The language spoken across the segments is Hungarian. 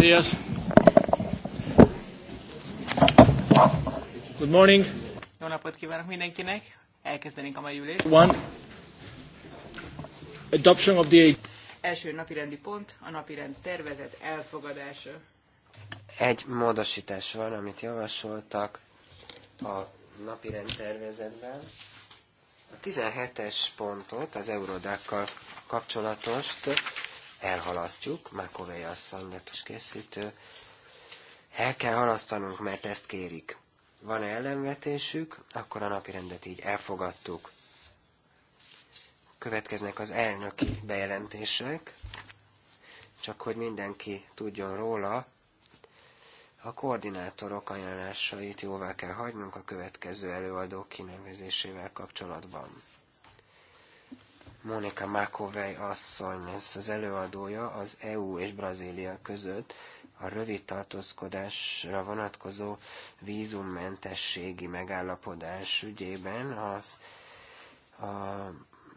días. Good morning. Jó napot kívánok mindenkinek. Elkezdenénk a mai ülést. One. Adoption of the... Első rendi pont, a rend tervezet elfogadása. Egy módosítás van, amit javasoltak a rend tervezetben. A 17-es pontot, az Eurodákkal kapcsolatost elhalasztjuk, Mákovei asszony lett is készítő, el kell halasztanunk, mert ezt kérik. Van-e ellenvetésük, akkor a napi rendet így elfogadtuk. Következnek az elnöki bejelentések, csak hogy mindenki tudjon róla, a koordinátorok ajánlásait jóvá kell hagynunk a következő előadók kinevezésével kapcsolatban. Mónika Mákovej asszony, ez az előadója az EU és Brazília között a rövid tartózkodásra vonatkozó vízummentességi megállapodás ügyében az, a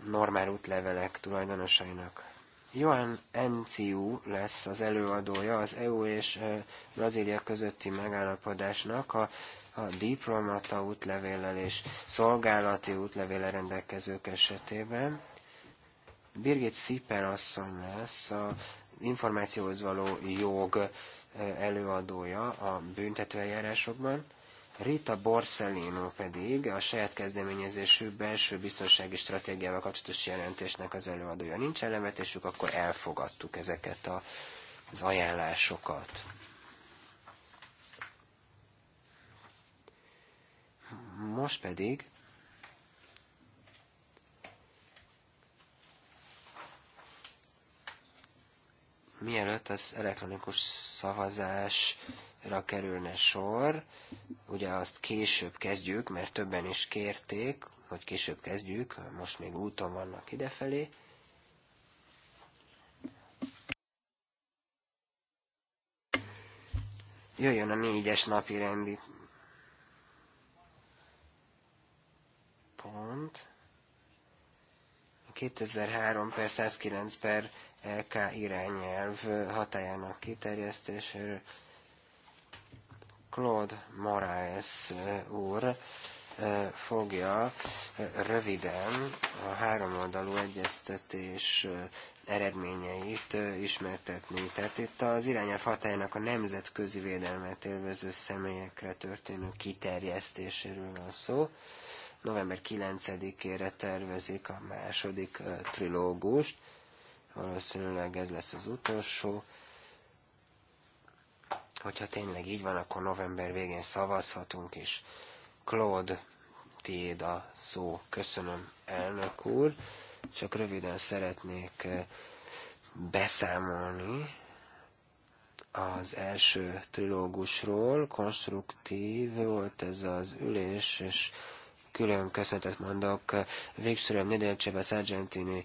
normál útlevelek tulajdonosainak. Joan Enciu lesz az előadója az EU és Brazília közötti megállapodásnak a, a diplomata útlevéllel és szolgálati útlevéllel rendelkezők esetében. Birgit Sziper asszony lesz a információhoz való jog előadója a büntetőeljárásokban. Rita Borsellino pedig a saját kezdeményezésű belső biztonsági stratégiával kapcsolatos jelentésnek az előadója. Nincs elemetésük, akkor elfogadtuk ezeket a, az ajánlásokat. Most pedig mielőtt az elektronikus szavazásra kerülne sor, ugye azt később kezdjük, mert többen is kérték, hogy később kezdjük, most még úton vannak idefelé, jöjjön a négyes napi rendi pont. 2003 per 109 per LK irányelv hatájának kiterjesztéséről. Claude Moraes eh, úr eh, fogja eh, röviden a háromoldalú egyeztetés eredményeit ismertetni. Tehát itt az irányelv hatájának a nemzetközi védelmet élvező személyekre történő kiterjesztéséről van szó. November 9-ére tervezik a második trilógust. Valószínűleg ez lesz az utolsó. Hogyha tényleg így van, akkor november végén szavazhatunk is. Claude, tiéd a szó. Köszönöm, elnök úr. Csak röviden szeretnék eh, beszámolni az első trilógusról. Konstruktív volt ez az ülés, és külön köszöntet mondok végsőröm Nedelcsebe Sargentini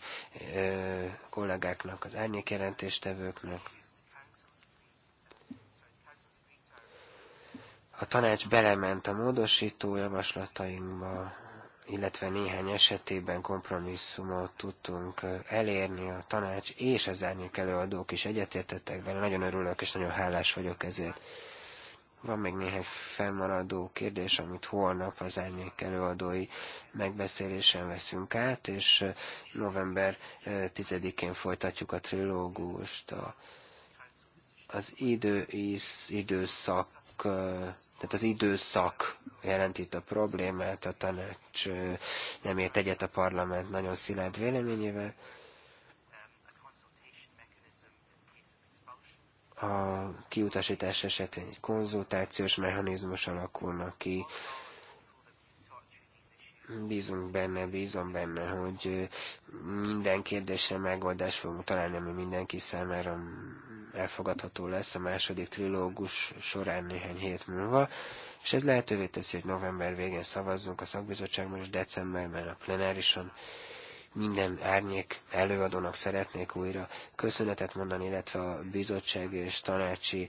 kollégáknak, az árnyékjelentéstevőknek. A tanács belement a módosító javaslatainkba, illetve néhány esetében kompromisszumot tudtunk elérni, a tanács és az árnyék előadók is egyetértettek vele, nagyon örülök és nagyon hálás vagyok ezért. Van még néhány fennmaradó kérdés, amit holnap az árnyék előadói megbeszélésen veszünk át, és november 10-én folytatjuk a trilógust. A, az idő, időszak, tehát az időszak jelent itt a problémát, a tanács nem ért egyet a parlament nagyon szilárd véleményével, a kiutasítás esetén egy konzultációs mechanizmus alakulna ki. Bízunk benne, bízom benne, hogy minden kérdésre megoldást fogunk találni, ami mindenki számára elfogadható lesz a második trilógus során néhány hét múlva, és ez lehetővé teszi, hogy november végén szavazzunk a szakbizottságban, és decemberben a plenárison minden árnyék előadónak szeretnék újra köszönetet mondani, illetve a bizottság és tanácsi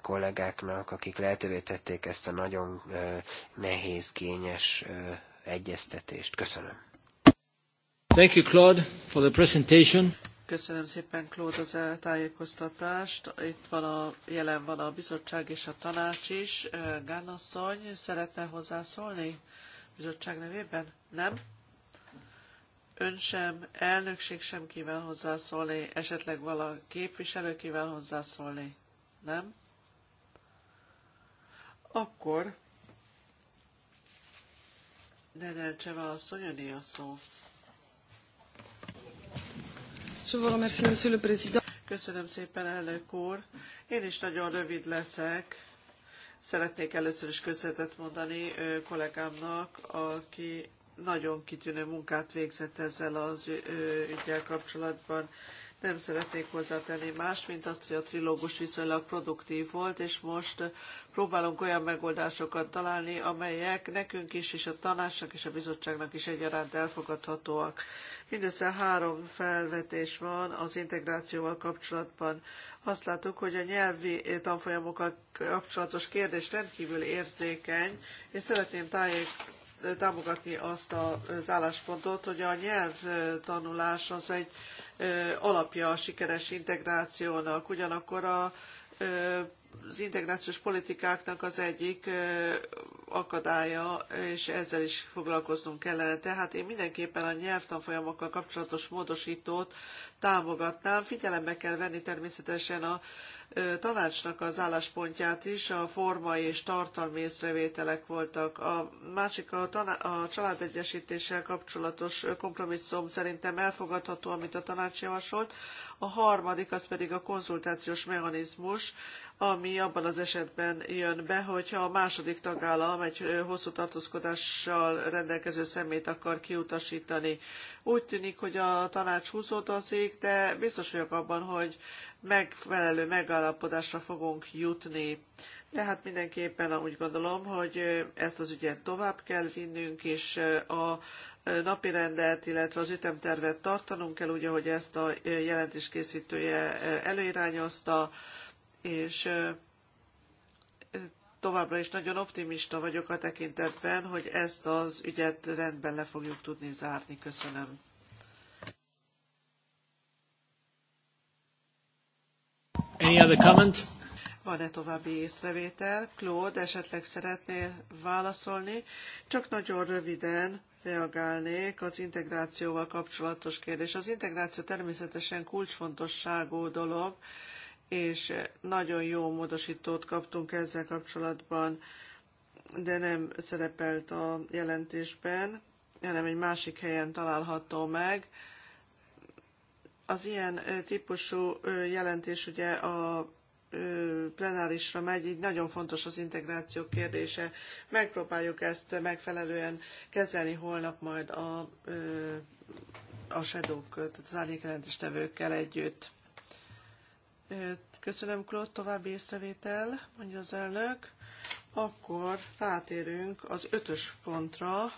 kollégáknak, akik lehetővé tették ezt a nagyon nehéz, kényes egyeztetést. Köszönöm. Thank you, Claude, for the presentation. Köszönöm szépen, Claude, az eltájékoztatást. Itt van a, jelen van a bizottság és a tanács is. Gánasszony szeretne hozzászólni bizottság nevében? Nem? ön sem, elnökség sem kíván hozzászólni, esetleg vala képviselő kíván hozzászólni, nem? Akkor Nedelcseva asszony, öné a szó. Köszönöm szépen, elnök úr. Én is nagyon rövid leszek. Szeretnék először is köszönetet mondani kollégámnak, aki nagyon kitűnő munkát végzett ezzel az ügyel kapcsolatban. Nem szeretnék hozzátenni más, mint azt, hogy a trilógus viszonylag produktív volt, és most próbálunk olyan megoldásokat találni, amelyek nekünk is, és a tanácsnak és a bizottságnak is egyaránt elfogadhatóak. Mindössze három felvetés van az integrációval kapcsolatban. Azt látjuk, hogy a nyelvi tanfolyamokkal kapcsolatos kérdés rendkívül érzékeny, és szeretném tájékoztatni támogatni azt az álláspontot, hogy a nyelvtanulás az egy alapja a sikeres integrációnak, ugyanakkor a az integrációs politikáknak az egyik akadálya, és ezzel is foglalkoznunk kellene. Tehát én mindenképpen a nyelvtanfolyamokkal kapcsolatos módosítót támogatnám. Figyelembe kell venni természetesen a tanácsnak az álláspontját is, a formai és tartalmi észrevételek voltak. A másik a, taná- a családegyesítéssel kapcsolatos kompromisszum szerintem elfogadható, amit a tanács javasolt. A harmadik az pedig a konzultációs mechanizmus, ami abban az esetben jön be, hogyha a második tagállam egy hosszú tartózkodással rendelkező szemét akar kiutasítani. Úgy tűnik, hogy a tanács húzódozik, de biztos vagyok abban, hogy megfelelő megállapodásra fogunk jutni. Tehát mindenképpen úgy gondolom, hogy ezt az ügyet tovább kell vinnünk, és a napirendet, illetve az ütemtervet tartanunk kell, úgy, ahogy ezt a jelentés készítője előirányozta és továbbra is nagyon optimista vagyok a tekintetben, hogy ezt az ügyet rendben le fogjuk tudni zárni. Köszönöm. Any other comment? Van-e további észrevétel? Claude, esetleg szeretnél válaszolni? Csak nagyon röviden reagálnék az integrációval kapcsolatos kérdés. Az integráció természetesen kulcsfontosságú dolog, és nagyon jó módosítót kaptunk ezzel kapcsolatban, de nem szerepelt a jelentésben, hanem egy másik helyen található meg. Az ilyen típusú jelentés ugye a plenárisra megy, így nagyon fontos az integráció kérdése. Megpróbáljuk ezt megfelelően kezelni holnap majd a, a shadow tehát az árnyékjelentéstevőkkel együtt. Köszönöm, Klott, további észrevétel, mondja az elnök. Akkor rátérünk az ötös pontra.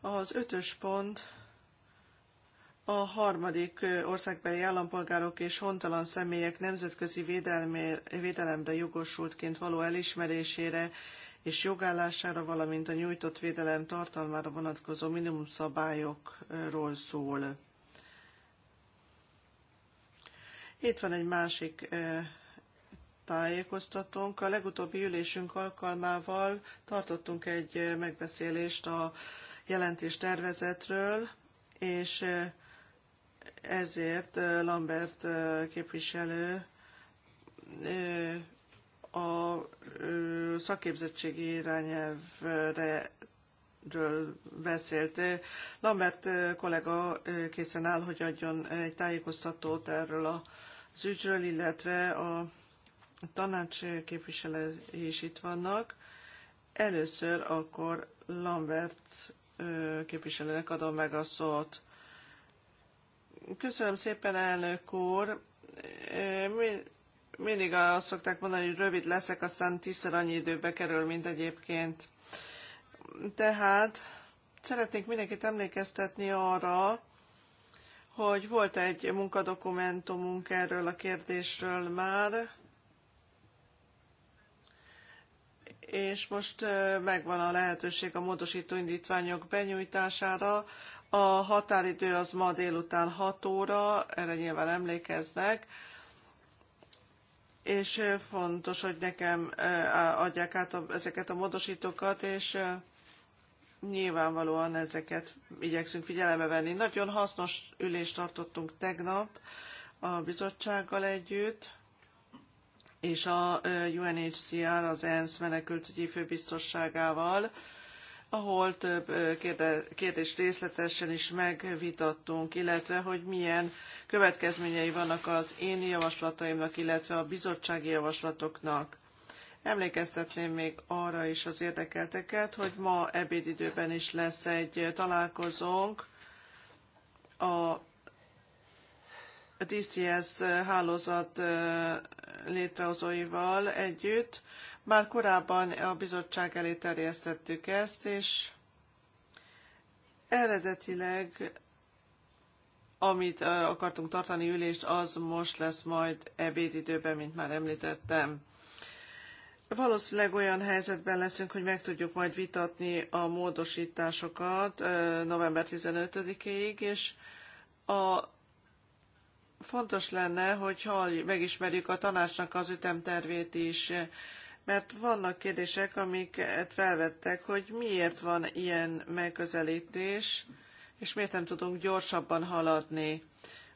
Az ötös pont a harmadik országbeli állampolgárok és hontalan személyek nemzetközi védelemre jogosultként való elismerésére és jogállására, valamint a nyújtott védelem tartalmára vonatkozó minimumszabályokról szól. Itt van egy másik tájékoztatónk. A legutóbbi ülésünk alkalmával tartottunk egy megbeszélést a jelentés tervezetről, és ezért Lambert képviselő a szakképzettségi irányelvre ről beszélt. Lambert kollega készen áll, hogy adjon egy tájékoztatót erről a az ügyről, illetve a tanács képviselői is itt vannak. Először akkor Lambert képviselőnek adom meg a szót. Köszönöm szépen, elnök úr. Mindig azt szokták mondani, hogy rövid leszek, aztán tízszer annyi időbe kerül, mint egyébként. Tehát szeretnék mindenkit emlékeztetni arra, hogy volt egy munkadokumentumunk erről a kérdésről már, és most megvan a lehetőség a módosító indítványok benyújtására. A határidő az ma délután 6 óra, erre nyilván emlékeznek, és fontos, hogy nekem adják át ezeket a módosítókat, és nyilvánvalóan ezeket igyekszünk figyelembe venni. Nagyon hasznos ülést tartottunk tegnap a bizottsággal együtt, és a UNHCR, az ENSZ menekültügyi főbiztosságával, ahol több kérdést részletesen is megvitattunk, illetve hogy milyen következményei vannak az én javaslataimnak, illetve a bizottsági javaslatoknak. Emlékeztetném még arra is az érdekelteket, hogy ma ebédidőben is lesz egy találkozónk a DCS hálózat létrehozóival együtt. Már korábban a bizottság elé terjesztettük ezt, és eredetileg amit akartunk tartani ülést, az most lesz majd ebédidőben, mint már említettem. Valószínűleg olyan helyzetben leszünk, hogy meg tudjuk majd vitatni a módosításokat november 15-ig, és a fontos lenne, hogy megismerjük a tanácsnak az ütemtervét is, mert vannak kérdések, amiket felvettek, hogy miért van ilyen megközelítés, és miért nem tudunk gyorsabban haladni.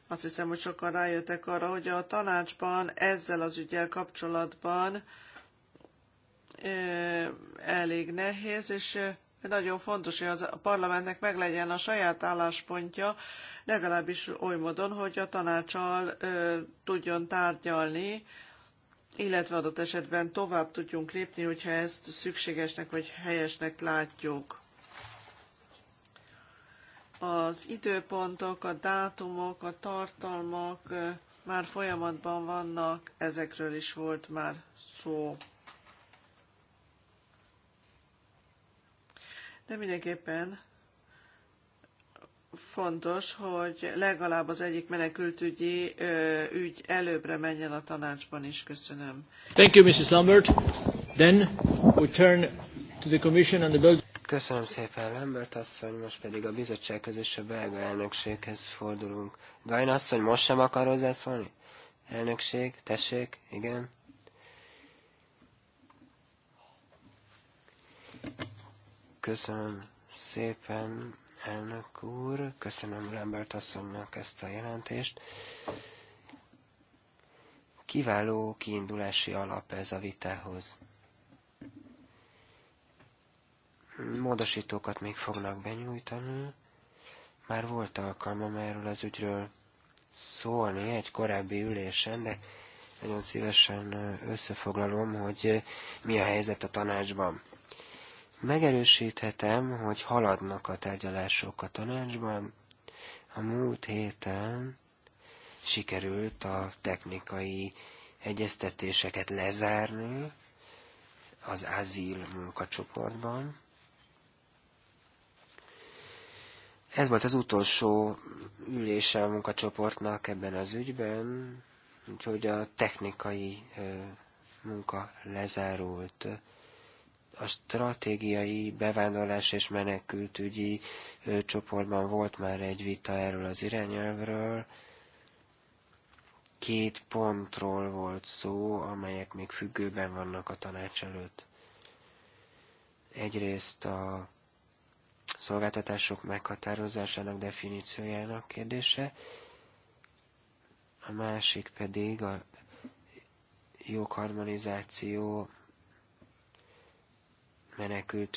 Azt hiszem, hogy sokan rájöttek arra, hogy a tanácsban ezzel az ügyel kapcsolatban elég nehéz, és nagyon fontos, hogy a parlamentnek meglegyen a saját álláspontja, legalábbis oly módon, hogy a tanácsal tudjon tárgyalni, illetve adott esetben tovább tudjunk lépni, hogyha ezt szükségesnek vagy helyesnek látjuk. Az időpontok, a dátumok, a tartalmak már folyamatban vannak, ezekről is volt már szó. de mindenképpen fontos, hogy legalább az egyik menekültügyi ö, ügy előbbre menjen a tanácsban is. Köszönöm. Thank you, Mrs. Lambert. Then we turn to the Commission and the Bill. Köszönöm szépen, Lambert asszony, most pedig a bizottság közös a belga elnökséghez fordulunk. Gajna asszony, most sem akar hozzászólni? Elnökség, tessék, igen. Köszönöm szépen, elnök úr. Köszönöm Lambert asszonynak ezt a jelentést. Kiváló kiindulási alap ez a vitához. Módosítókat még fognak benyújtani. Már volt alkalmam erről az ügyről szólni egy korábbi ülésen, de nagyon szívesen összefoglalom, hogy mi a helyzet a tanácsban. Megerősíthetem, hogy haladnak a tárgyalások a tanácsban. A múlt héten sikerült a technikai egyeztetéseket lezárni az Azil munkacsoportban. Ez volt az utolsó ülése a munkacsoportnak ebben az ügyben, úgyhogy a technikai munka lezárult a stratégiai bevándorlás és menekültügyi csoportban volt már egy vita erről az irányelvről. Két pontról volt szó, amelyek még függőben vannak a tanács előtt. Egyrészt a szolgáltatások meghatározásának definíciójának kérdése, a másik pedig a jogharmonizáció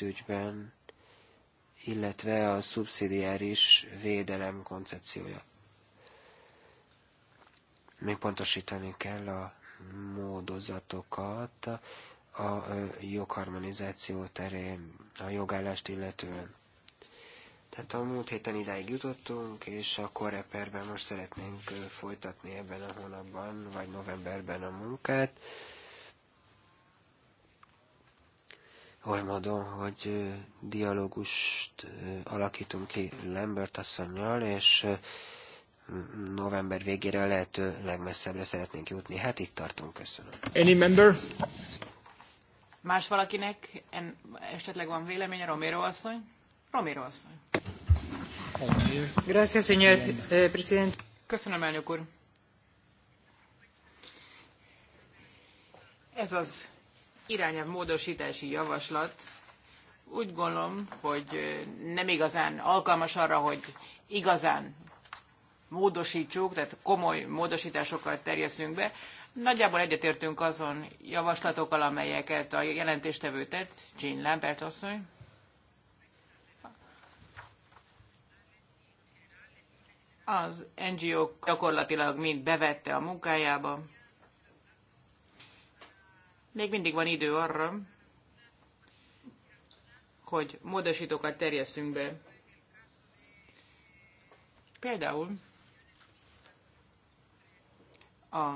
ügyben, illetve a szubszidiáris védelem koncepciója. Még pontosítani kell a módozatokat a jogharmonizáció terén, a jogállást illetően. Tehát a múlt héten idáig jutottunk, és a koreperben most szeretnénk folytatni ebben a hónapban, vagy novemberben a munkát. harmadon, hogy dialógust alakítunk ki Lambert asszonynal, és november végére a lehető legmesszebbre szeretnénk jutni. Hát itt tartunk, köszönöm. Any member? Más valakinek en, esetleg van véleménye, Romero asszony? Romero asszony. Gracias, señor eh, presidente. Köszönöm, elnök úr. Ez az irányelv módosítási javaslat úgy gondolom, hogy nem igazán alkalmas arra, hogy igazán módosítsuk, tehát komoly módosításokat terjeszünk be. Nagyjából egyetértünk azon javaslatokkal, amelyeket a jelentéstevő tett, Jean Lambert asszony. Az NGO gyakorlatilag mind bevette a munkájába még mindig van idő arra, hogy módosítókat terjesszünk be. Például a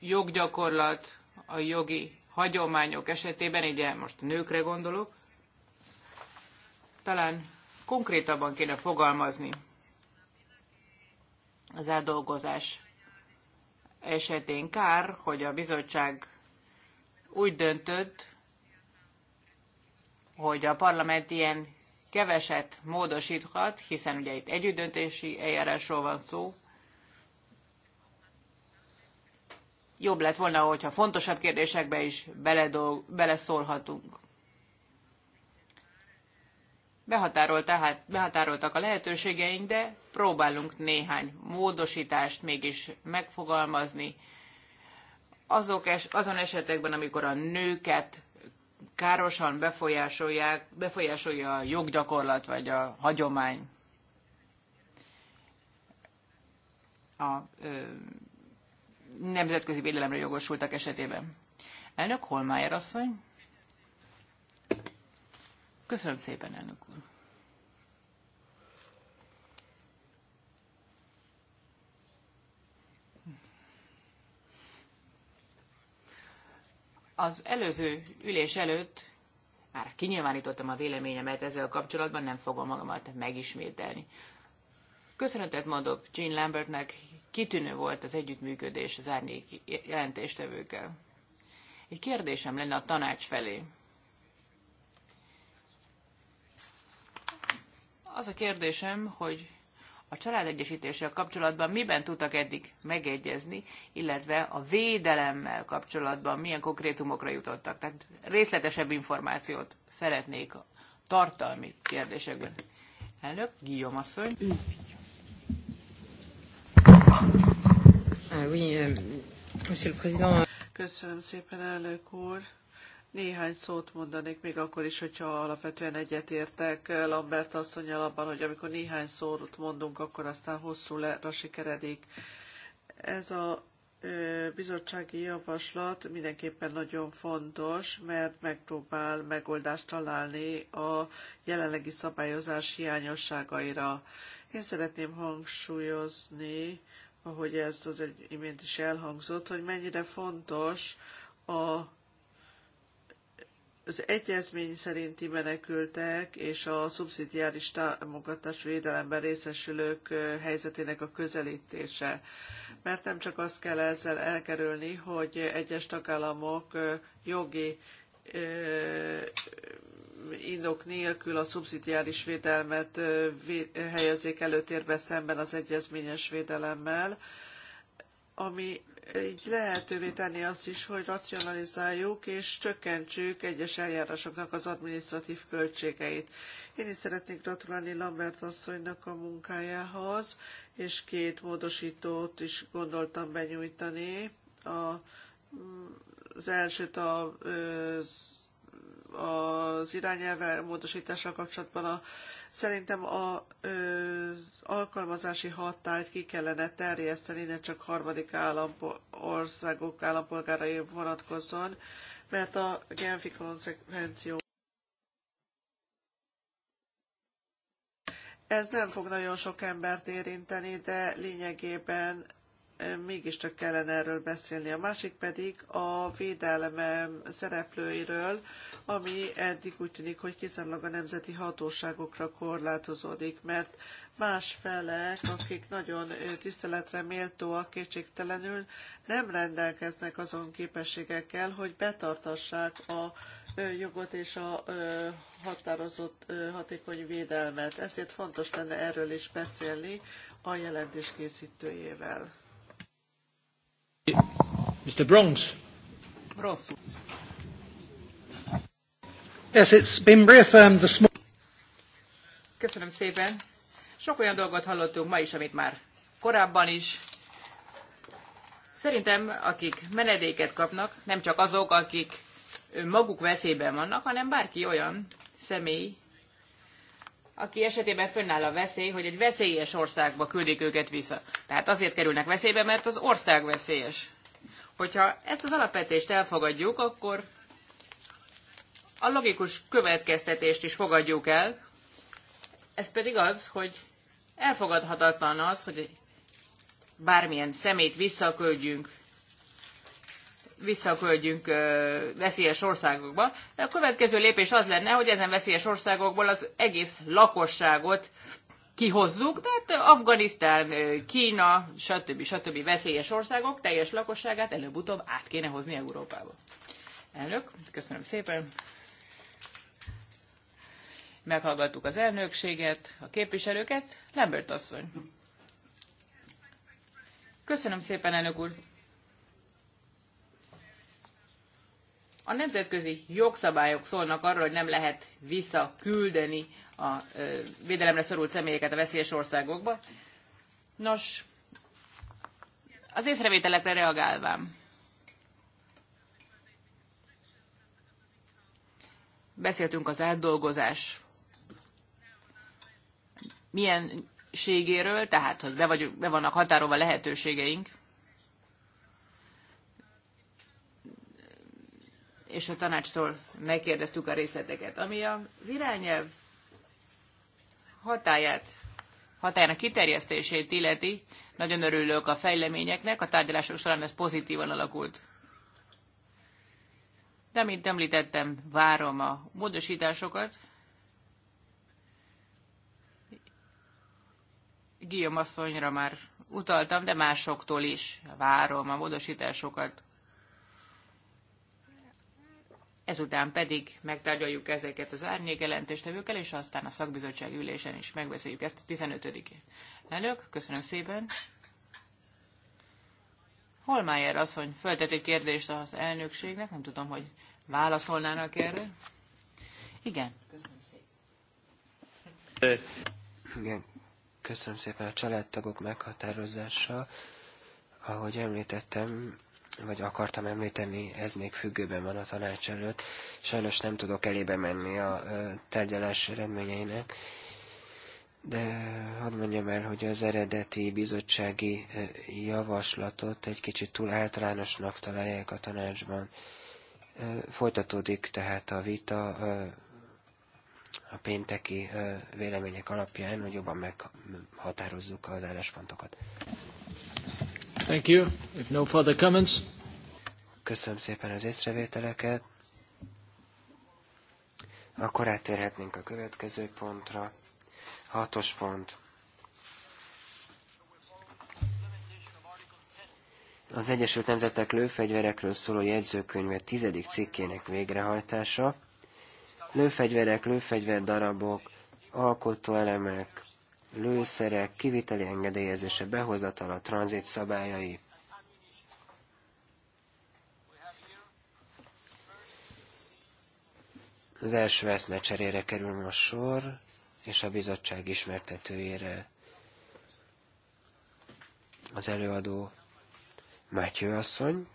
joggyakorlat, a jogi hagyományok esetében, ugye most nőkre gondolok, talán konkrétabban kéne fogalmazni az eldolgozás esetén. Kár, hogy a bizottság úgy döntött, hogy a parlament ilyen keveset módosíthat, hiszen ugye itt együttdöntési eljárásról van szó. Jobb lett volna, hogyha fontosabb kérdésekbe is beleszólhatunk. Behatárolt, tehát, behatároltak a lehetőségeink, de próbálunk néhány módosítást mégis megfogalmazni, azok es, azon esetekben, amikor a nőket károsan befolyásolják, befolyásolja a joggyakorlat vagy a hagyomány. A ö, nemzetközi védelemre jogosultak esetében. Elnök Holmájer asszony. Köszönöm szépen, elnök úr. Az előző ülés előtt már kinyilvánítottam a véleményemet ezzel a kapcsolatban, nem fogom magamat megismételni. Köszönetet mondok Jean Lambertnek, kitűnő volt az együttműködés az árnyék jelentéstevőkkel. Egy kérdésem lenne a tanács felé. Az a kérdésem, hogy a családegyesítéssel kapcsolatban miben tudtak eddig megegyezni, illetve a védelemmel kapcsolatban milyen konkrétumokra jutottak. Tehát részletesebb információt szeretnék a tartalmi kérdésekben. Elnök, Guillaume asszony. Ah euh, Köszönöm szépen, elnök úr. Néhány szót mondanék, még akkor is, hogyha alapvetően egyetértek eh, Lambert asszonyal abban, hogy amikor néhány szót mondunk, akkor aztán hosszúra sikeredik. Ez a eh, bizottsági javaslat mindenképpen nagyon fontos, mert megpróbál megoldást találni a jelenlegi szabályozás hiányosságaira. Én szeretném hangsúlyozni, ahogy ez az egy imént is elhangzott, hogy mennyire fontos a az egyezmény szerinti menekültek és a szubszidiáris támogatású védelemben részesülők helyzetének a közelítése. Mert nem csak azt kell ezzel elkerülni, hogy egyes tagállamok jogi indok nélkül a szubszidiáris védelmet helyezzék előtérbe szemben az egyezményes védelemmel, ami így lehetővé tenni azt is, hogy racionalizáljuk és csökkentsük egyes eljárásoknak az administratív költségeit. Én is szeretnék gratulálni Lambert asszonynak a munkájához, és két módosítót is gondoltam benyújtani. A, az elsőt a, az irányelve módosítással kapcsolatban a Szerintem az alkalmazási hatályt ki kellene terjeszteni, ne csak harmadik állampo országok állampolgárai vonatkozzon, mert a Genfi konzekvenció Ez nem fog nagyon sok embert érinteni, de lényegében mégiscsak kellene erről beszélni. A másik pedig a védelemem szereplőiről, ami eddig úgy tűnik, hogy kizárólag a nemzeti hatóságokra korlátozódik, mert más felek, akik nagyon tiszteletre méltóak kétségtelenül, nem rendelkeznek azon képességekkel, hogy betartassák a jogot és a határozott hatékony védelmet. Ezért fontos lenne erről is beszélni a jelentés készítőjével. Mr. Bronx. Rosszul it's been reaffirmed this morning. Köszönöm szépen. Sok olyan dolgot hallottunk ma is, amit már korábban is. Szerintem, akik menedéket kapnak, nem csak azok, akik maguk veszélyben vannak, hanem bárki olyan személy, aki esetében fönnáll a veszély, hogy egy veszélyes országba küldik őket vissza. Tehát azért kerülnek veszélybe, mert az ország veszélyes. Hogyha ezt az alapvetést elfogadjuk, akkor a logikus következtetést is fogadjuk el, ez pedig az, hogy elfogadhatatlan az, hogy bármilyen szemét visszaküldjünk, visszaküldjünk ö, veszélyes országokba. De a következő lépés az lenne, hogy ezen veszélyes országokból az egész lakosságot kihozzuk, tehát Afganisztán, Kína, stb. stb. veszélyes országok teljes lakosságát előbb-utóbb át kéne hozni Európába. Elnök, köszönöm szépen meghallgattuk az elnökséget, a képviselőket. Lambert asszony. Köszönöm szépen, elnök úr. A nemzetközi jogszabályok szólnak arról, hogy nem lehet visszaküldeni a védelemre szorult személyeket a veszélyes országokba. Nos, az észrevételekre reagálvám. Beszéltünk az átdolgozás milyen ségéről, tehát hogy be, vagy, be vannak határolva lehetőségeink, és a tanácstól megkérdeztük a részleteket. Ami az irányelv hatáját, hatájának kiterjesztését illeti, nagyon örülök a fejleményeknek, a tárgyalások során ez pozitívan alakult. De, mint említettem, várom a módosításokat, Guillaume asszonyra már utaltam, de másoktól is várom a módosításokat. Ezután pedig megtárgyaljuk ezeket az árnyékelentéstevőkkel, és aztán a szakbizottság ülésen is megbeszéljük ezt a 15-én. Elnök, köszönöm szépen. Holmájer asszony föltett egy kérdést az elnökségnek, nem tudom, hogy válaszolnának erre. Igen. Köszönöm szépen. Igen, Köszönöm szépen a családtagok meghatározása. Ahogy említettem, vagy akartam említeni, ez még függőben van a tanács előtt. Sajnos nem tudok elébe menni a tárgyalás eredményeinek, de hadd mondjam el, hogy az eredeti bizottsági javaslatot egy kicsit túl általánosnak találják a tanácsban. Folytatódik tehát a vita, a pénteki vélemények alapján, hogy jobban meghatározzuk az álláspontokat. Thank you. If no further comments. Köszönöm szépen az észrevételeket. Akkor átérhetnénk a következő pontra. Hatos pont. Az Egyesült Nemzetek lőfegyverekről szóló jegyzőkönyve tizedik cikkének végrehajtása lőfegyverek, lőfegyverdarabok, alkotóelemek, lőszerek, kiviteli engedélyezése, behozatala, tranzit szabályai. Az első cserére kerül most sor, és a bizottság ismertetőjére az előadó Mátyő asszony,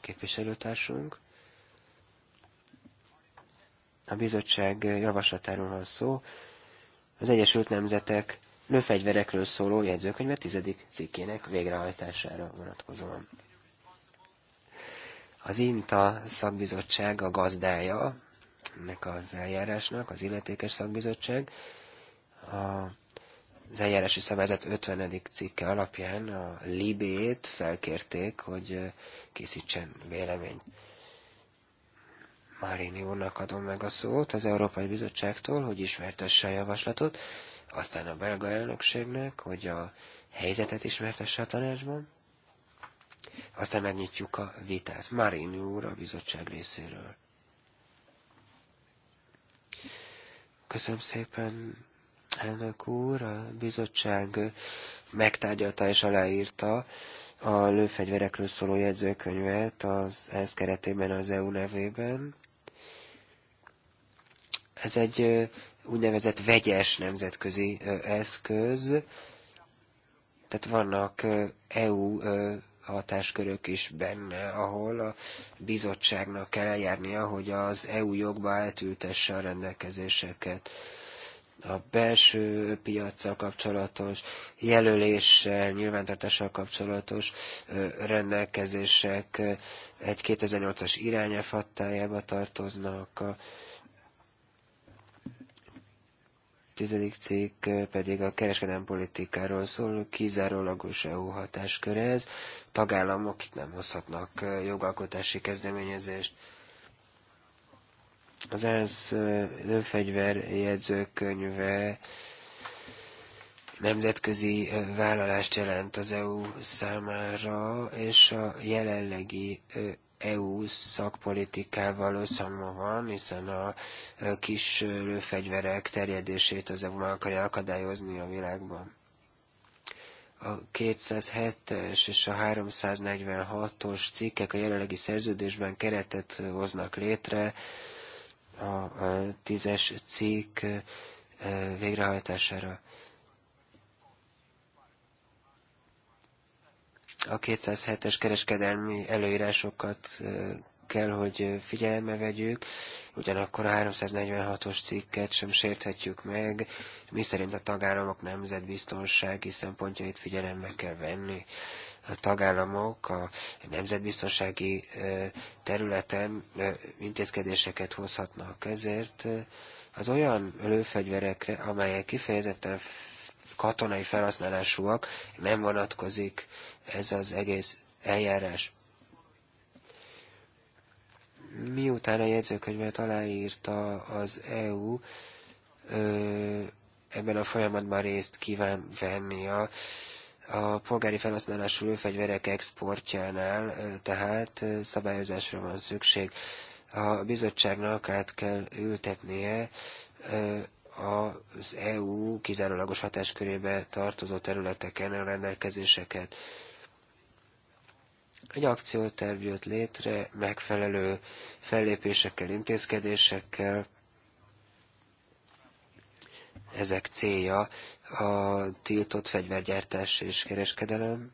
képviselőtársunk, a bizottság javaslatáról van szó, az Egyesült Nemzetek lőfegyverekről szóló jegyzőkönyve tizedik cikkének végrehajtására vonatkozóan. Az INTA szakbizottság a gazdája ennek az eljárásnak, az illetékes szakbizottság, a az eljárási szabályzat 50. cikke alapján a Libét felkérték, hogy készítsen véleményt. Marini úrnak adom meg a szót az Európai Bizottságtól, hogy ismertesse a javaslatot, aztán a belga elnökségnek, hogy a helyzetet ismertesse a tanácsban, aztán megnyitjuk a vitát. Marini úr a bizottság részéről. Köszönöm szépen, elnök úr, a bizottság megtárgyalta és aláírta a lőfegyverekről szóló jegyzőkönyvet az ESZ keretében az EU nevében. Ez egy úgynevezett vegyes nemzetközi eszköz, tehát vannak EU hatáskörök is benne, ahol a bizottságnak kell eljárnia, hogy az EU jogba eltültesse a rendelkezéseket. A belső piaccal kapcsolatos, jelöléssel, nyilvántartással kapcsolatos rendelkezések egy 2008-as irányelv hatájába tartoznak, a tizedik cikk eh, pedig a kereskedelmi politikáról szól, kizárólagos EU hatásköre ez, tagállamok itt nem hozhatnak eh, jogalkotási kezdeményezést. Az ENSZ eh, lőfegyver jegyzőkönyve nemzetközi vállalást jelent az EU számára, és a jelenlegi EU szakpolitikával összhangban van, hiszen a kis lőfegyverek terjedését az EU meg akarja akadályozni a világban. A 207-es és a 346-os cikkek a jelenlegi szerződésben keretet hoznak létre, a 10-es cikk végrehajtására A 207-es kereskedelmi előírásokat kell, hogy figyelembe vegyük, ugyanakkor a 346-os cikket sem sérthetjük meg, mi szerint a tagállamok nemzetbiztonsági szempontjait figyelembe kell venni. A tagállamok a nemzetbiztonsági területen intézkedéseket hozhatnak ezért, az olyan lőfegyverekre, amelyek kifejezetten katonai felhasználásúak, nem vonatkozik ez az egész eljárás. Miután a jegyzőkönyvet aláírta az EU, ö, ebben a folyamatban részt kíván venni a, a polgári felhasználású lőfegyverek exportjánál, tehát szabályozásra van szükség. A bizottságnak át kell ültetnie az EU kizárólagos hatáskörébe tartozó területeken a rendelkezéseket. Egy akcióterv jött létre megfelelő fellépésekkel, intézkedésekkel. Ezek célja a tiltott fegyvergyártás és kereskedelem.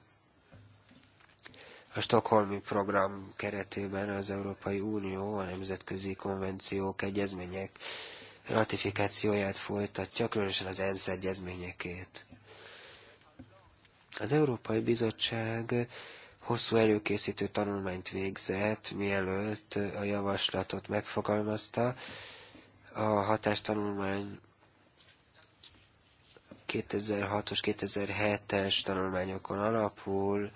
A Stockholmi program keretében az Európai Unió a nemzetközi konvenciók, egyezmények ratifikációját folytatja, különösen az ENSZ egyezményekét. Az Európai Bizottság hosszú előkészítő tanulmányt végzett, mielőtt a javaslatot megfogalmazta. A hatástanulmány 2006-os, 2007-es tanulmányokon alapul,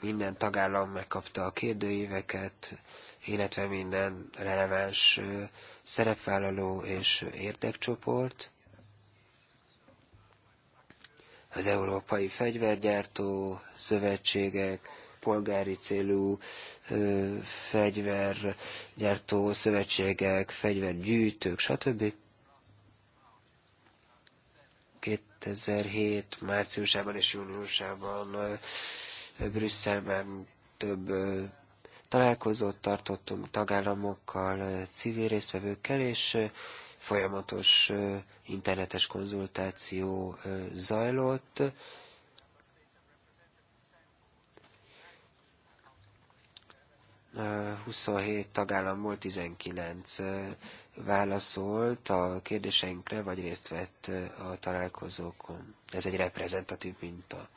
minden tagállam megkapta a kérdőíveket, illetve minden releváns szerepvállaló és érdekcsoport, az Európai Fegyvergyártó Szövetségek, polgári célú ö, fegyvergyártó szövetségek, fegyvergyűjtők, stb. 2007 márciusában és júniusában ö, Brüsszelben több ö, Találkozót tartottunk tagállamokkal, civil résztvevőkkel, és folyamatos internetes konzultáció zajlott. Uh, 27 tagállamból 19 válaszolt a kérdéseinkre, vagy részt vett a találkozókon. Ez egy reprezentatív minta.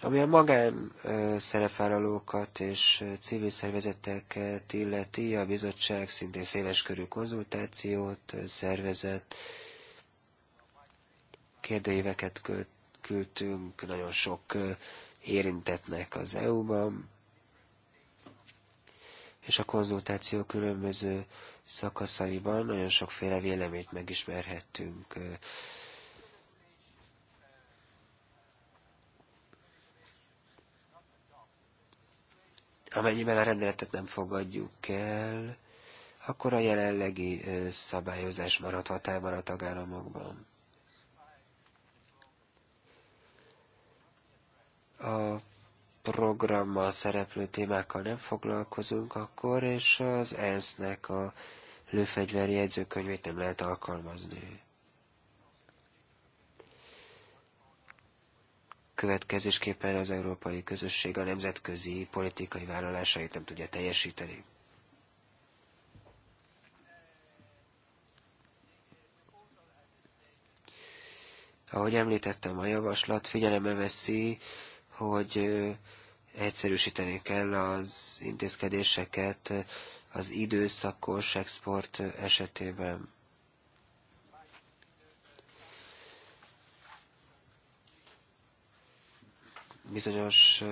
Ami a magán szerepvállalókat és civil szervezeteket illeti, a bizottság szintén széles körű konzultációt szervezett, kérdőíveket küldtünk nagyon sok érintetnek az EU-ban, és a konzultáció különböző szakaszaiban nagyon sokféle véleményt megismerhettünk Amennyiben a rendeletet nem fogadjuk el, akkor a jelenlegi szabályozás marad hatályban a tagállamokban. A programmal szereplő témákkal nem foglalkozunk akkor, és az ENSZ-nek a lőfegyveri jegyzőkönyvét nem lehet alkalmazni. következésképpen az európai közösség a nemzetközi politikai vállalásait nem tudja teljesíteni. Ahogy említettem, a javaslat figyelembe veszi, hogy egyszerűsíteni kell az intézkedéseket az időszakos export esetében. bizonyos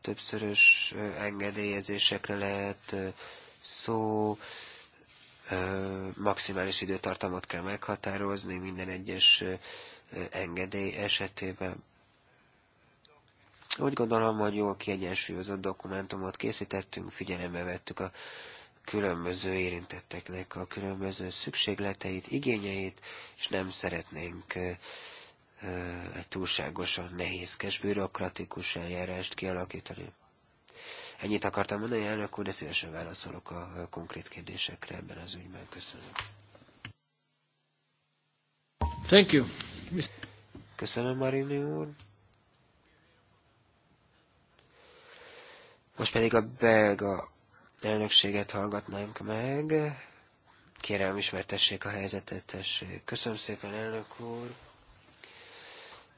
többszörös engedélyezésekre lehet szó, maximális időtartamot kell meghatározni minden egyes engedély esetében. Úgy gondolom, hogy jól kiegyensúlyozott dokumentumot készítettünk, figyelembe vettük a különböző érintetteknek a különböző szükségleteit, igényeit, és nem szeretnénk túlságosan nehézkes, bürokratikus eljárást kialakítani. Ennyit akartam mondani, elnök úr, de szívesen válaszolok a konkrét kérdésekre ebben az ügyben. Köszönöm. Thank you. Köszönöm, Marini úr. Most pedig a belga elnökséget hallgatnánk meg. Kérem, ismertessék a helyzetet, tessék. Köszönöm szépen, elnök úr.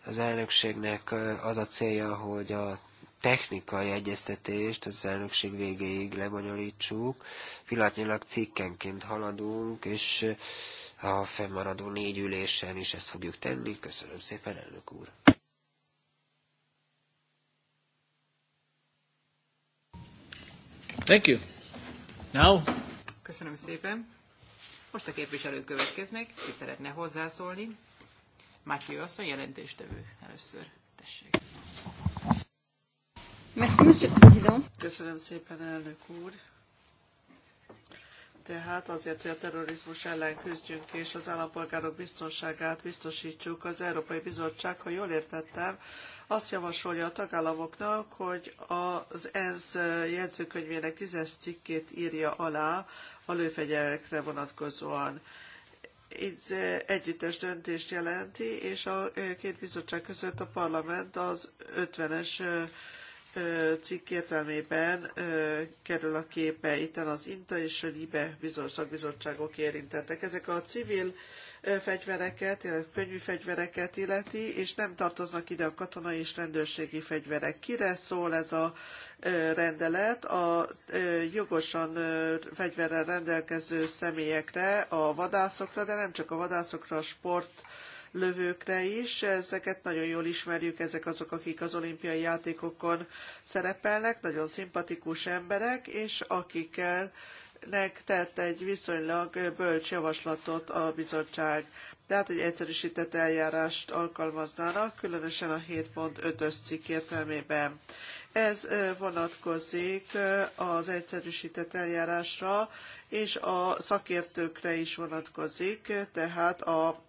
Az elnökségnek az a célja, hogy a technikai egyeztetést az elnökség végéig lebonyolítsuk. Pillanatnyilag cikkenként haladunk, és a fennmaradó négy ülésen is ezt fogjuk tenni. Köszönöm szépen, elnök úr! Thank you. Now. Köszönöm szépen. Most a képviselők következnek, ki szeretne hozzászólni. Mátyő a jelentéstevő először. Tessék. Merci, Monsieur Président. Köszönöm szépen, elnök úr. Tehát azért, hogy a terrorizmus ellen küzdjünk és az állampolgárok biztonságát biztosítsuk, az Európai Bizottság, ha jól értettem, azt javasolja a tagállamoknak, hogy az ENSZ jegyzőkönyvének 10 cikkét írja alá a lőfegyelekre vonatkozóan ez együttes döntést jelenti, és a két bizottság között a parlament az 50-es cikk értelmében kerül a képe. Itten az INTA és a LIBE szakbizottságok érintettek. Ezek a civil fegyvereket, könnyű fegyvereket illeti, és nem tartoznak ide a katonai és rendőrségi fegyverek. Kire szól ez a rendelet? A jogosan fegyverrel rendelkező személyekre, a vadászokra, de nem csak a vadászokra, a sport lövőkre is. Ezeket nagyon jól ismerjük, ezek azok, akik az olimpiai játékokon szerepelnek, nagyon szimpatikus emberek, és akikkel nek tett egy viszonylag bölcs javaslatot a bizottság. Tehát egy egyszerűsített eljárást alkalmaznának, különösen a 7.5-ös cikk értelmében. Ez vonatkozik az egyszerűsített eljárásra, és a szakértőkre is vonatkozik, tehát a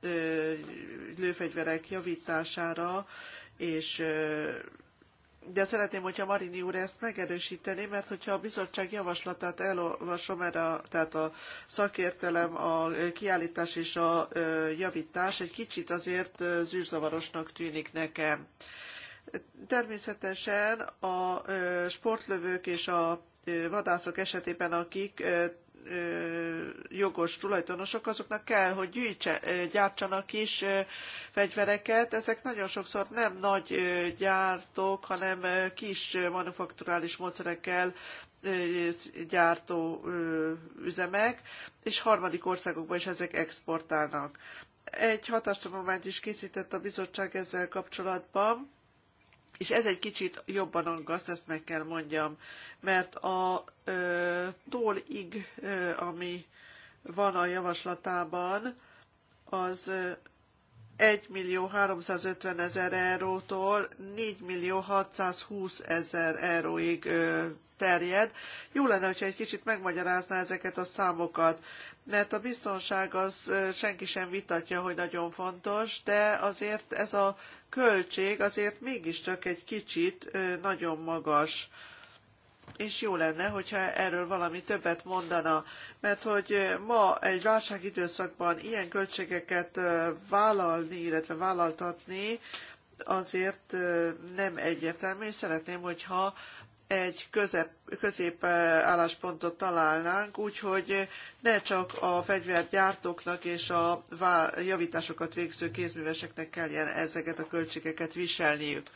lőfegyverek javítására és de szeretném, hogyha Marini úr ezt megerősíteni, mert hogyha a bizottság javaslatát elolvasom, erre, a, tehát a szakértelem, a kiállítás és a javítás egy kicsit azért zűrzavarosnak tűnik nekem. Természetesen a sportlövők és a vadászok esetében, akik jogos tulajdonosok, azoknak kell, hogy gyűjtse, gyártsanak is fegyvereket. Ezek nagyon sokszor nem nagy gyártók, hanem kis manufakturális módszerekkel gyártó üzemek, és harmadik országokba is ezek exportálnak. Egy hatástanulmányt is készített a bizottság ezzel kapcsolatban, és ez egy kicsit jobban aggaszt, ezt meg kell mondjam, mert a ö, ig, ö, ami van a javaslatában, az 1 millió 350 ezer eurótól 4 millió 620 ezer euróig terjed. Jó lenne, hogyha egy kicsit megmagyarázná ezeket a számokat, mert a biztonság az senki sem vitatja, hogy nagyon fontos, de azért ez a költség azért mégiscsak egy kicsit nagyon magas és jó lenne, hogyha erről valami többet mondana, mert hogy ma egy válságidőszakban ilyen költségeket vállalni, illetve vállaltatni azért nem egyértelmű, és szeretném, hogyha egy közep, közép álláspontot találnánk, úgyhogy ne csak a fegyvergyártóknak és a javításokat végző kézműveseknek kelljen ezeket a költségeket viselniük.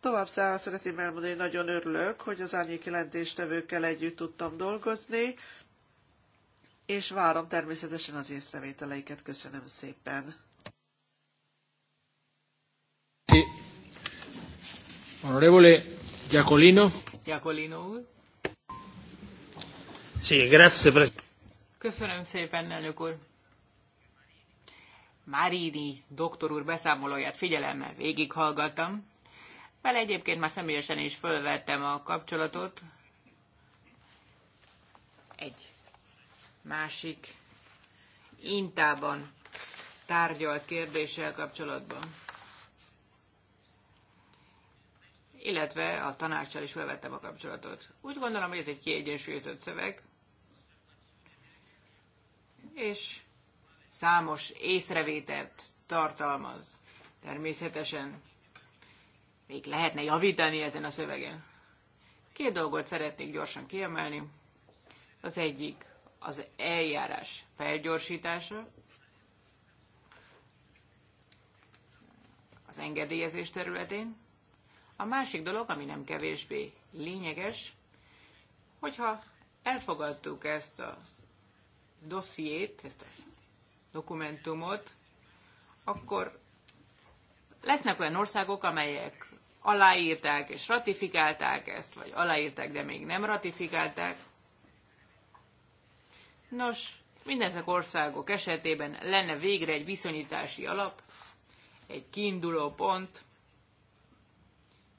Tovább szeretném elmondani, hogy nagyon örülök, hogy az árnyék jelentéstevőkkel együtt tudtam dolgozni, és várom természetesen az észrevételeiket. Köszönöm szépen. Honorevole Giacolino. Giacolino úr. Sí, grazie, Köszönöm szépen, elnök úr. Marini, doktor úr beszámolóját figyelemmel végighallgattam. Vele egyébként már személyesen is fölvettem a kapcsolatot. Egy másik intában tárgyalt kérdéssel kapcsolatban. illetve a tanácssal is felvettem a kapcsolatot. Úgy gondolom, hogy ez egy kiegyensúlyozott szöveg, és számos észrevételt tartalmaz. Természetesen még lehetne javítani ezen a szövegen. Két dolgot szeretnék gyorsan kiemelni. Az egyik az eljárás felgyorsítása, az engedélyezés területén. A másik dolog, ami nem kevésbé lényeges, hogyha elfogadtuk ezt a dossziét, ezt a dokumentumot, akkor lesznek olyan országok, amelyek aláírták és ratifikálták ezt, vagy aláírták, de még nem ratifikálták. Nos, mindezek országok esetében lenne végre egy viszonyítási alap, egy kiinduló pont,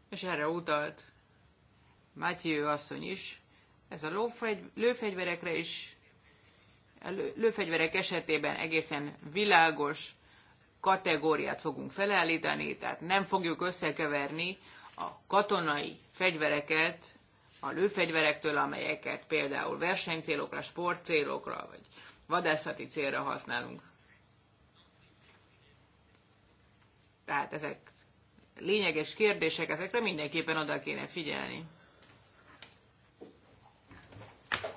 és erre utalt Mátyő asszony is, ez a lófegy, lőfegyverekre is, a lő, lőfegyverek esetében egészen világos kategóriát fogunk felállítani, tehát nem fogjuk összekeverni a katonai fegyvereket a lőfegyverektől, amelyeket például versenycélokra, sportcélokra vagy vadászati célra használunk. Tehát ezek lényeges kérdések, ezekre mindenképpen oda kéne figyelni.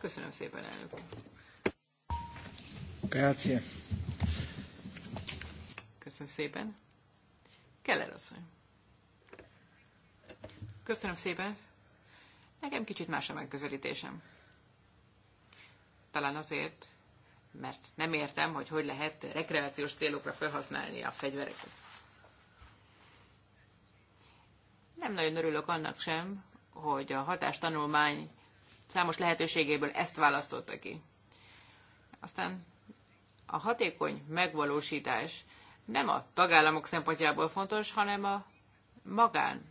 Köszönöm szépen, elnök Grazie. Köszönöm szépen. Keller asszony. Köszönöm szépen. Nekem kicsit más a megközelítésem. Talán azért, mert nem értem, hogy hogy lehet rekreációs célokra felhasználni a fegyvereket. Nem nagyon örülök annak sem, hogy a hatástanulmány számos lehetőségéből ezt választotta ki. Aztán a hatékony megvalósítás nem a tagállamok szempontjából fontos, hanem a magán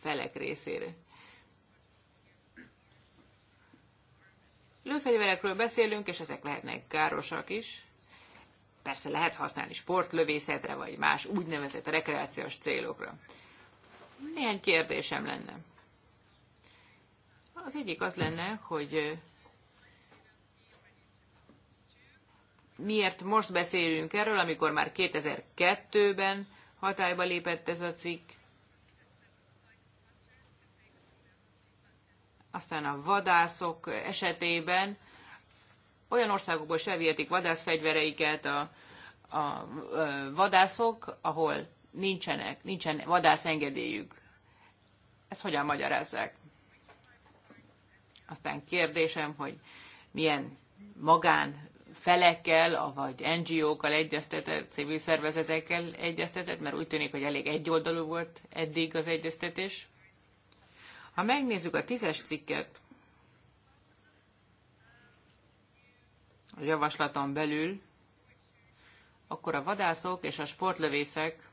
felek részére. Lőfegyverekről beszélünk, és ezek lehetnek károsak is. Persze lehet használni sportlövészetre, vagy más úgynevezett rekreációs célokra. Néhány kérdésem lenne. Az egyik az lenne, hogy miért most beszélünk erről, amikor már 2002-ben hatályba lépett ez a cikk. Aztán a vadászok esetében olyan országokból se vadászfegyvereiket a, a, a vadászok, ahol nincsenek, nincsen vadászengedélyük. Ezt hogyan magyarázzák? Aztán kérdésem, hogy milyen magán felekkel, vagy NGO-kkal egyeztetett, civil szervezetekkel egyeztetett, mert úgy tűnik, hogy elég egyoldalú volt eddig az egyeztetés. Ha megnézzük a tízes cikket, a javaslaton belül, akkor a vadászok és a sportlövészek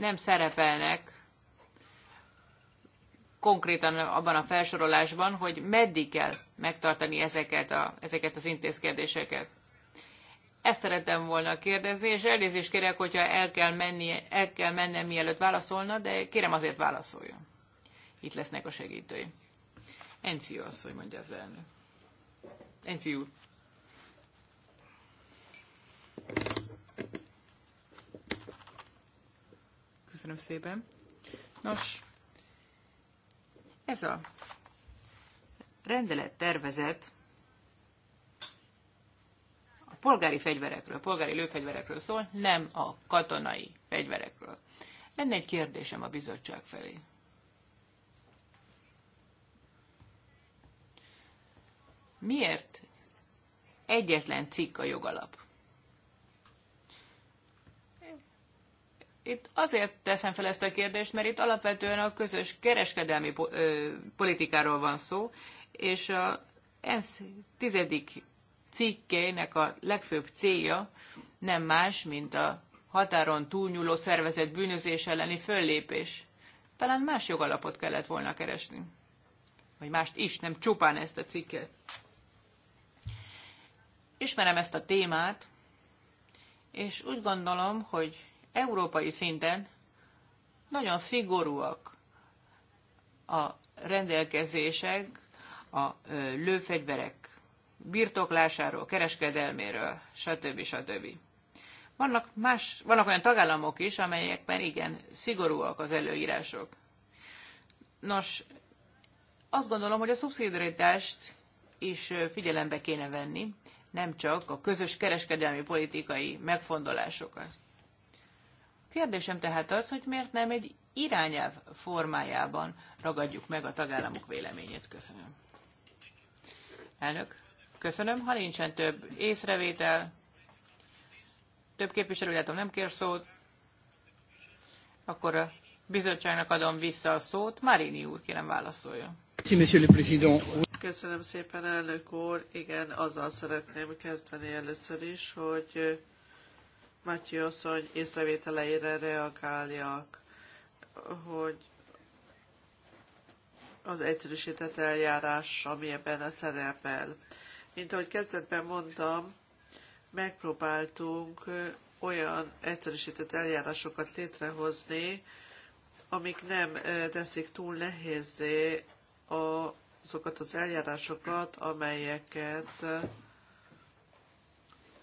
nem szerepelnek konkrétan abban a felsorolásban, hogy meddig kell megtartani ezeket, a, ezeket az intézkedéseket. Ezt szerettem volna kérdezni, és elnézést kérek, hogyha el kell, menni, el kell mennem, mielőtt válaszolna, de kérem azért válaszoljon. Itt lesznek a segítői. Enci hogy mondja az elnök. Enci úr. Köszönöm szépen. Nos, ez a rendelet tervezet a polgári fegyverekről, a polgári lőfegyverekről szól, nem a katonai fegyverekről. Lenne egy kérdésem a bizottság felé. Miért egyetlen cikk a jogalap? Itt azért teszem fel ezt a kérdést, mert itt alapvetően a közös kereskedelmi politikáról van szó, és a ENSZ tizedik cikkének a legfőbb célja nem más, mint a határon túlnyúló szervezet bűnözés elleni föllépés. Talán más jogalapot kellett volna keresni. Vagy mást is, nem csupán ezt a cikket. Ismerem ezt a témát, és úgy gondolom, hogy európai szinten nagyon szigorúak a rendelkezések a lőfegyverek birtoklásáról, kereskedelméről, stb. stb. Vannak, más, vannak olyan tagállamok is, amelyekben igen, szigorúak az előírások. Nos, azt gondolom, hogy a szubszidiaritást is figyelembe kéne venni, nem csak a közös kereskedelmi politikai megfondolásokat. Kérdésem tehát az, hogy miért nem egy irányelv formájában ragadjuk meg a tagállamok véleményét. Köszönöm. Elnök, köszönöm. Ha nincsen több észrevétel, több képviselőjátom nem kér szót, akkor a bizottságnak adom vissza a szót. Marini úr, kérem válaszoljon. Köszönöm szépen, elnök úr. Igen, azzal szeretném kezdeni először is, hogy Matyi hogy észrevételeire reagáljak, hogy az egyszerűsített eljárás, ami ebben a szerepel. Mint ahogy kezdetben mondtam, megpróbáltunk olyan egyszerűsített eljárásokat létrehozni, amik nem eh, teszik túl nehézé azokat az eljárásokat, amelyeket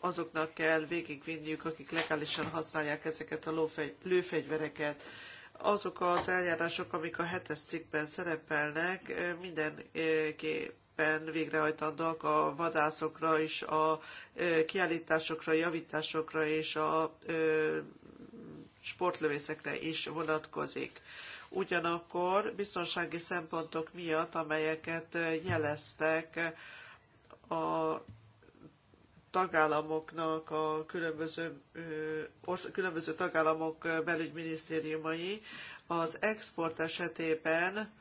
azoknak kell végigvinniük, akik legálisan használják ezeket a lőfegyvereket. Azok az eljárások, amik a hetes cikkben szerepelnek, mindenképpen végrehajtandóak a vadászokra is, a kiállításokra, javításokra és a sportlövészekre is vonatkozik. Ugyanakkor biztonsági szempontok miatt, amelyeket jeleztek a tagállamoknak a különböző, orsz, különböző tagállamok belügyminisztériumai az export esetében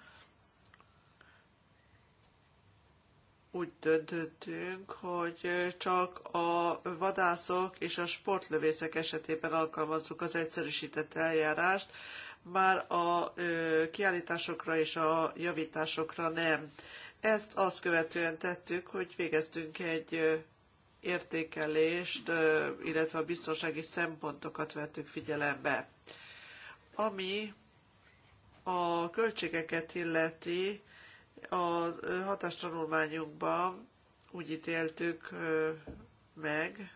úgy döntöttünk, hogy csak a vadászok és a sportlövészek esetében alkalmazzuk az egyszerűsített eljárást, már a kiállításokra és a javításokra nem. Ezt azt követően tettük, hogy végeztünk egy értékelést, illetve a biztonsági szempontokat vettük figyelembe. Ami a költségeket illeti, a hatástanulmányunkban úgy ítéltük meg,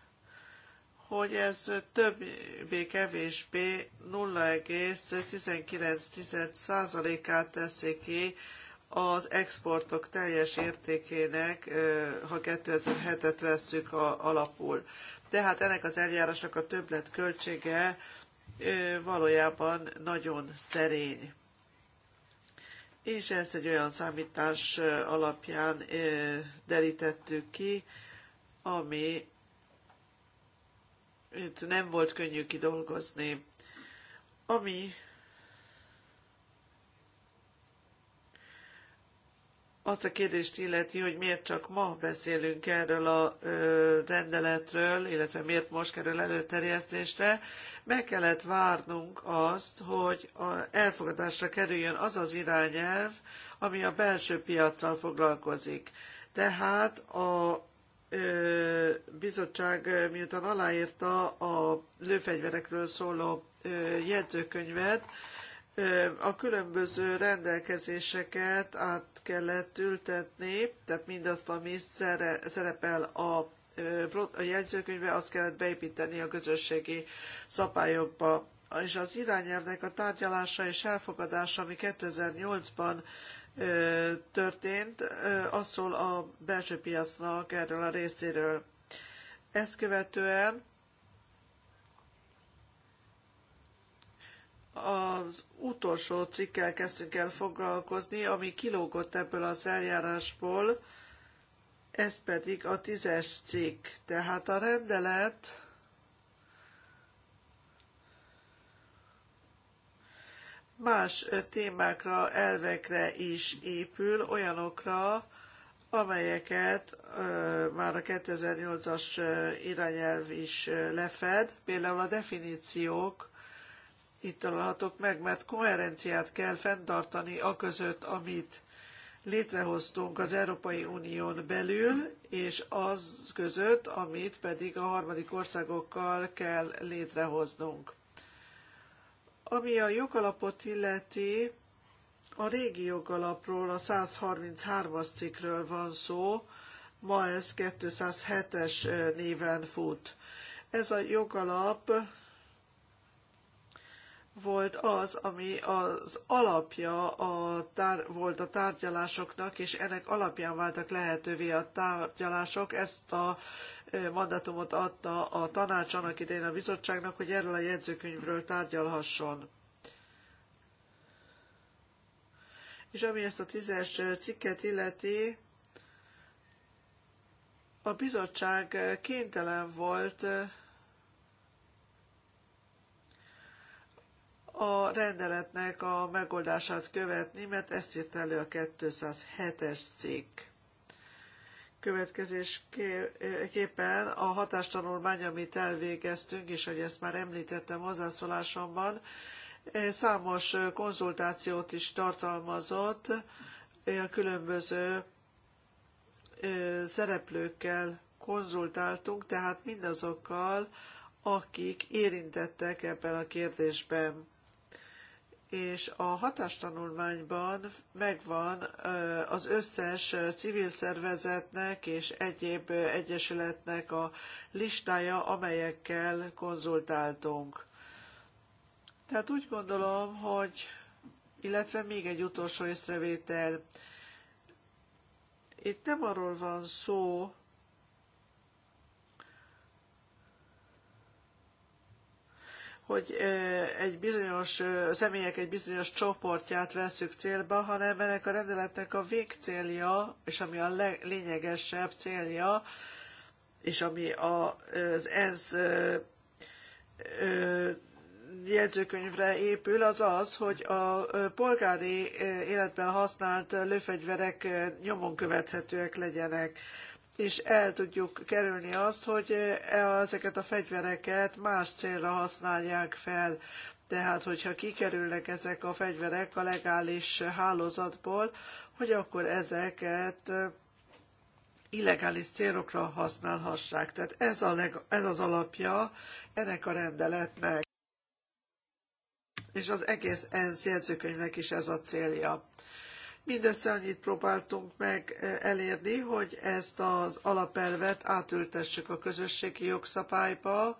hogy ez többé-kevésbé 0,19%-át teszi ki az exportok teljes értékének, ha 2007-et vesszük a, alapul. Tehát ennek az eljárásnak a többlet költsége valójában nagyon szerény. És ezt egy olyan számítás alapján derítettük ki, ami itt nem volt könnyű kidolgozni. Ami azt a kérdést illeti, hogy miért csak ma beszélünk erről a rendeletről, illetve miért most kerül előterjesztésre, meg kellett várnunk azt, hogy elfogadásra kerüljön az az irányelv, ami a belső piaccal foglalkozik. Tehát a bizottság miután aláírta a lőfegyverekről szóló jegyzőkönyvet, a különböző rendelkezéseket át kellett ültetni, tehát mindazt, ami szerepel a a jegyzőkönyvbe azt kellett beépíteni a közösségi szabályokba. És az irányelvnek a tárgyalása és elfogadása, ami 2008-ban történt, az szól a belső piacnak erről a részéről. Ezt követően az utolsó cikkel kezdtünk el foglalkozni, ami kilógott ebből az eljárásból, ez pedig a tízes cikk. Tehát a rendelet más témákra, elvekre is épül, olyanokra, amelyeket már a 2008-as irányelv is lefed, például a definíciók, itt találhatok meg, mert koherenciát kell fenntartani a között, amit létrehoztunk az Európai Unión belül, és az között, amit pedig a harmadik országokkal kell létrehoznunk. Ami a jogalapot illeti, a régi jogalapról, a 133-as cikkről van szó, ma ez 207-es néven fut. Ez a jogalap volt az, ami az alapja a tár- volt a tárgyalásoknak, és ennek alapján váltak lehetővé a tárgyalások. Ezt a mandátumot adta a tanács annak idején a bizottságnak, hogy erről a jegyzőkönyvről tárgyalhasson. És ami ezt a tízes cikket illeti, a bizottság kénytelen volt a rendeletnek a megoldását követni, mert ezt írt elő a 207-es cikk. Következésképpen a hatástanulmány, amit elvégeztünk, és hogy ezt már említettem hozzászólásomban, eh, számos eh, konzultációt is tartalmazott eh, a különböző szereplőkkel konzultáltunk, tehát mindazokkal, akik érintettek ebben a kérdésben és a hatástanulmányban megvan az összes civil szervezetnek és egyéb egyesületnek a listája, amelyekkel konzultáltunk. Tehát úgy gondolom, hogy, illetve még egy utolsó észrevétel, itt nem arról van szó, hogy egy bizonyos személyek egy bizonyos csoportját veszük célba, hanem ennek a rendeletnek a végcélja, és ami a lényegesebb célja, és ami a, az ENSZ jegyzőkönyvre épül, az az, hogy a polgári életben használt lőfegyverek nyomon követhetőek legyenek és el tudjuk kerülni azt, hogy e, ezeket a fegyvereket más célra használják fel. Tehát, hogyha kikerülnek ezek a fegyverek a legális hálózatból, hogy akkor ezeket e, illegális célokra használhassák. Tehát ez, a leg, ez az alapja ennek a rendeletnek. És az egész ENSZ jegyzőkönyvnek is ez a célja. Mindössze annyit próbáltunk meg e, elérni, hogy ezt az alapelvet átültessük a közösségi jogszabályba,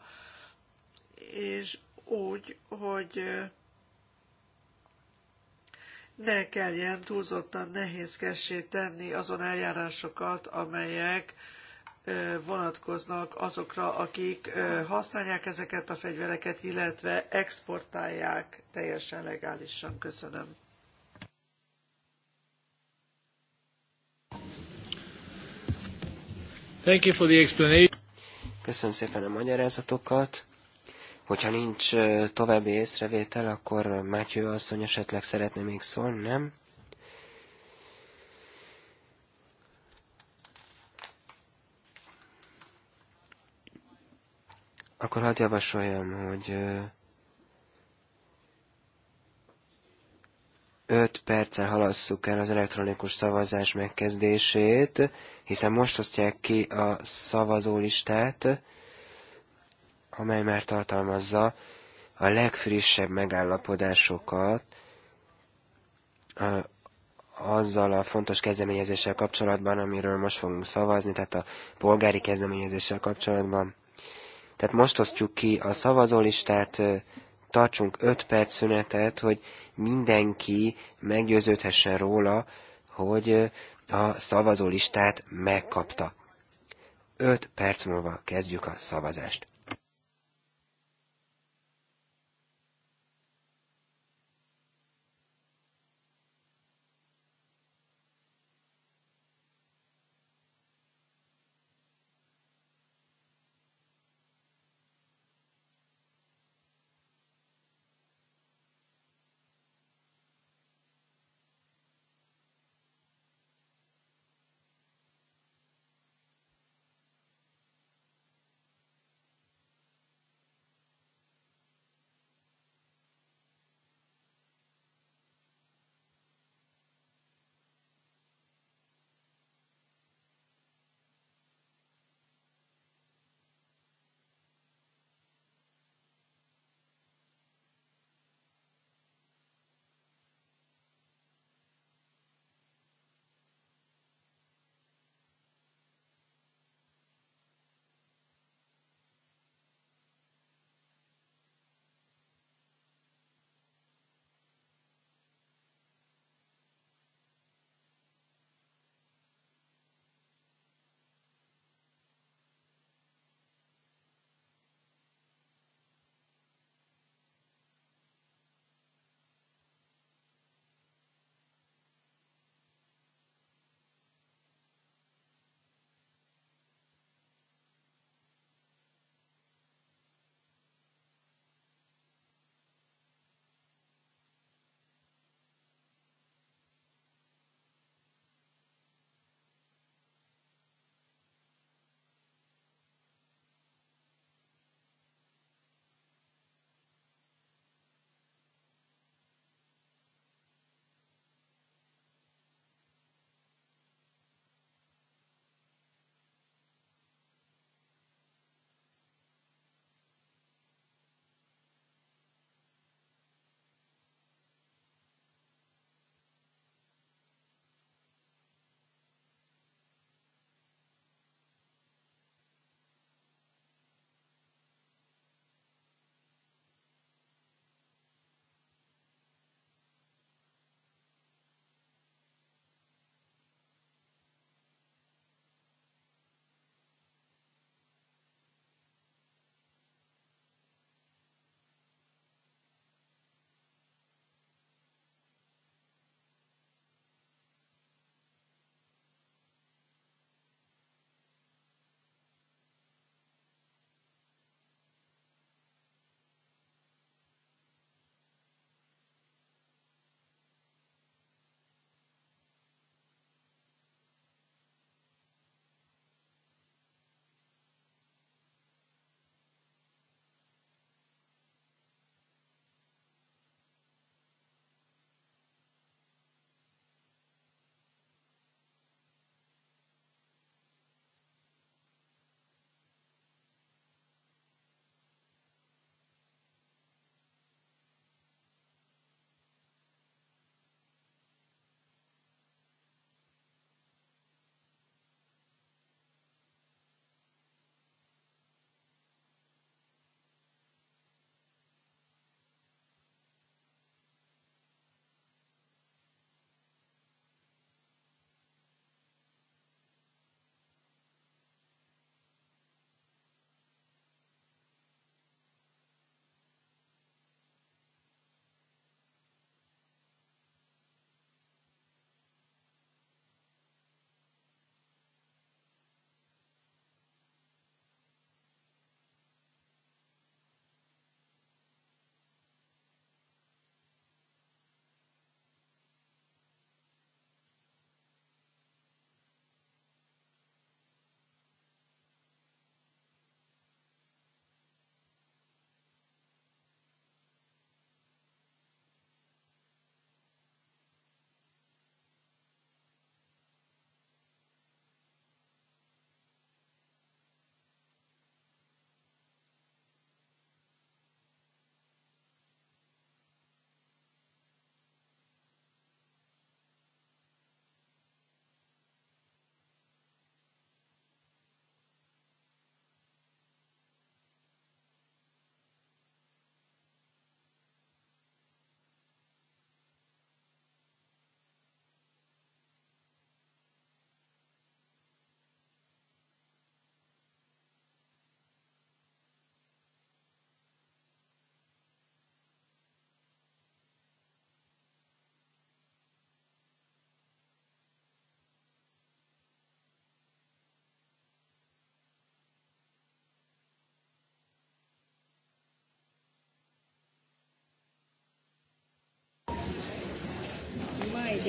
és úgy, hogy e, ne kelljen túlzottan nehézkessé tenni azon eljárásokat, amelyek e, vonatkoznak azokra, akik használják ezeket a fegyvereket, illetve exportálják teljesen legálisan. Köszönöm. Thank you for the explanation. Köszönöm szépen a magyarázatokat. Hogyha nincs további észrevétel, akkor Mátyő asszony esetleg szeretne még szólni, nem? Akkor hadd javasoljam, hogy 5 perccel halasszuk el az elektronikus szavazás megkezdését, hiszen most osztják ki a szavazólistát, amely már tartalmazza a legfrissebb megállapodásokat a, azzal a fontos kezdeményezéssel kapcsolatban, amiről most fogunk szavazni, tehát a polgári kezdeményezéssel kapcsolatban. Tehát most osztjuk ki a szavazólistát, tartsunk öt perc szünetet, hogy mindenki meggyőződhessen róla, hogy a szavazólistát megkapta. Öt perc múlva kezdjük a szavazást.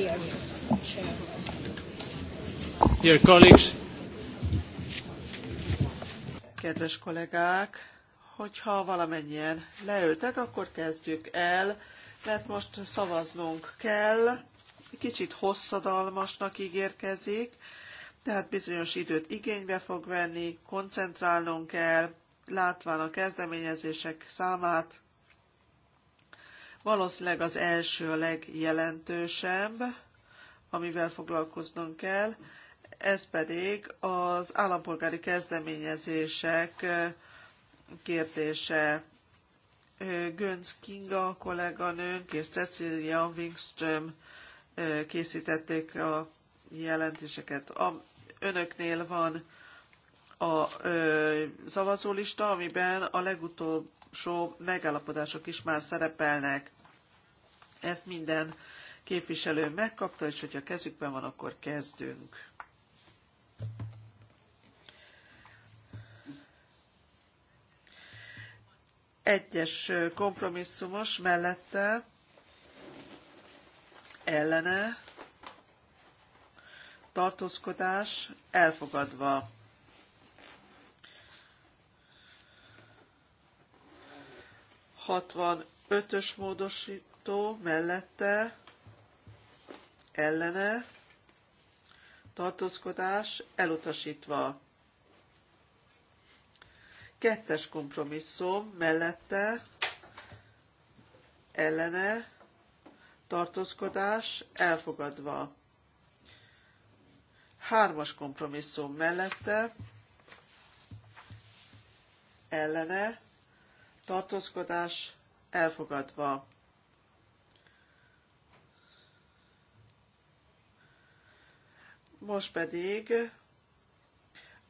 areas. Chair. Dear colleagues. Kedves kollégák, hogyha valamennyien leültek, akkor kezdjük el, mert most szavaznunk kell. Kicsit hosszadalmasnak ígérkezik, tehát bizonyos időt igénybe fog venni, koncentrálnunk kell, látván a kezdeményezések számát, Valószínűleg az első a legjelentősebb, amivel foglalkoznunk kell, ez pedig az állampolgári kezdeményezések kérdése. Gönc Kinga kolléganőnk és Cecilia Wingström készítették a jelentéseket. A, önöknél van a ö, szavazólista, amiben a legutóbb típusú megállapodások is már szerepelnek. Ezt minden képviselő megkapta, és hogyha kezükben van, akkor kezdünk. Egyes kompromisszumos mellette ellene tartózkodás elfogadva. 65-ös módosító mellette ellene tartózkodás elutasítva. Kettes kompromisszum mellette ellene tartózkodás elfogadva. Hármas kompromisszum mellette ellene tartózkodás elfogadva. Most pedig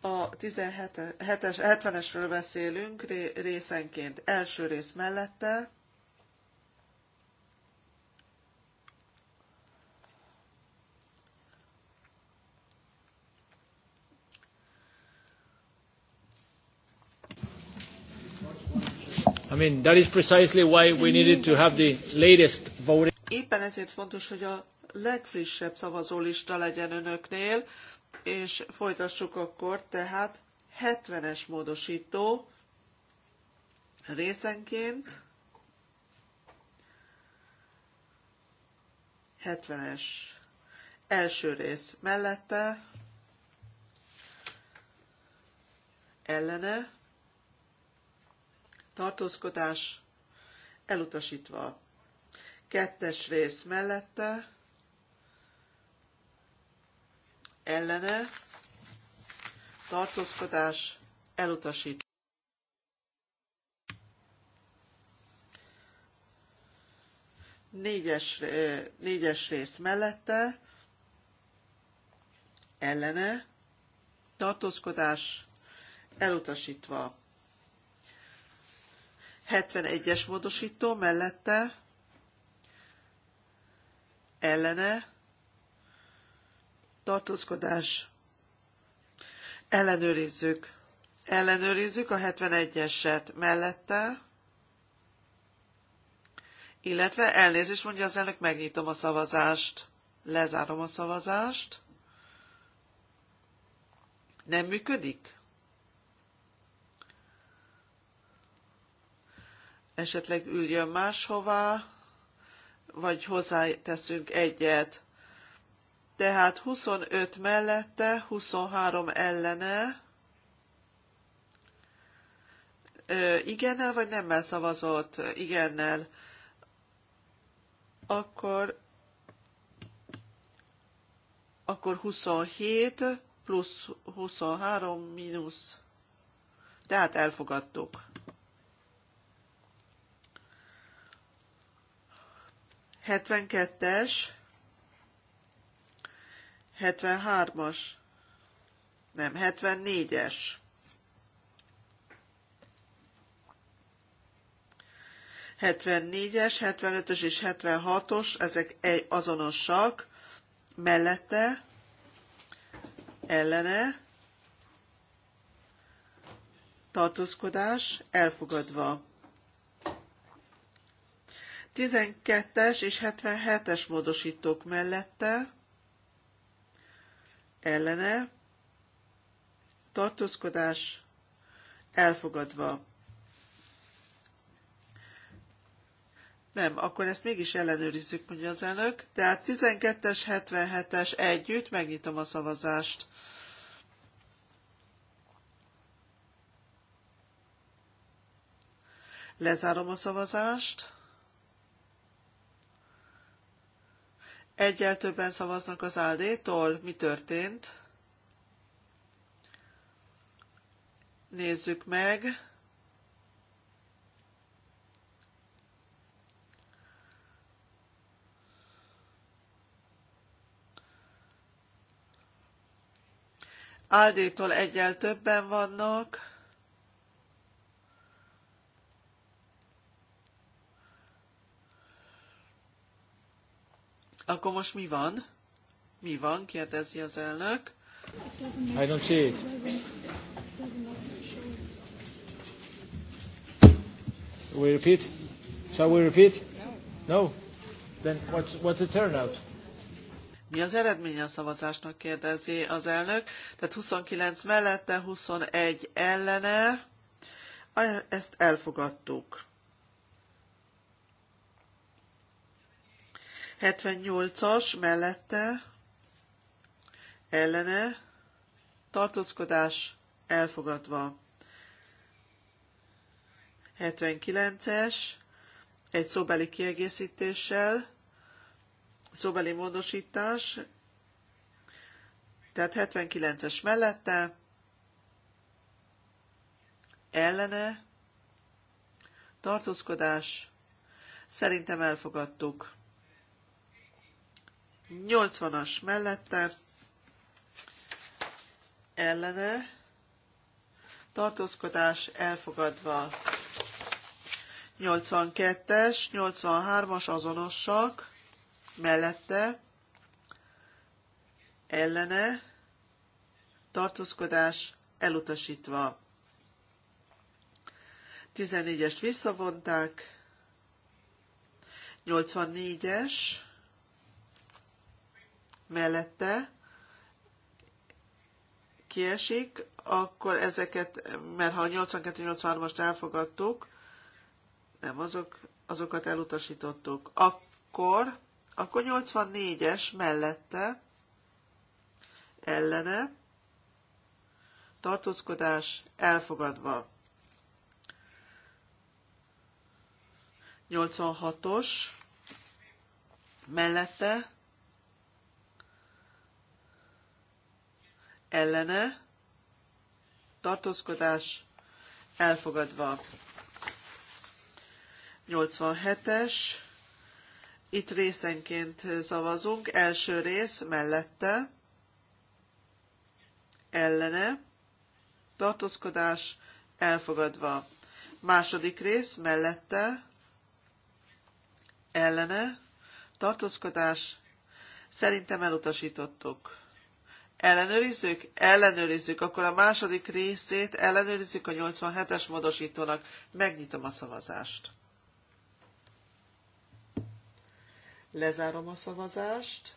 a 17-es, 70-esről beszélünk részenként. Első rész mellette, I mean, that is precisely why we needed to have the latest voting. Éppen ezért fontos, hogy a legfrissebb szavazólista legyen önöknél, és folytassuk akkor tehát 70-es módosító részenként. 70-es első rész mellette, ellene, tartózkodás elutasítva. Kettes rész mellette, ellene, tartózkodás elutasítva. Négyes, négyes rész mellette, ellene, tartózkodás elutasítva 71-es módosító mellette ellene tartózkodás. Ellenőrizzük. Ellenőrizzük a 71-eset mellette, illetve elnézést mondja az elnök, megnyitom a szavazást, lezárom a szavazást. Nem működik? esetleg üljön máshová, vagy hozzáteszünk egyet. Tehát 25 mellette, 23 ellene. Ö, igennel vagy nemmel szavazott? Igennel. Akkor, akkor 27 plusz 23 mínusz. Tehát elfogadtuk. 72-es, 73-as, nem, 74-es. 74-es, 75-ös és 76-os, ezek egy azonosak, mellette, ellene, tartózkodás, elfogadva. 12-es és 77-es módosítók mellette ellene tartózkodás elfogadva. Nem, akkor ezt mégis ellenőrizzük, mondja az elnök. Tehát 12-es, 77-es együtt megnyitom a szavazást. Lezárom a szavazást. Egyel többen szavaznak az ALD-tól. Mi történt? Nézzük meg. Áldétól egyel többen vannak. Akkor most mi van? Mi van? kérdezi az elnök. I don't see it. We repeat? Shall we repeat? No. Then what's, what's the turnout? Mi az eredmény a szavazásnak, kérdezi az elnök. Tehát 29 mellette, 21 ellene. Ezt elfogadtuk. 78-as mellette ellene tartózkodás elfogadva. 79-es egy szóbeli kiegészítéssel, szóbeli módosítás, tehát 79-es mellette, ellene, tartózkodás, szerintem elfogadtuk. 80-as mellette ellene tartózkodás elfogadva. 82-es, 83-as azonosak mellette ellene tartózkodás elutasítva. 14-est visszavonták, 84-es mellette kiesik, akkor ezeket, mert ha a 82-83-ast elfogadtuk, nem azok, azokat elutasítottuk, akkor, akkor 84-es mellette ellene tartózkodás elfogadva. 86-os mellette ellene, tartózkodás elfogadva. 87-es, itt részenként szavazunk, első rész mellette, ellene, tartózkodás elfogadva. Második rész mellette, ellene, tartózkodás, szerintem elutasítottuk. Ellenőrizzük? Ellenőrizzük. Akkor a második részét ellenőrizzük a 87-es módosítónak. Megnyitom a szavazást. Lezárom a szavazást.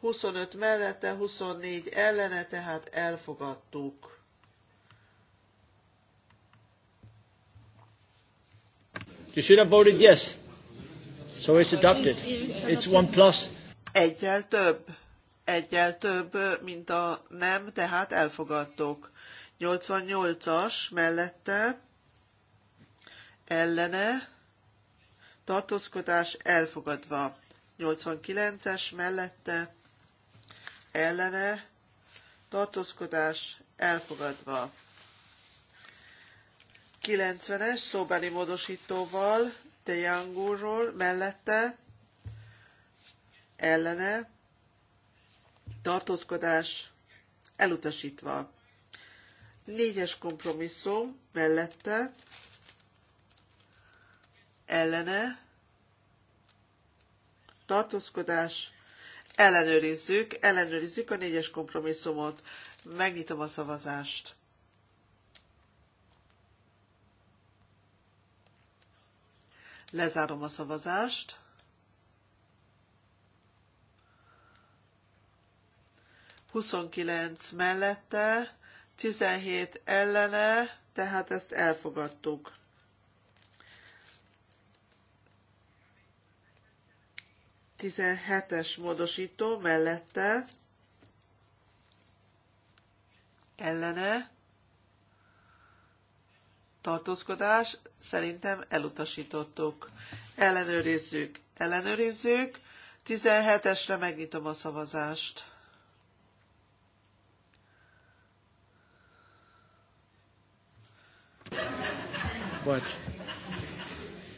Huszonöt mellette, 24 ellene, tehát elfogadtuk. You should have voted yes. So it's adopted. It's one plus. Egyel több. Egyel több, mint a nem, tehát elfogadtok. 88-as mellette ellene tartózkodás elfogadva. 89-es mellette ellene tartózkodás elfogadva. 90-es szóbeli módosítóval, De Young úrról, mellette, ellene, tartózkodás elutasítva. Négyes kompromisszum mellette, ellene, tartózkodás, ellenőrizzük, ellenőrizzük a négyes kompromisszumot. Megnyitom a szavazást. Lezárom a szavazást. Huszonkilenc mellette, tizenhét ellene, tehát ezt elfogadtuk. Tizenhetes módosító mellette, ellene, tartózkodás, szerintem elutasítottuk. Ellenőrizzük, ellenőrizzük. 17-esre megnyitom a szavazást. What?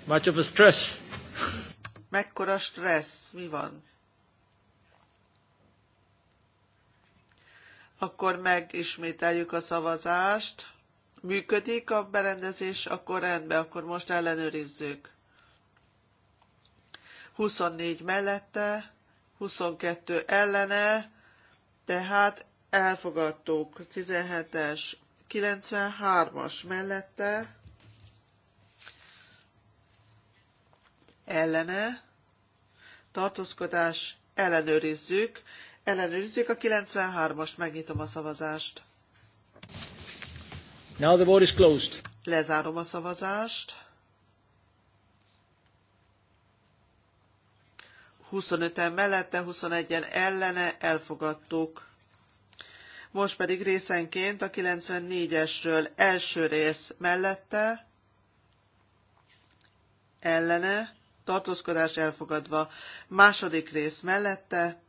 Much of a stress. Mekkora stressz? Mi van? Akkor megismételjük a szavazást működik a berendezés, akkor rendben, akkor most ellenőrizzük. 24 mellette, 22 ellene, tehát elfogadtuk. 17-es, 93-as mellette, ellene, tartózkodás, ellenőrizzük. Ellenőrizzük a 93-ast, megnyitom a szavazást. Now the vote is closed. Lezárom a szavazást. 25-en mellette, 21-en ellene elfogadtuk. Most pedig részenként a 94-esről első rész mellette, ellene, tartózkodás elfogadva, második rész mellette,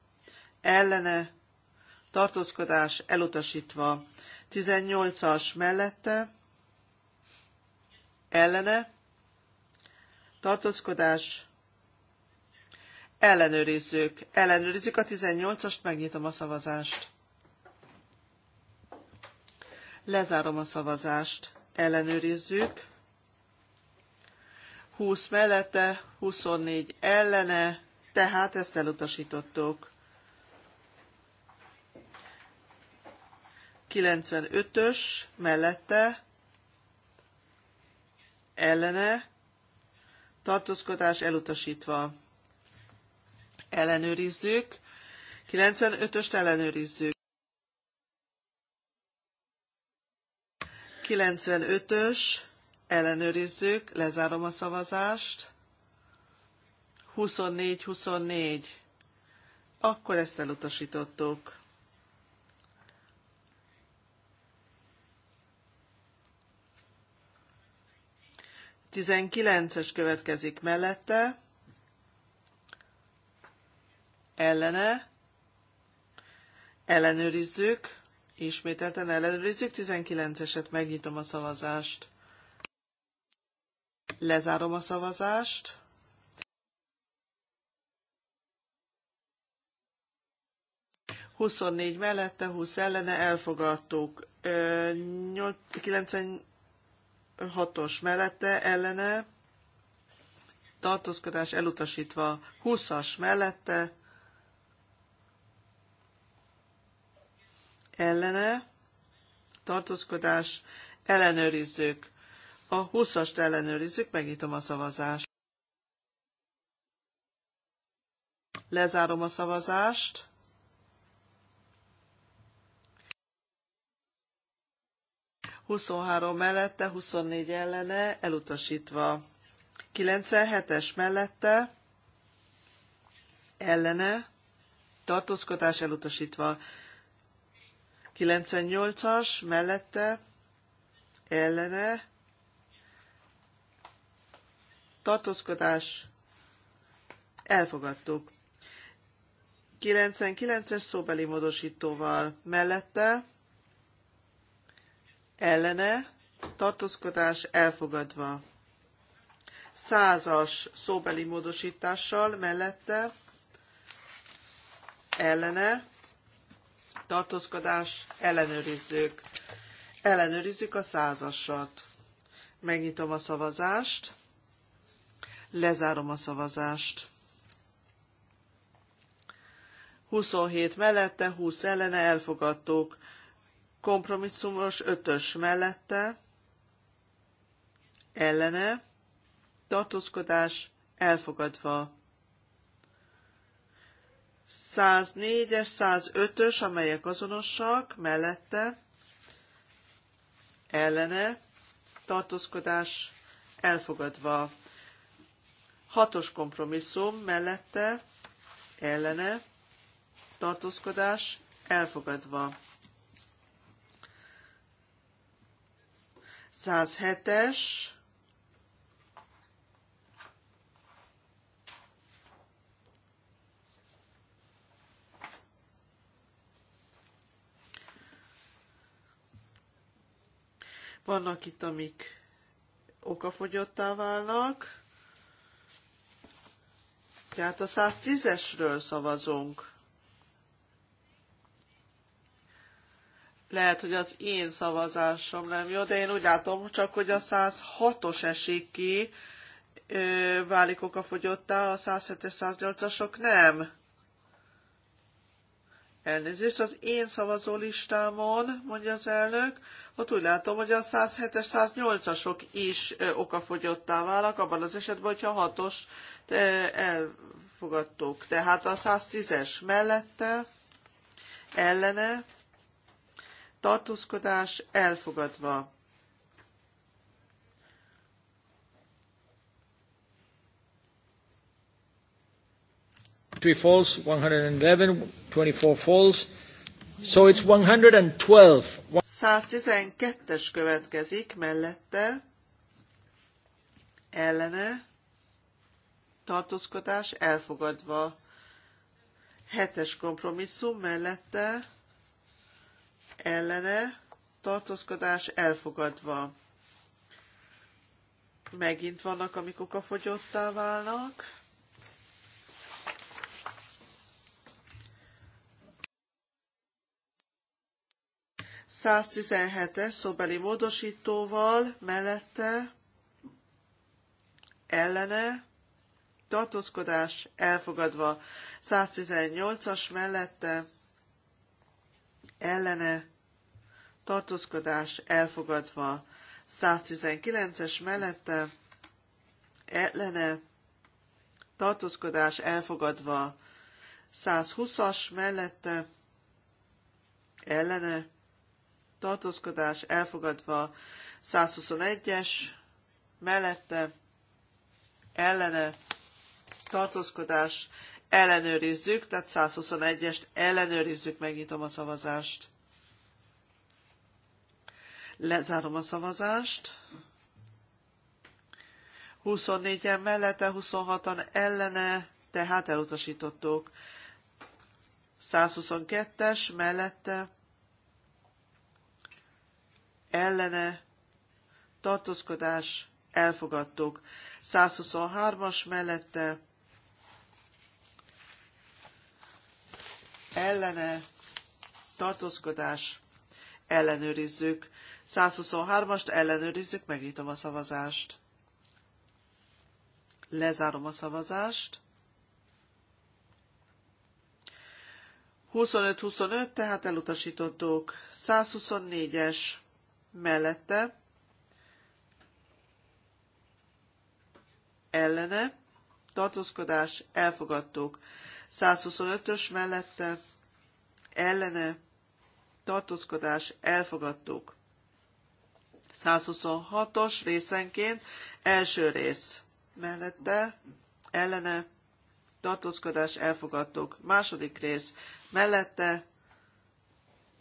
ellene, tartózkodás elutasítva. 18-as mellette, ellene, tartózkodás, ellenőrizzük. Ellenőrizzük a 18-ast, megnyitom a szavazást. Lezárom a szavazást, ellenőrizzük. 20 mellette, 24 ellene, tehát ezt elutasítottuk. 95-ös mellette ellene tartózkodás elutasítva. Ellenőrizzük. 95-öst ellenőrizzük. 95-ös ellenőrizzük, lezárom a szavazást. 24-24. Akkor ezt elutasítottuk. 19-es következik mellette, ellene, ellenőrizzük, ismételten ellenőrizzük, 19-eset megnyitom a szavazást. Lezárom a szavazást. Huszonnégy mellette, 20 ellene elfogadtuk hatos mellette ellene tartózkodás elutasítva 20-as mellette ellene tartózkodás ellenőrizzük. A 20-ast ellenőrizzük, megnyitom a szavazást. Lezárom a szavazást. 23 mellette, 24 ellene, elutasítva. 97-es mellette, ellene, tartózkodás elutasítva. 98-as mellette, ellene, tartózkodás elfogadtuk. 99-es szóbeli módosítóval mellette, ellene, tartózkodás elfogadva. Százas szóbeli módosítással mellette, ellene, tartózkodás ellenőrizzük. Ellenőrizzük a százasat. Megnyitom a szavazást, lezárom a szavazást. 27 mellette, 20 ellene elfogadtuk kompromisszumos ötös mellette, ellene, tartózkodás elfogadva. 104-es, 105-ös, amelyek azonosak, mellette, ellene, tartózkodás elfogadva. Hatos kompromisszum mellette, ellene, tartózkodás elfogadva. 107-es, Vannak itt, amik okafogyottá válnak. Tehát a 110-esről szavazunk. Lehet, hogy az én szavazásom nem jó, de én úgy látom csak, hogy a 106-os esik ki, válik fogyottá, a 107-es, 108-asok nem. Elnézést, az én listámon, mondja az elnök, ott úgy látom, hogy a 107-es, 108-asok is okafogyottá válnak, abban az esetben, hogyha a 6-os elfogadtuk. Tehát a 110-es mellette, ellene, tartózkodás elfogadva. Three falls, 111, 24 falls. So it's 112. 112-es következik mellette, ellene, tartózkodás elfogadva. Hetes kompromisszum mellette, ellene tartózkodás elfogadva. Megint vannak, amikor a fogyottá válnak. es szóbeli módosítóval mellette ellene tartózkodás elfogadva. 118-as mellette ellene tartózkodás elfogadva. 119-es mellette ellene tartózkodás elfogadva. 120-as mellette ellene tartózkodás elfogadva. 121-es mellette ellene tartózkodás ellenőrizzük, tehát 121-est ellenőrizzük, megnyitom a szavazást. Lezárom a szavazást. 24-en mellette, 26-an ellene, tehát elutasítottuk. 122-es mellette, ellene, tartózkodás, elfogadtuk. 123-as mellette, ellene tartózkodás ellenőrizzük. 123-ast ellenőrizzük, megnyitom a szavazást. Lezárom a szavazást. 25-25, tehát elutasítottuk. 124-es mellette. Ellene. Tartózkodás. Elfogadtuk. 125-ös mellette ellene tartózkodás elfogadtuk. 126-os részenként első rész mellette ellene tartózkodás elfogadtuk. Második rész mellette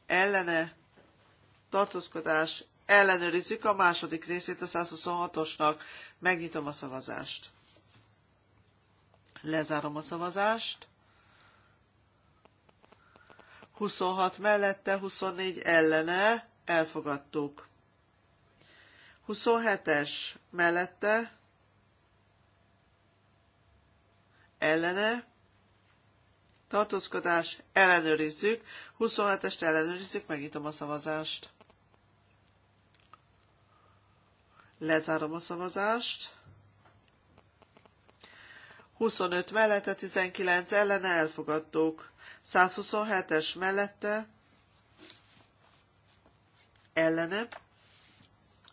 ellene tartózkodás ellenőrizzük a második részét a 126-osnak. Megnyitom a szavazást. Lezárom a szavazást. 26 mellette, 24 ellene, elfogadtuk. 27-es mellette, ellene, tartózkodás, ellenőrizzük, 27-est ellenőrizzük, megnyitom a szavazást. Lezárom a szavazást. 25 mellette, 19 ellene elfogadtuk. 127-es mellette ellene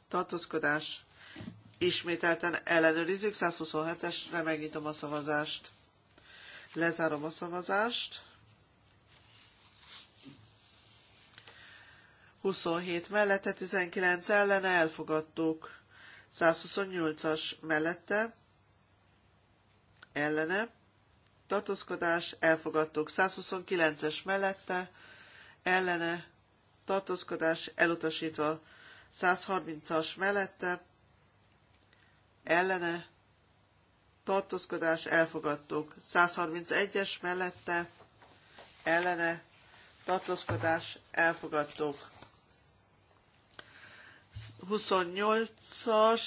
tartózkodás. Ismételten ellenőrizzük, 127-esre megnyitom a szavazást. Lezárom a szavazást. 27 mellette, 19 ellene elfogadtuk. 128-as mellette ellene tartózkodás, elfogadtuk. 129-es mellette, ellene, tartózkodás, elutasítva. 130-as mellette, ellene, tartózkodás, elfogadtuk. 131-es mellette, ellene, tartózkodás, elfogadtuk. 28-as,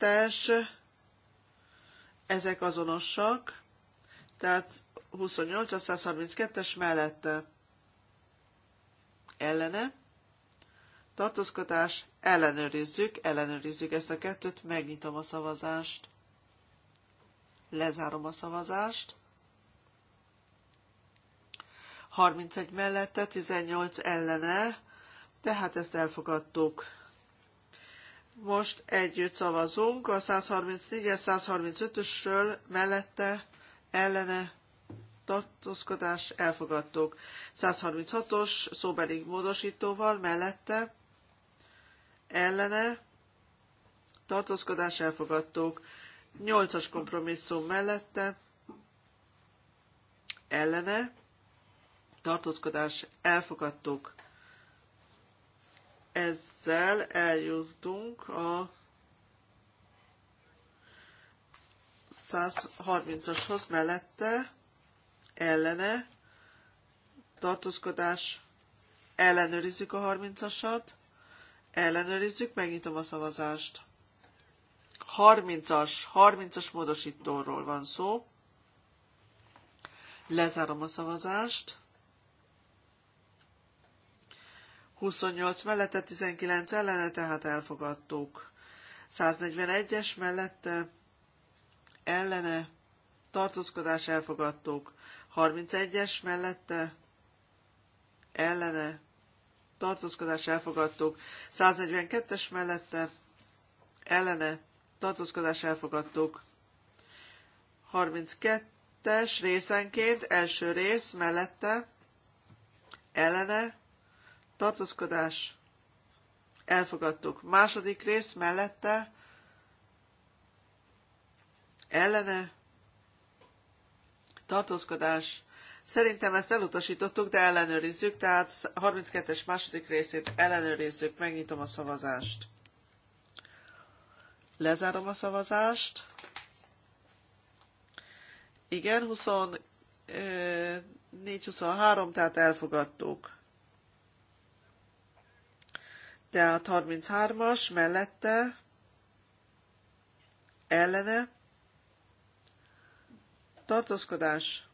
132-es, ezek azonosak. Tehát 28, a 132-es mellette ellene. Tartózkodás, ellenőrizzük, ellenőrizzük ezt a kettőt, megnyitom a szavazást. Lezárom a szavazást. 31 mellette, 18 ellene, tehát ezt elfogadtuk. Most együtt szavazunk a 134-es, 135-ösről mellette ellene tartózkodás elfogadtuk. 136-os szóbeli módosítóval mellette ellene tartózkodás elfogadtuk. 8-as kompromisszum mellette ellene tartózkodás elfogadtuk. Ezzel eljutunk a 130-ashoz mellette ellene tartózkodás ellenőrizzük a 30-asat, ellenőrizzük, megnyitom a szavazást. 30-as, 30-as módosítóról van szó. Lezárom a szavazást. 28 mellette, 19 ellene, tehát elfogadtuk. 141-es mellette ellene, tartózkodás elfogadtók, 31-es mellette, ellene, tartózkodás elfogadtók, 142-es mellette, ellene, tartózkodás elfogadtók, 32-es részenként, első rész mellette, ellene, tartózkodás elfogadtuk. Második rész mellette, ellene tartózkodás. Szerintem ezt elutasítottuk, de ellenőrizzük, tehát 32-es második részét ellenőrizzük, megnyitom a szavazást. Lezárom a szavazást. Igen, 24-23, tehát elfogadtuk. Tehát 33-as mellette ellene tartózkodás.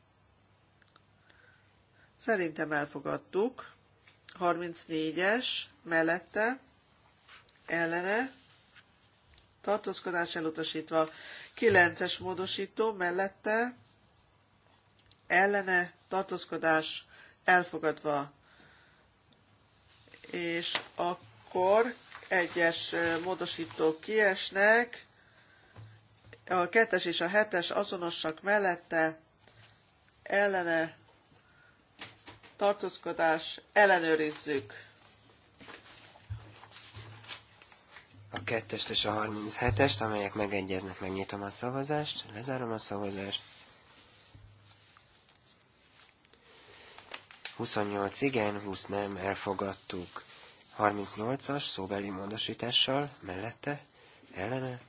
Szerintem elfogadtuk. 34-es mellette ellene tartózkodás elutasítva. 9-es módosító mellette ellene tartózkodás elfogadva. És akkor egyes eh, módosítók kiesnek, a kettes és a hetes azonosak mellette ellene tartózkodás ellenőrizzük. A kettest és a 37-est, amelyek megegyeznek, megnyitom a szavazást, lezárom a szavazást. 28 igen, 20 nem, elfogadtuk. 38-as szóbeli módosítással, mellette, ellene,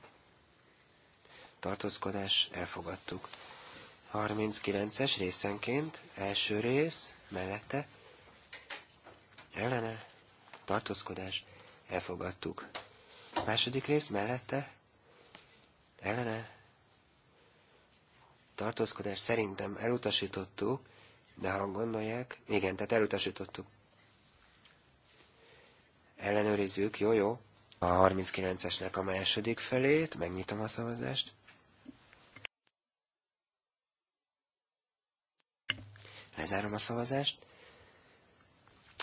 tartózkodás, elfogadtuk. 39-es részenként, első rész, mellette, ellene, tartózkodás, elfogadtuk. Második rész, mellette, ellene, tartózkodás, szerintem elutasítottuk, de ha gondolják, igen, tehát elutasítottuk. Ellenőrizzük, jó, jó, a 39-esnek a második felét, megnyitom a szavazást. Lezárom a szavazást.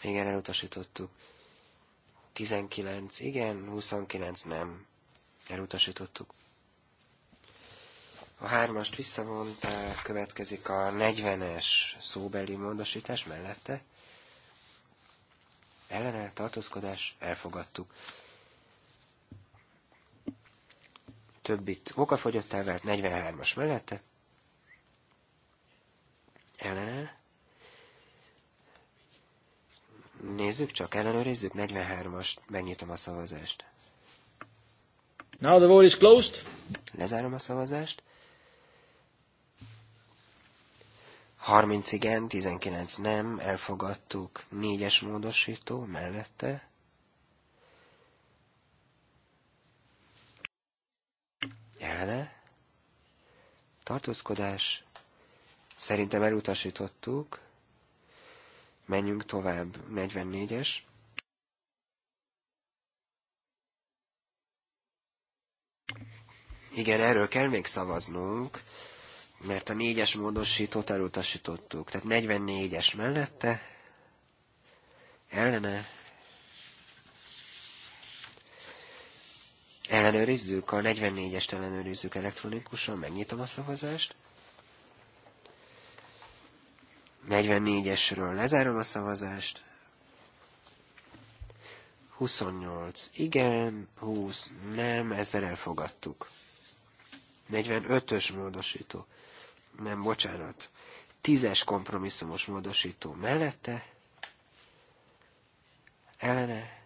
Igen, elutasítottuk. 19 igen, 29 nem. Elutasítottuk. A hármast visszavonta következik a 40-es szóbeli módosítás mellette. Ellene tartózkodás, elfogadtuk. Többit okafogyottá vált, 43-as mellette. Ellene Nézzük csak, ellenőrizzük. 43-as, megnyitom a szavazást. Now the vote is closed. Lezárom a szavazást. 30 igen, 19 nem, elfogadtuk. 4-es módosító mellette. Ellene. Tartózkodás. Szerintem elutasítottuk. Menjünk tovább. 44-es. Igen, erről kell még szavaznunk, mert a 4-es módosítót elutasítottuk. Tehát 44-es mellette, ellene, ellenőrizzük, a 44-est ellenőrizzük elektronikusan, megnyitom a szavazást. 44-esről lezárom a szavazást. 28 igen, 20 nem, ezzel elfogadtuk. 45-ös módosító. Nem, bocsánat. 10-es kompromisszumos módosító mellette. Ellene.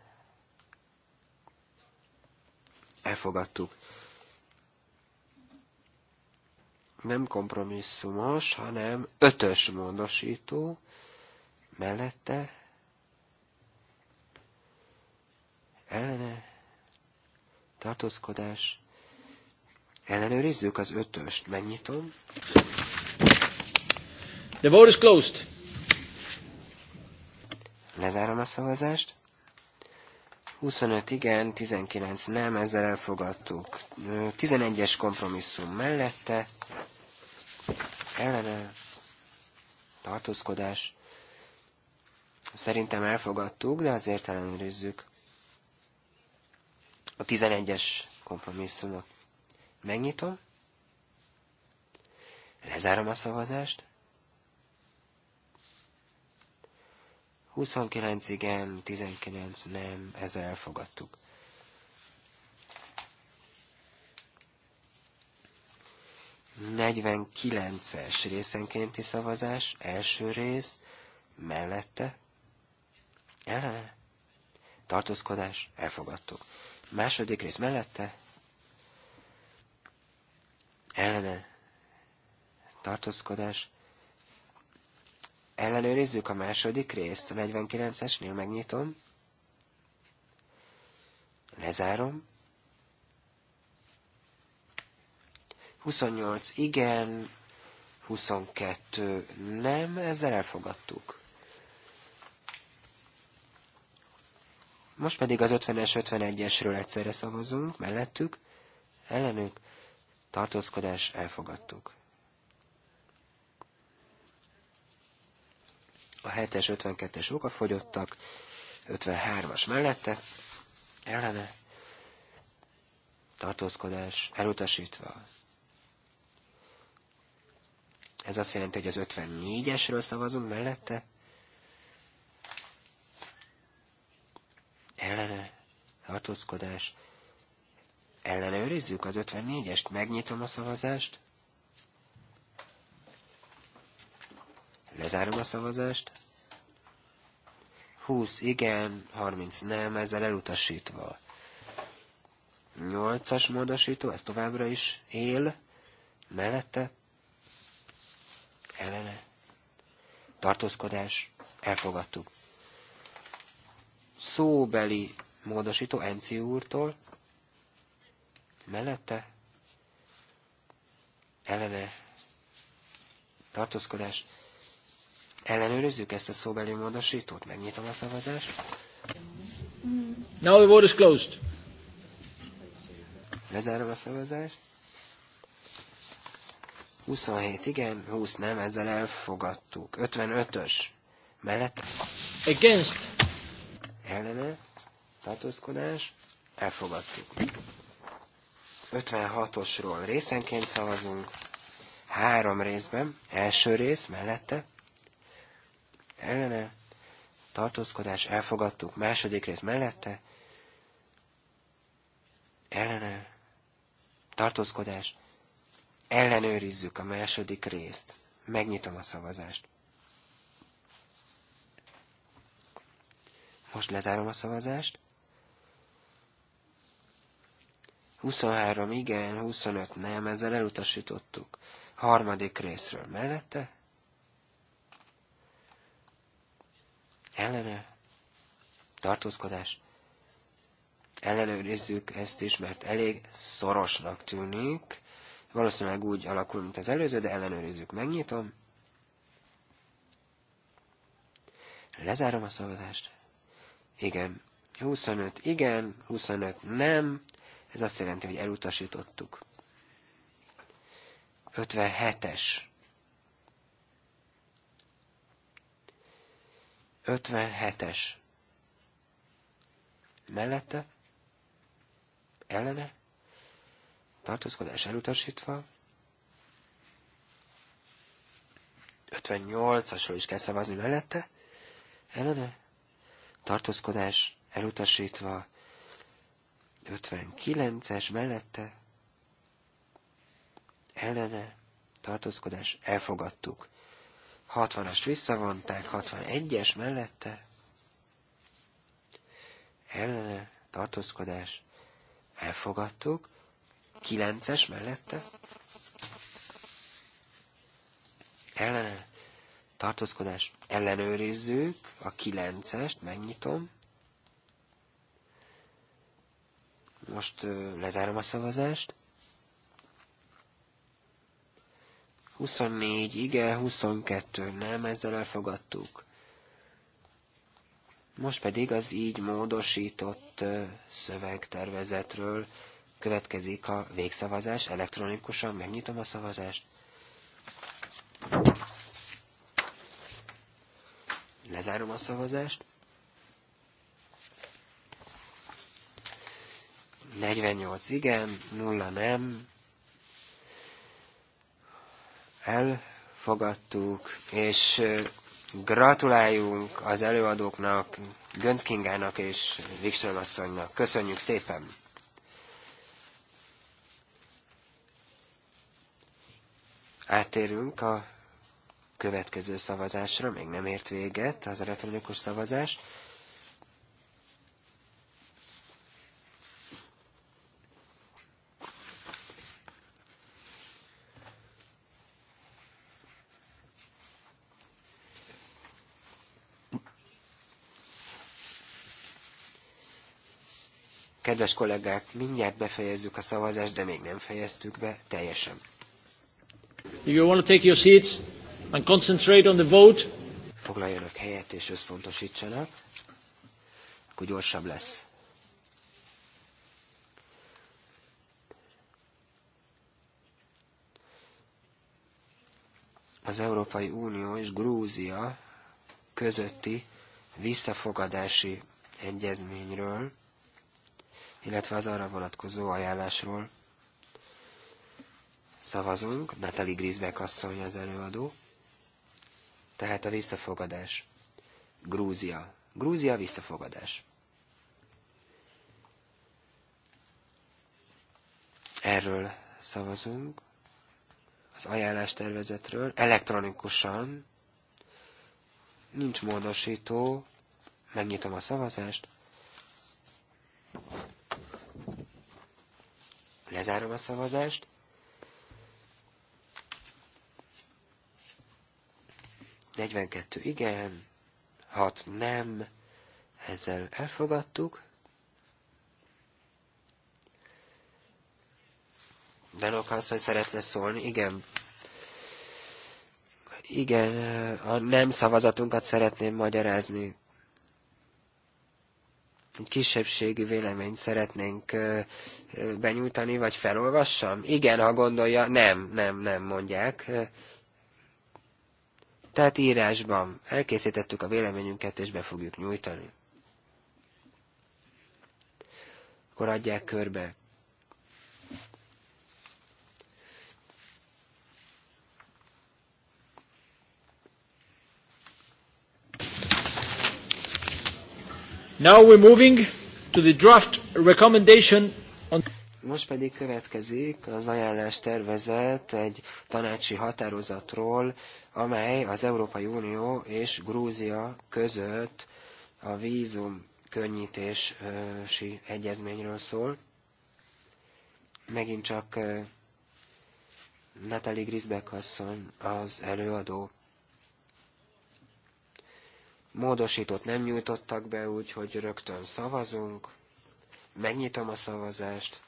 Elfogadtuk. nem kompromisszumos, hanem ötös módosító mellette ellene tartózkodás. Ellenőrizzük az ötöst. Megnyitom. The vote is closed. Lezárom a szavazást. 25 igen, 19 nem, ezzel elfogadtuk. 11-es kompromisszum mellette, ellene, tartózkodás. Szerintem elfogadtuk, de azért ellenőrizzük a 11-es kompromisszumot. Megnyitom, lezárom a szavazást, 29 igen, 19 nem, ezzel elfogadtuk. Negyvenkilences részenkénti szavazás, első rész, mellette, ellene, tartózkodás, elfogadtuk. Második rész mellette, ellene, tartózkodás, ellenőrizzük a második részt, a 49-esnél megnyitom, lezárom, 28 igen, 22 nem, ezzel elfogadtuk. Most pedig az 50-es, 51-esről egyszerre szavazunk, mellettük, ellenük, tartózkodás, elfogadtuk. a 7-es, 52-es okafogyottak, 53-as mellette, ellene, tartózkodás elutasítva. Ez azt jelenti, hogy az 54-esről szavazunk mellette, ellene, tartózkodás, ellenőrizzük az 54-est, megnyitom a szavazást, Lezárom a szavazást. 20 igen, 30 nem, ezzel elutasítva. 8-as módosító, ez továbbra is él, mellette, ellene, tartózkodás, elfogadtuk. Szóbeli módosító Enci úrtól, mellette, ellene, tartózkodás, Ellenőrizzük ezt a szóbeli módosítót, megnyitom a szavazást. Now the vote is closed. Lezárom a szavazást. 27 igen, 20 nem, ezzel elfogadtuk. 55-ös mellett. Against. Ellene. Tartózkodás. Elfogadtuk. 56-osról részenként szavazunk. Három részben. Első rész mellette ellene, tartózkodás, elfogadtuk. Második rész mellette, ellene, tartózkodás, ellenőrizzük a második részt. Megnyitom a szavazást. Most lezárom a szavazást. 23 igen, 25 nem, ezzel elutasítottuk. Harmadik részről mellette, ellene tartózkodás. Ellenőrizzük ezt is, mert elég szorosnak tűnik. Valószínűleg úgy alakul, mint az előző, de ellenőrizzük. Megnyitom. Lezárom a szavazást. Igen. 25 igen, 25 nem. Ez azt jelenti, hogy elutasítottuk. 57-es 57-es. Mellette, ellene, tartózkodás elutasítva, 58-asról is kell szavazni mellette, ellene, tartózkodás elutasítva, 59-es mellette, ellene, tartózkodás elfogadtuk. 60-ast visszavonták, 61-es mellette, ellene, tartózkodás, elfogadtuk, 9-es mellette, ellene, tartózkodás, ellenőrizzük, a 9-est megnyitom, most lezárom a szavazást, 24 igen, 22 nem, ezzel elfogadtuk. Most pedig az így módosított szövegtervezetről következik a végszavazás. Elektronikusan megnyitom a szavazást. Lezárom a szavazást. 48 igen, 0 nem, elfogadtuk, és gratuláljunk az előadóknak, Gönc Kingának és Wikström asszonynak. Köszönjük szépen! Átérünk a következő szavazásra, még nem ért véget az elektronikus szavazás. Kedves kollégák, mindjárt befejezzük a szavazást, de még nem fejeztük be teljesen. You want to take your seats and concentrate on the vote? Foglaljanak helyet és összpontosítsanak, akkor gyorsabb lesz. az Európai Unió és Grúzia közötti visszafogadási egyezményről, illetve az arra vonatkozó ajánlásról szavazunk. Natali Grisbeck asszony az előadó. Tehát a visszafogadás. Grúzia. Grúzia visszafogadás. Erről szavazunk. Az ajánlás tervezetről elektronikusan. Nincs módosító. Megnyitom a szavazást. Lezárom a szavazást. Negyvenkettő igen, hat nem, ezzel elfogadtuk. Benok azt, hogy szeretne szólni, igen. Igen, a nem szavazatunkat szeretném magyarázni kisebbségi véleményt szeretnénk benyújtani, vagy felolvassam? Igen, ha gondolja, nem, nem, nem mondják. Tehát írásban elkészítettük a véleményünket, és be fogjuk nyújtani. Akkor adják körbe. Now we're moving to the draft recommendation on... Most pedig következik az ajánlás tervezet egy tanácsi határozatról, amely az Európai Unió és Grúzia között a vízum könnyítési egyezményről szól. Megint csak eh, Natalie Grisbeck asszony az előadó. Módosítót nem nyújtottak be, úgyhogy rögtön szavazunk. Megnyitom a szavazást.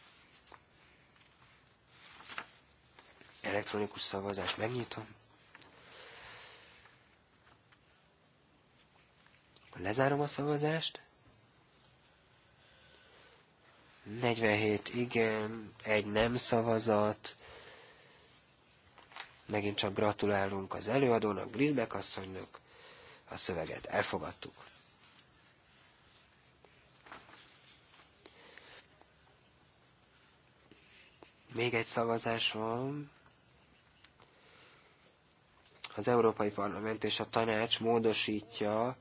Elektronikus szavazást megnyitom. Lezárom a szavazást. 47 igen, egy nem szavazat. Megint csak gratulálunk az előadónak, Grisbeck asszonynak a szöveget. Elfogadtuk. Még egy szavazás van. Az Európai Parlament és a Tanács módosítja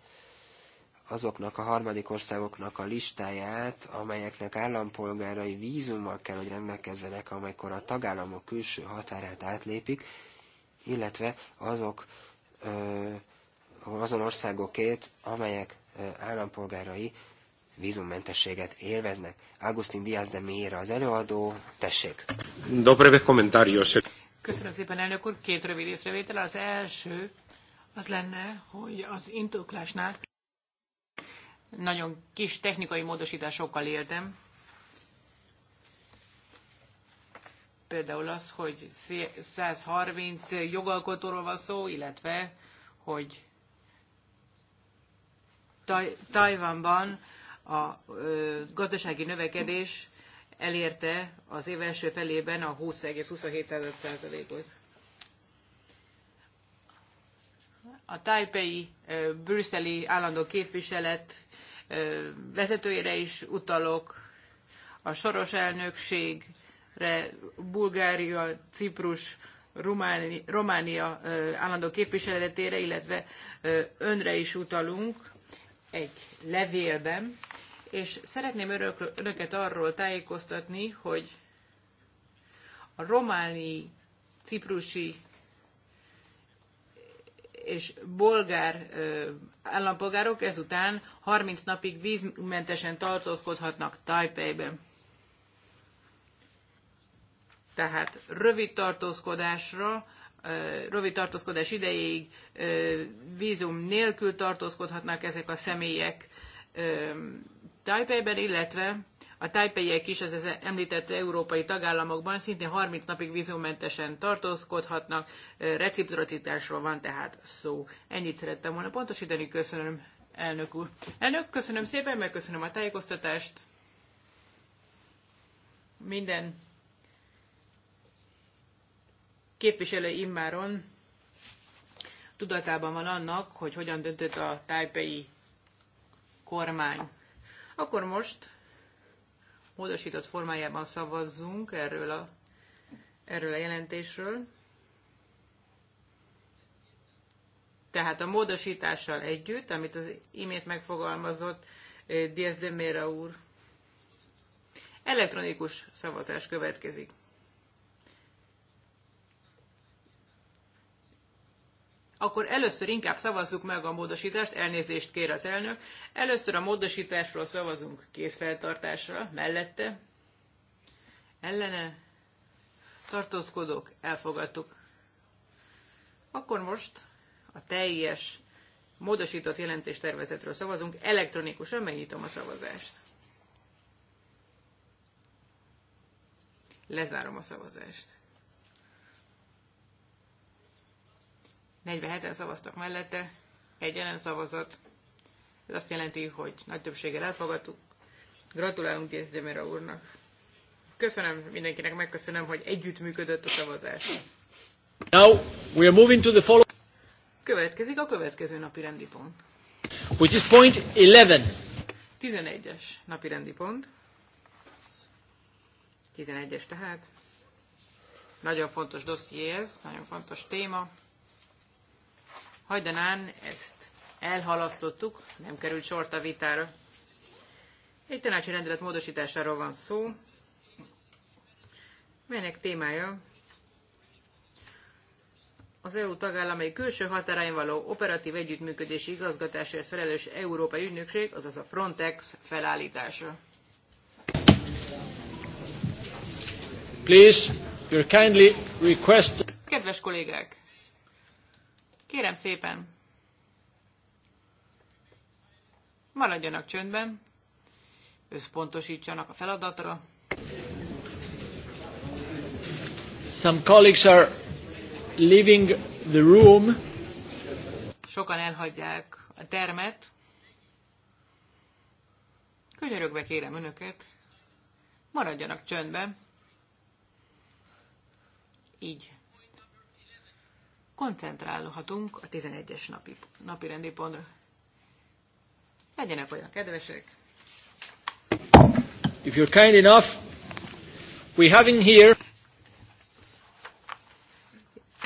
azoknak a harmadik országoknak a listáját, amelyeknek állampolgárai vízummal kell, hogy rendelkezzenek, amikor a tagállamok külső határát átlépik, illetve azok ö, azon országokét, amelyek állampolgárai vízummentességet élveznek. Agustin Diaz de Mira az előadó, tessék! Köszönöm szépen, elnök úr. Két rövid észrevétel. Az első az lenne, hogy az intoklásnál nagyon kis technikai módosításokkal éltem. Például az, hogy 130 jogalkotóról van szó, illetve, hogy Tajvanban a gazdasági növekedés elérte az év első felében a 20,27%-ot. A tájpei, brüsszeli állandó képviselet vezetőjére is utalok, a soros elnökségre Bulgária, Ciprus, Románia, Románia állandó képviseletére, illetve önre is utalunk egy levélben, és szeretném önöket arról tájékoztatni, hogy a románi, ciprusi és bolgár állampolgárok ezután 30 napig vízmentesen tartózkodhatnak Tajpejben. Tehát rövid tartózkodásra rövid tartózkodás idejéig vízum nélkül tartózkodhatnak ezek a személyek Tájpejben, illetve a tájpejek is az említett európai tagállamokban szintén 30 napig vízummentesen tartózkodhatnak, reciprocitásról van tehát szó. Ennyit szerettem volna pontosítani, köszönöm elnök úr. Elnök, köszönöm szépen, megköszönöm a tájékoztatást. Minden képviselő immáron tudatában van annak, hogy hogyan döntött a tájpei kormány. Akkor most módosított formájában szavazzunk erről a, erről a jelentésről. Tehát a módosítással együtt, amit az imént megfogalmazott eh, Diaz de Mera úr. Elektronikus szavazás következik. akkor először inkább szavazzuk meg a módosítást, elnézést kér az elnök. Először a módosításról szavazunk készfeltartásra, mellette, ellene, tartózkodók, elfogadtuk. Akkor most a teljes módosított jelentéstervezetről szavazunk, elektronikusan megnyitom a szavazást. Lezárom a szavazást. 47-en szavaztak mellette, egy ellen szavazat. Ez azt jelenti, hogy nagy többséggel elfogadtuk. Gratulálunk Gézdemira úrnak. Köszönöm mindenkinek, megköszönöm, hogy együttműködött a szavazás. Now we are moving to the follow Következik a következő napi rendi pont. Which is point 11. 11-es napi rendi pont. 11-es tehát. Nagyon fontos dosszié ez, nagyon fontos téma hajdanán ezt elhalasztottuk, nem került sort a vitára. Egy tanácsi rendelet módosításáról van szó, melynek témája az EU tagállamai külső határain való operatív együttműködési igazgatásért felelős Európai Ügynökség, azaz a Frontex felállítása. Please, your kindly request... Kedves kollégák! Kérem szépen, maradjanak csöndben, összpontosítsanak a feladatra. Some colleagues are leaving the room. Sokan elhagyják a termet. Könyörögve kérem önöket, maradjanak csöndben. Így koncentrálhatunk a 11-es napi, napi rendi pontra. Legyenek olyan kedvesek. If you're kind enough, we have in here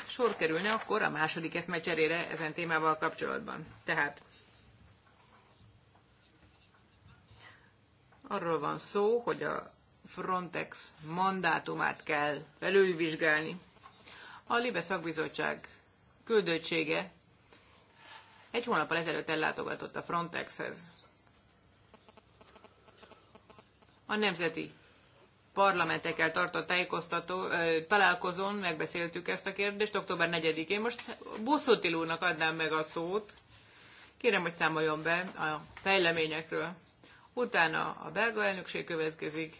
sor kerülne akkor a második eszmecserére ezen témával kapcsolatban. Tehát arról van szó, hogy a Frontex mandátumát kell felülvizsgálni. A Libe szakbizottság küldöttsége egy hónappal ezelőtt ellátogatott a Frontexhez. A nemzeti parlamentekkel tartott tájékoztató, találkozón megbeszéltük ezt a kérdést október 4-én. Most Buszotil úrnak adnám meg a szót. Kérem, hogy számoljon be a fejleményekről. Utána a belga elnökség következik,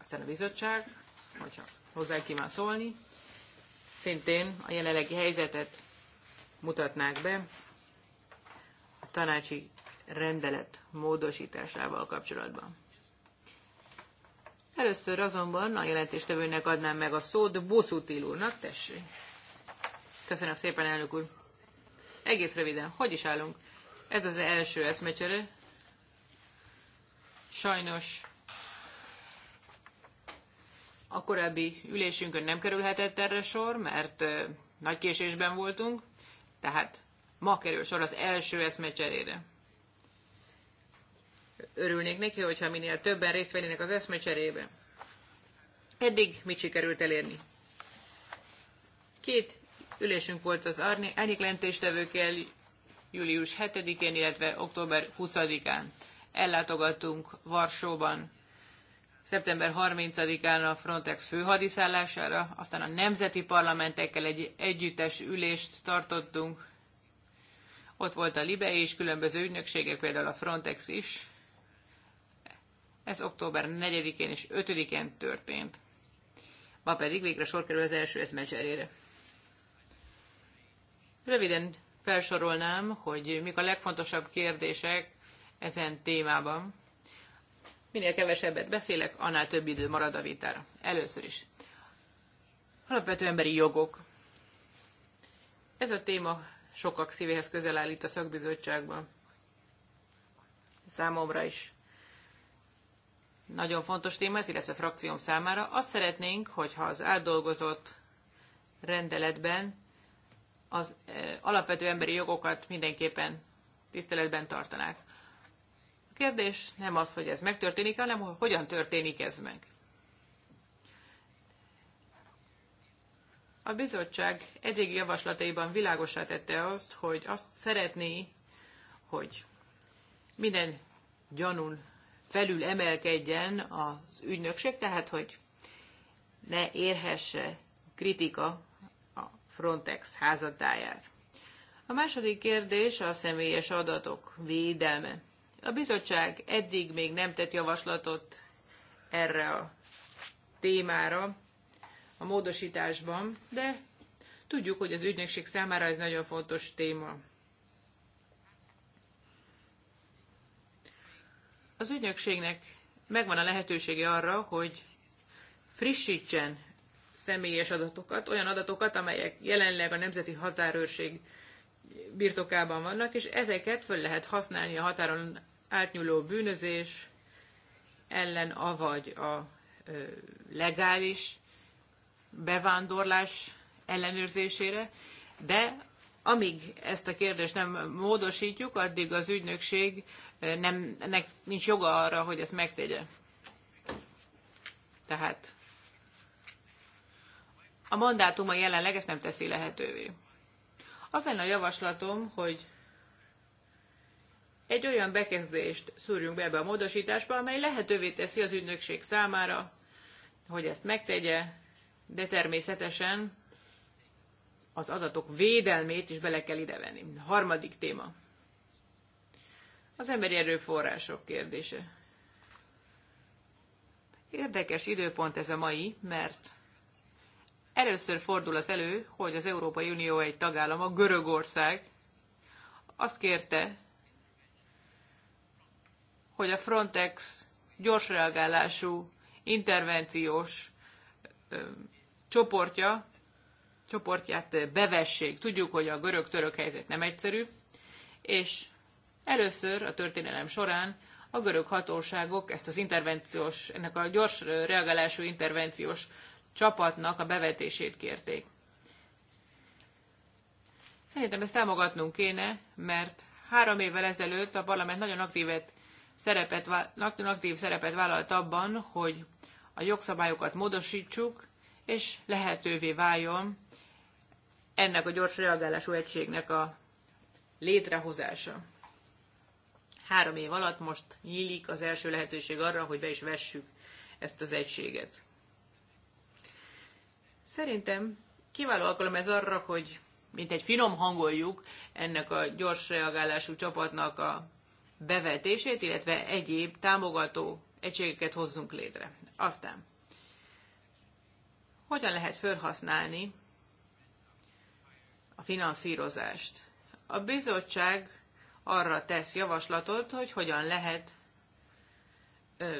aztán a bizottság, hogyha hozzá kíván szólni szintén a jelenlegi helyzetet mutatnák be a tanácsi rendelet módosításával kapcsolatban. Először azonban a jelentéstevőnek adnám meg a szót Buszutil úrnak, tessék. Köszönöm szépen, elnök úr. Egész röviden, hogy is állunk? Ez az első eszmecsere. Sajnos a korábbi ülésünkön nem kerülhetett erre sor, mert nagy késésben voltunk, tehát ma kerül sor az első eszmecserére. Örülnék neki, hogyha minél többen részt vennének az eszmecserébe. Eddig mit sikerült elérni? Két ülésünk volt az árnyéklentéstevőkkel július 7-én, illetve október 20-án. Ellátogattunk Varsóban szeptember 30-án a Frontex főhadiszállására, aztán a nemzeti parlamentekkel egy együttes ülést tartottunk. Ott volt a Libe és különböző ügynökségek, például a Frontex is. Ez október 4-én és 5-én történt. Ma pedig végre sor kerül az első eszmecserére. Röviden felsorolnám, hogy mik a legfontosabb kérdések ezen témában. Minél kevesebbet beszélek, annál több idő marad a vitára. Először is. Alapvető emberi jogok. Ez a téma sokak szívéhez közel áll itt a szakbizottságban. Számomra is nagyon fontos téma ez, illetve frakcióm számára. Azt szeretnénk, hogyha az átdolgozott rendeletben az eh, alapvető emberi jogokat mindenképpen tiszteletben tartanák kérdés nem az, hogy ez megtörténik, hanem hogy hogyan történik ez meg. A bizottság eddigi javaslataiban világosá tette azt, hogy azt szeretné, hogy minden gyanul felül emelkedjen az ügynökség, tehát hogy ne érhesse kritika a Frontex házatáját. A második kérdés a személyes adatok védelme. A bizottság eddig még nem tett javaslatot erre a témára a módosításban, de tudjuk, hogy az ügynökség számára ez nagyon fontos téma. Az ügynökségnek megvan a lehetősége arra, hogy frissítsen személyes adatokat, olyan adatokat, amelyek jelenleg a Nemzeti Határőrség birtokában vannak, és ezeket föl lehet használni a határon átnyúló bűnözés ellen, avagy a legális bevándorlás ellenőrzésére, de amíg ezt a kérdést nem módosítjuk, addig az ügynökség nem, nek nincs joga arra, hogy ezt megtegye. Tehát a mandátuma jelenleg ezt nem teszi lehetővé. Az lenne a javaslatom, hogy egy olyan bekezdést szúrjunk be ebbe a módosításba, amely lehetővé teszi az ügynökség számára, hogy ezt megtegye, de természetesen az adatok védelmét is bele kell idevenni. Harmadik téma. Az emberi erőforrások kérdése. Érdekes időpont ez a mai, mert Először fordul az elő, hogy az Európai Unió egy tagállama, Görögország, azt kérte, hogy a Frontex gyors reagálású, intervenciós ö, csoportja, csoportját bevessék. Tudjuk, hogy a görög-török helyzet nem egyszerű, és először a történelem során a görög hatóságok ezt az intervenciós, ennek a gyors reagálású intervenciós csapatnak a bevetését kérték. Szerintem ezt támogatnunk kéne, mert három évvel ezelőtt a parlament nagyon aktívet szerepet, nagyon aktív szerepet vállalt abban, hogy a jogszabályokat módosítsuk, és lehetővé váljon ennek a gyors reagálású egységnek a létrehozása. Három év alatt most nyílik az első lehetőség arra, hogy be is vessük ezt az egységet. Szerintem kiváló alkalom ez arra, hogy mint egy finom hangoljuk ennek a gyors reagálású csapatnak a bevetését, illetve egyéb támogató egységeket hozzunk létre. Aztán, hogyan lehet felhasználni a finanszírozást? A bizottság arra tesz javaslatot, hogy hogyan lehet ö,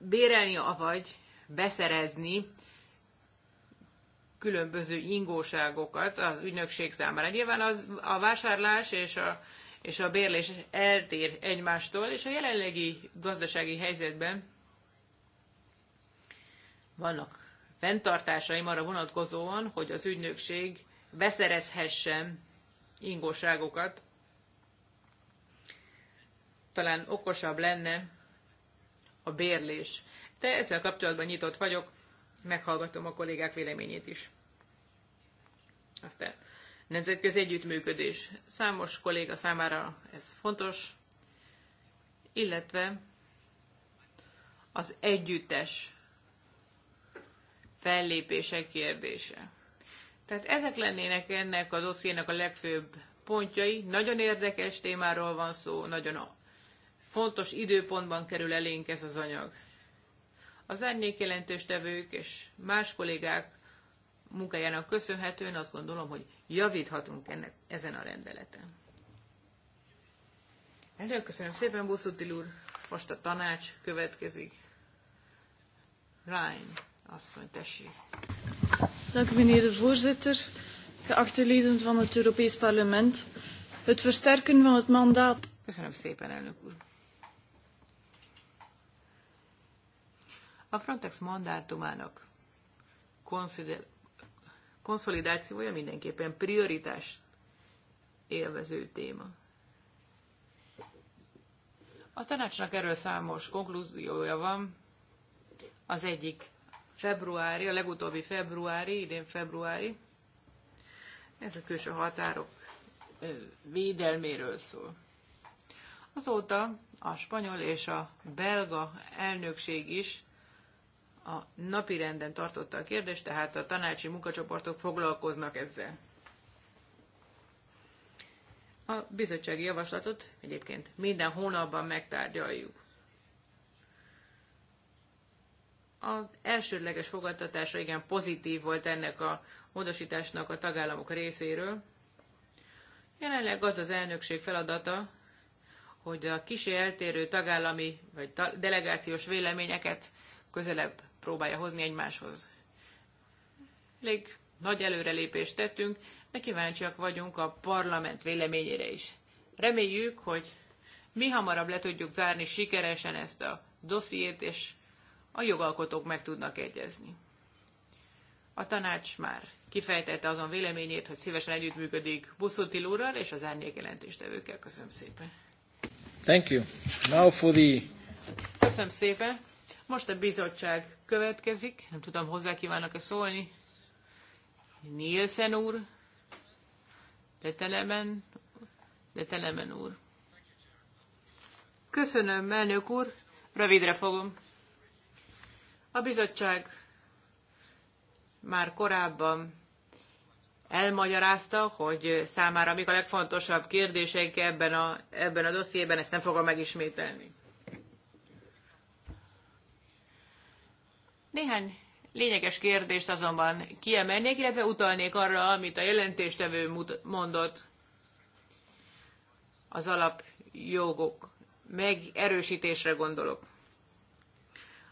bérelni, avagy beszerezni különböző ingóságokat az ügynökség számára. Nyilván az, a vásárlás és a, és a bérlés eltér egymástól, és a jelenlegi gazdasági helyzetben vannak fenntartásaim arra vonatkozóan, hogy az ügynökség beszerezhessen ingóságokat. Talán okosabb lenne a bérlés. De ezzel kapcsolatban nyitott vagyok, meghallgatom a kollégák véleményét is. Aztán nemzetközi együttműködés. Számos kolléga számára ez fontos, illetve az együttes fellépések kérdése. Tehát ezek lennének ennek a dossziének a legfőbb pontjai. Nagyon érdekes témáról van szó, nagyon fontos időpontban kerül elénk ez az anyag. Az árnyék jelentőstevők és más kollégák munkájának köszönhetően azt gondolom, hogy javíthatunk ennek, ezen a rendeleten. Elnök, köszönöm szépen, Buszutil úr. Most a tanács következik. Ryan, asszony, tessék. Dank u, meneer de voorzitter. Geachte leden van het Europees Parlement. Het versterken van het mandaat. Köszönöm szépen, elnök úr. A Frontex mandátumának konszolidációja mindenképpen prioritás élvező téma. A tanácsnak erről számos konklúziója van. Az egyik februári, a legutóbbi februári, idén februári. Ez a külső határok védelméről szól. Azóta a spanyol és a belga elnökség is a napi renden tartotta a kérdést, tehát a tanácsi munkacsoportok foglalkoznak ezzel. A bizottsági javaslatot egyébként minden hónapban megtárgyaljuk. Az elsődleges fogadtatása igen pozitív volt ennek a módosításnak a tagállamok részéről. Jelenleg az az elnökség feladata, hogy a kisé eltérő tagállami vagy delegációs véleményeket közelebb próbálja hozni egymáshoz. Elég nagy előrelépést tettünk, de kíváncsiak vagyunk a parlament véleményére is. Reméljük, hogy mi hamarabb le tudjuk zárni sikeresen ezt a dossziét, és a jogalkotók meg tudnak egyezni. A tanács már kifejtette azon véleményét, hogy szívesen együttműködik Buszutil úrral és az árnyék jelentéstevőkkel. Köszönöm szépen. Thank you. Now for the... Köszönöm szépen. Most a bizottság következik, nem tudom, hozzá kívánnak-e szólni. Nielsen úr, Letelemen, Letelemen úr. Köszönöm, elnök úr, rövidre fogom. A bizottság már korábban elmagyarázta, hogy számára mik a legfontosabb kérdéseik ebben a, ebben a dossziében, ezt nem fogom megismételni. Néhány lényeges kérdést azonban kiemelnék, illetve utalnék arra, amit a jelentéstevő mondott az alapjogok megerősítésre gondolok.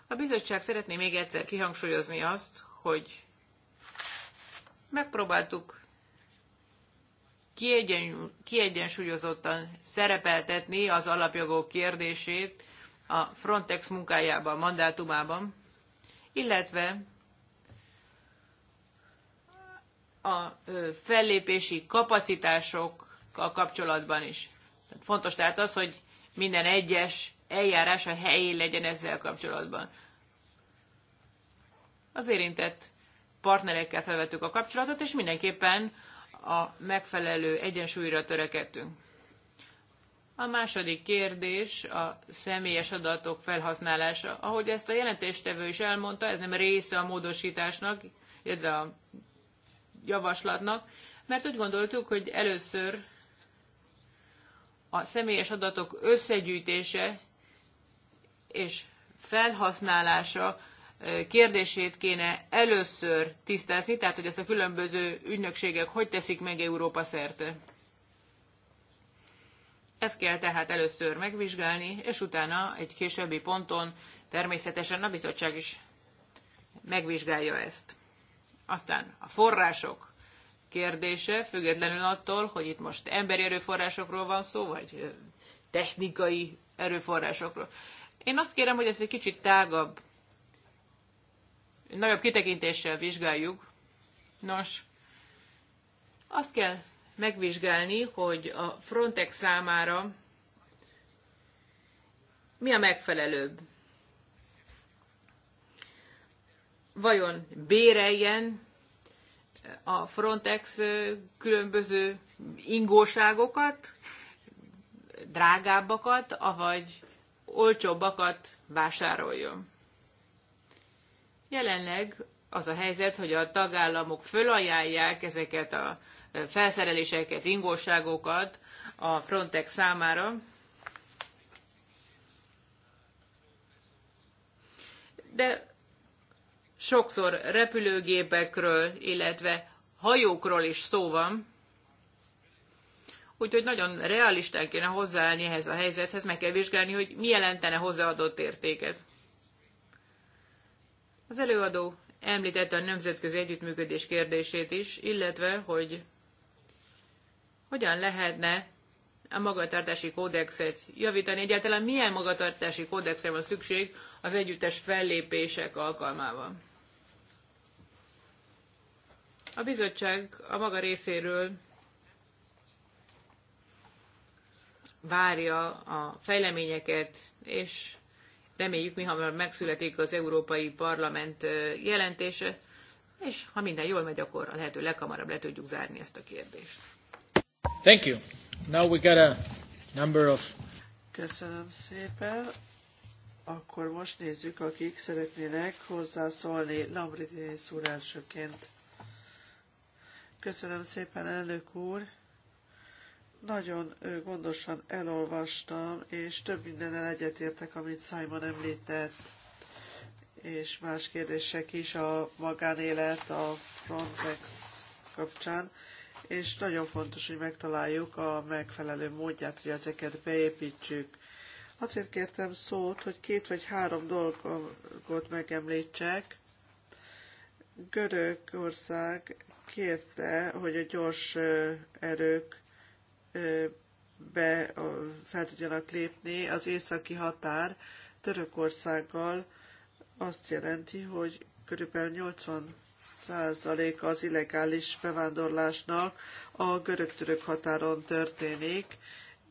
A bizottság szeretné még egyszer kihangsúlyozni azt, hogy megpróbáltuk kiegyen, kiegyensúlyozottan szerepeltetni az alapjogok kérdését a Frontex munkájában, mandátumában illetve a fellépési kapacitásokkal kapcsolatban is. Fontos tehát az, hogy minden egyes eljárás a helyén legyen ezzel kapcsolatban. Az érintett partnerekkel felvettük a kapcsolatot, és mindenképpen a megfelelő egyensúlyra törekedtünk. A második kérdés a személyes adatok felhasználása. Ahogy ezt a jelentéstevő is elmondta, ez nem része a módosításnak, illetve a javaslatnak, mert úgy gondoltuk, hogy először a személyes adatok összegyűjtése és felhasználása kérdését kéne először tisztázni, tehát hogy ezt a különböző ügynökségek hogy teszik meg Európa szerte. Ezt kell tehát először megvizsgálni, és utána egy későbbi ponton természetesen a bizottság is megvizsgálja ezt. Aztán a források kérdése, függetlenül attól, hogy itt most emberi erőforrásokról van szó, vagy technikai erőforrásokról. Én azt kérem, hogy ezt egy kicsit tágabb, nagyobb kitekintéssel vizsgáljuk. Nos, azt kell megvizsgálni, hogy a Frontex számára mi a megfelelőbb. Vajon béreljen a Frontex különböző ingóságokat, drágábbakat, avagy olcsóbbakat vásároljon. Jelenleg az a helyzet, hogy a tagállamok fölajánlják ezeket a e, felszereléseket, ingóságokat a Frontex számára. De sokszor repülőgépekről, illetve hajókról is szó van, Úgyhogy nagyon realistán kéne hozzáállni ehhez a helyzethez, meg kell vizsgálni, hogy mi jelentene hozzáadott értéket. Az előadó Említette a nemzetközi együttműködés kérdését is, illetve, hogy hogyan lehetne a magatartási kódexet javítani. Egyáltalán milyen magatartási kódexre van szükség az együttes fellépések alkalmával? A bizottság a maga részéről várja a fejleményeket, és Reméljük, mi hamar megszületik az Európai Parlament jelentése, és ha minden jól megy, akkor a lehető leghamarabb le tudjuk zárni ezt a kérdést. Thank you. Now we got a number of... Köszönöm szépen. Akkor most nézzük, akik szeretnének hozzászólni Lambridini úr elsőként. Köszönöm szépen, elnök úr nagyon gondosan elolvastam, és több mindennel egyetértek, amit Simon említett, és más kérdések is a magánélet, a Frontex kapcsán, és nagyon fontos, hogy megtaláljuk a megfelelő módját, hogy ezeket beépítsük. Azért kértem szót, hogy két vagy három dolgot megemlítsek. Görögország kérte, hogy a gyors erők be fel tudjanak lépni. Az északi határ Törökországgal azt jelenti, hogy körülbelül 80 százaléka az illegális bevándorlásnak a görög-török határon történik,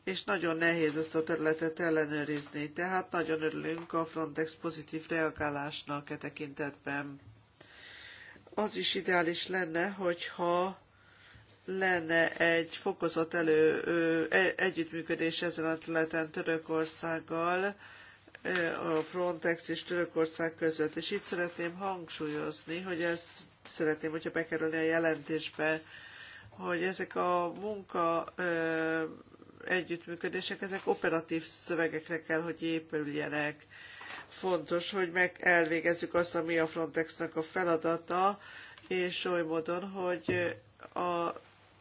és nagyon nehéz ezt a területet ellenőrizni, tehát nagyon örülünk a Frontex pozitív reagálásnak e tekintetben. Az is ideális lenne, hogyha lenne egy fokozott elő e, együttműködés ezen a területen Törökországgal, a Frontex és Törökország között. És itt szeretném hangsúlyozni, hogy ez szeretném, hogyha bekerülni a jelentésbe, hogy ezek a munka együttműködések, ezek operatív szövegekre kell, hogy épüljenek. Fontos, hogy meg elvégezzük azt, ami a Frontexnek a feladata, és oly módon, hogy a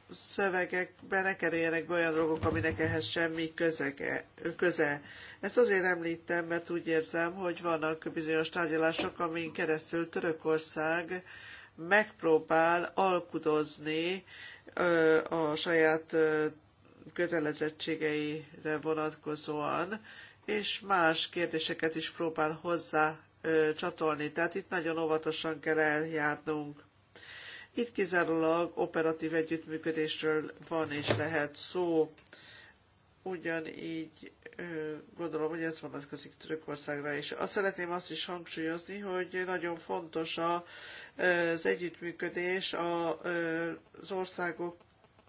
szövegekbe ne kerüljenek be olyan dolgok, aminek ehhez semmi közege, köze. Ezt azért említem, mert úgy érzem, hogy vannak bizonyos tárgyalások, amin keresztül Törökország megpróbál alkudozni a saját kötelezettségeire vonatkozóan, és más kérdéseket is próbál hozzá csatolni. Tehát itt nagyon óvatosan kell eljárnunk. Itt kizárólag operatív együttműködésről van és lehet szó. Ugyanígy gondolom, hogy ez vonatkozik Törökországra is. Azt szeretném azt is hangsúlyozni, hogy nagyon fontos az együttműködés az országok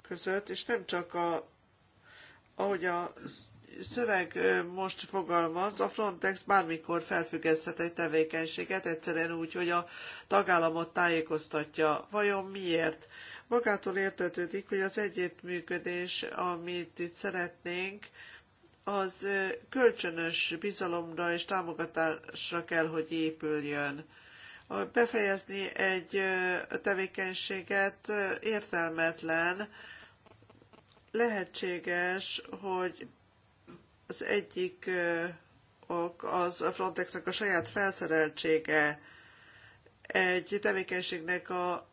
között, és nem csak a, ahogy az szöveg most fogalmaz, a Frontex bármikor felfüggeszthet egy tevékenységet, egyszerűen úgy, hogy a tagállamot tájékoztatja. Vajon miért? Magától értetődik, hogy az együttműködés, amit itt szeretnénk, az kölcsönös bizalomra és támogatásra kell, hogy épüljön. Befejezni egy tevékenységet értelmetlen, lehetséges, hogy az egyik ok az a Frontexnek a saját felszereltsége egy tevékenységnek a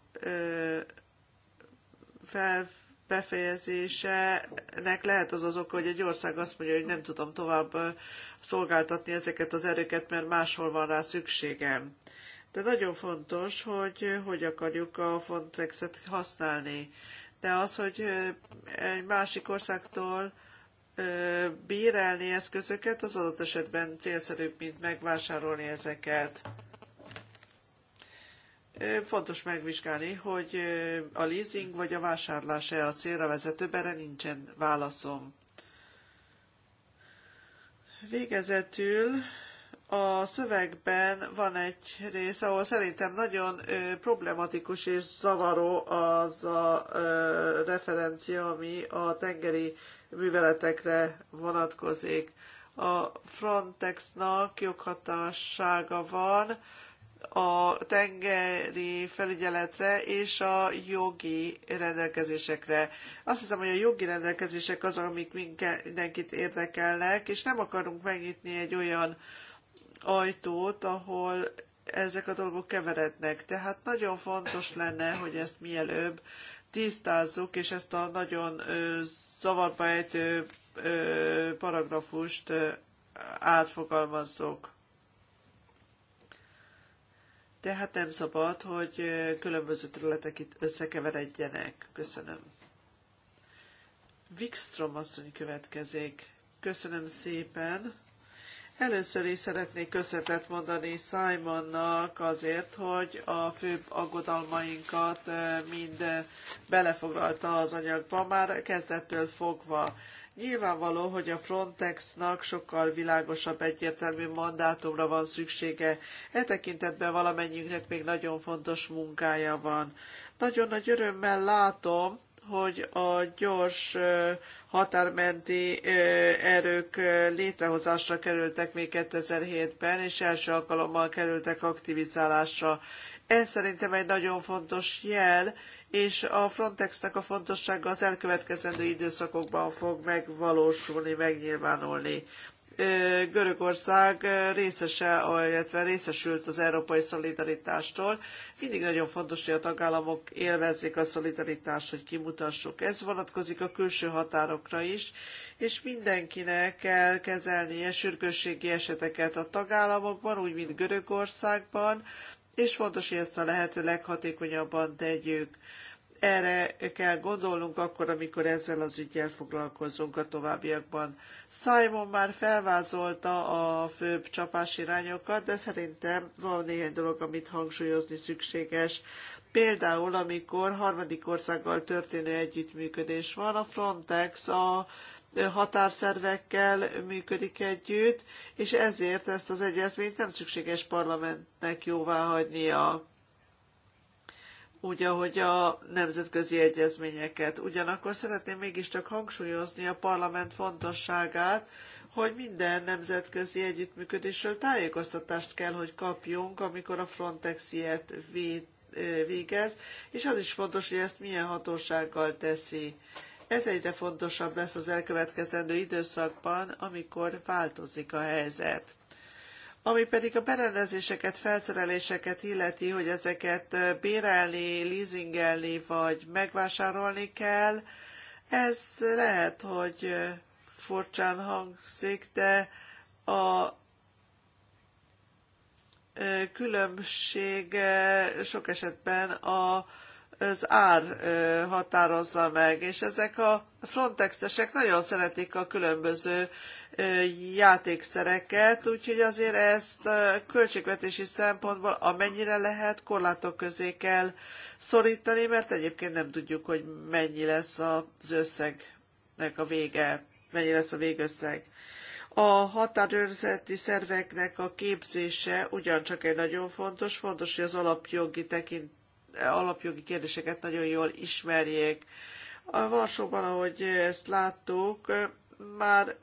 fel, befejezésenek lehet az az oka, hogy egy ország azt mondja, hogy nem tudom tovább szolgáltatni ezeket az erőket, mert máshol van rá szükségem. De nagyon fontos, hogy hogy akarjuk a Frontexet használni. De az, hogy egy másik országtól bérelni eszközöket, az adott esetben célszerűbb, mint megvásárolni ezeket. Fontos megvizsgálni, hogy a leasing vagy a vásárlás-e a célra vezető, erre nincsen válaszom. Végezetül a szövegben van egy rész, ahol szerintem nagyon problematikus és zavaró az a referencia, ami a tengeri műveletekre vonatkozik. A Frontexnak joghatassága van a tengeri felügyeletre és a jogi rendelkezésekre. Azt hiszem, hogy a jogi rendelkezések az, amik mindenkit érdekelnek, és nem akarunk megnyitni egy olyan ajtót, ahol ezek a dolgok keverednek. Tehát nagyon fontos lenne, hogy ezt mielőbb tisztázzuk, és ezt a nagyon zavarba ejtő paragrafust átfogalmazzok. Tehát nem szabad, hogy különböző területek itt összekeveredjenek. Köszönöm. Wikstrom asszony következik. Köszönöm szépen. Először is szeretnék köszönetet mondani Simonnak azért, hogy a főbb aggodalmainkat mind belefoglalta az anyagba, már kezdettől fogva. Nyilvánvaló, hogy a Frontexnak sokkal világosabb, egyértelmű mandátumra van szüksége. E tekintetben valamennyiünknek még nagyon fontos munkája van. Nagyon nagy örömmel látom, hogy a gyors határmenti erők létrehozásra kerültek még 2007-ben, és első alkalommal kerültek aktivizálásra. Ez szerintem egy nagyon fontos jel, és a Frontexnek a fontossága az elkövetkezendő időszakokban fog megvalósulni, megnyilvánulni. Görögország részese, illetve részesült az európai szolidaritástól. Mindig nagyon fontos, hogy a tagállamok élvezzék a szolidaritást, hogy kimutassuk. Ez vonatkozik a külső határokra is, és mindenkinek kell kezelnie sürgősségi eseteket a tagállamokban, úgy, mint Görögországban, és fontos, hogy ezt a lehető leghatékonyabban tegyük erre kell gondolnunk akkor, amikor ezzel az ügyel foglalkozunk a továbbiakban. Simon már felvázolta a főbb csapásirányokat, de szerintem van néhány dolog, amit hangsúlyozni szükséges. Például, amikor harmadik országgal történő együttműködés van, a Frontex a határszervekkel működik együtt, és ezért ezt az egyezményt nem szükséges parlamentnek jóváhagynia úgy, ahogy a nemzetközi egyezményeket. Ugyanakkor szeretném mégiscsak hangsúlyozni a parlament fontosságát, hogy minden nemzetközi együttműködésről tájékoztatást kell, hogy kapjunk, amikor a Frontex ilyet végez, és az is fontos, hogy ezt milyen hatósággal teszi. Ez egyre fontosabb lesz az elkövetkezendő időszakban, amikor változik a helyzet. Ami pedig a berendezéseket, felszereléseket illeti, hogy ezeket bérelni, leasingelni vagy megvásárolni kell, ez lehet, hogy furcsán hangzik, de a különbség sok esetben a az ár határozza meg, és ezek a frontexesek nagyon szeretik a különböző játékszereket, úgyhogy azért ezt költségvetési szempontból amennyire lehet korlátok közé kell szorítani, mert egyébként nem tudjuk, hogy mennyi lesz az összegnek a vége, mennyi lesz a végösszeg. A határőrzeti szerveknek a képzése ugyancsak egy nagyon fontos, fontos, hogy az alapjogi tekintet alapjogi kérdéseket nagyon jól ismerjék. A Varsóban, ahogy ezt láttuk, már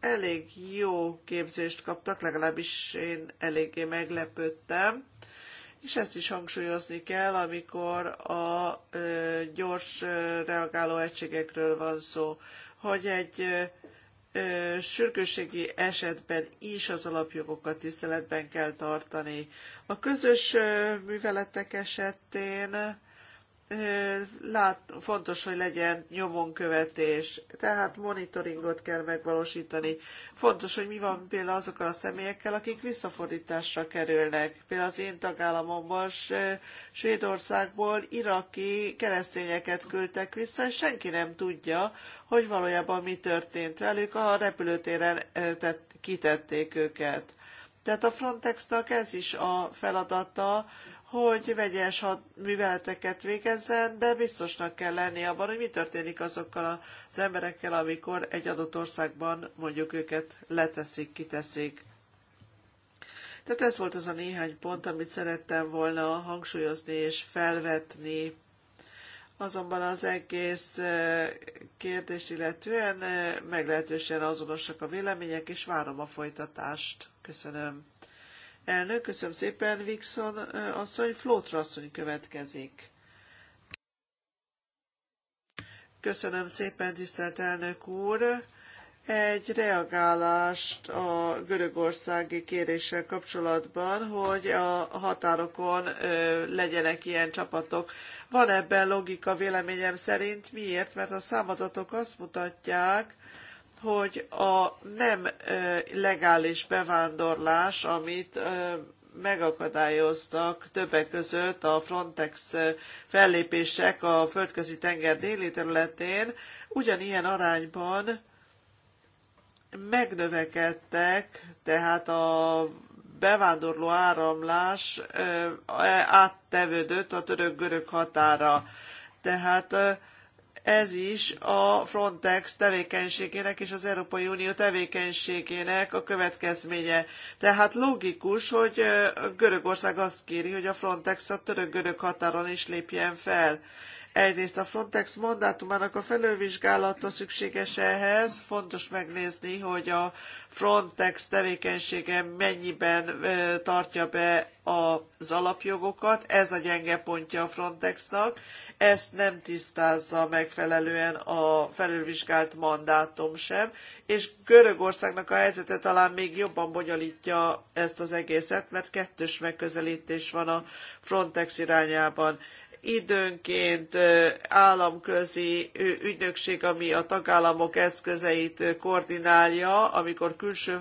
elég jó képzést kaptak, legalábbis én eléggé meglepődtem. És ezt is hangsúlyozni kell, amikor a gyors reagáló egységekről van szó, hogy egy sürgősségi esetben is az alapjogokat tiszteletben kell tartani. A közös műveletek esetén lát, fontos, hogy legyen nyomon követés, tehát monitoringot kell megvalósítani. Fontos, hogy mi van például azokkal a személyekkel, akik visszafordításra kerülnek. Például az én tagállamomban, Svédországból iraki keresztényeket küldtek vissza, és senki nem tudja, hogy valójában mi történt velük, a repülőtéren kitették őket. Tehát a Frontexnak ez is a feladata, hogy vegyes műveleteket végezzen, de biztosnak kell lenni abban, hogy mi történik azokkal az emberekkel, amikor egy adott országban mondjuk őket leteszik, kiteszik. Tehát ez volt az a néhány pont, amit szerettem volna hangsúlyozni és felvetni. Azonban az egész kérdést illetően meglehetősen azonosak a vélemények, és várom a folytatást. Köszönöm. Elnök, köszönöm szépen, Vixon asszony, Flótra asszony következik. Köszönöm szépen, tisztelt elnök úr! Egy reagálást a görögországi kéréssel kapcsolatban, hogy a határokon legyenek ilyen csapatok. Van ebben logika véleményem szerint. Miért? Mert a számadatok azt mutatják, hogy a nem legális bevándorlás, amit megakadályoztak többek között a Frontex fellépések a földközi tenger déli területén, ugyanilyen arányban megnövekedtek, tehát a bevándorló áramlás áttevődött a török-görög határa. Tehát ez is a Frontex tevékenységének és az Európai Unió tevékenységének a következménye. Tehát logikus, hogy Görögország azt kéri, hogy a Frontex a török-görög határon is lépjen fel. Egyrészt a Frontex mandátumának a felülvizsgálata szükséges ehhez, fontos megnézni, hogy a Frontex tevékenysége mennyiben tartja be az alapjogokat, ez a gyenge pontja a Frontexnak, ezt nem tisztázza megfelelően a felülvizsgált mandátum sem, és Görögországnak a helyzete talán még jobban bonyolítja ezt az egészet, mert kettős megközelítés van a Frontex irányában időnként államközi ügynökség, ami a tagállamok eszközeit koordinálja, amikor külső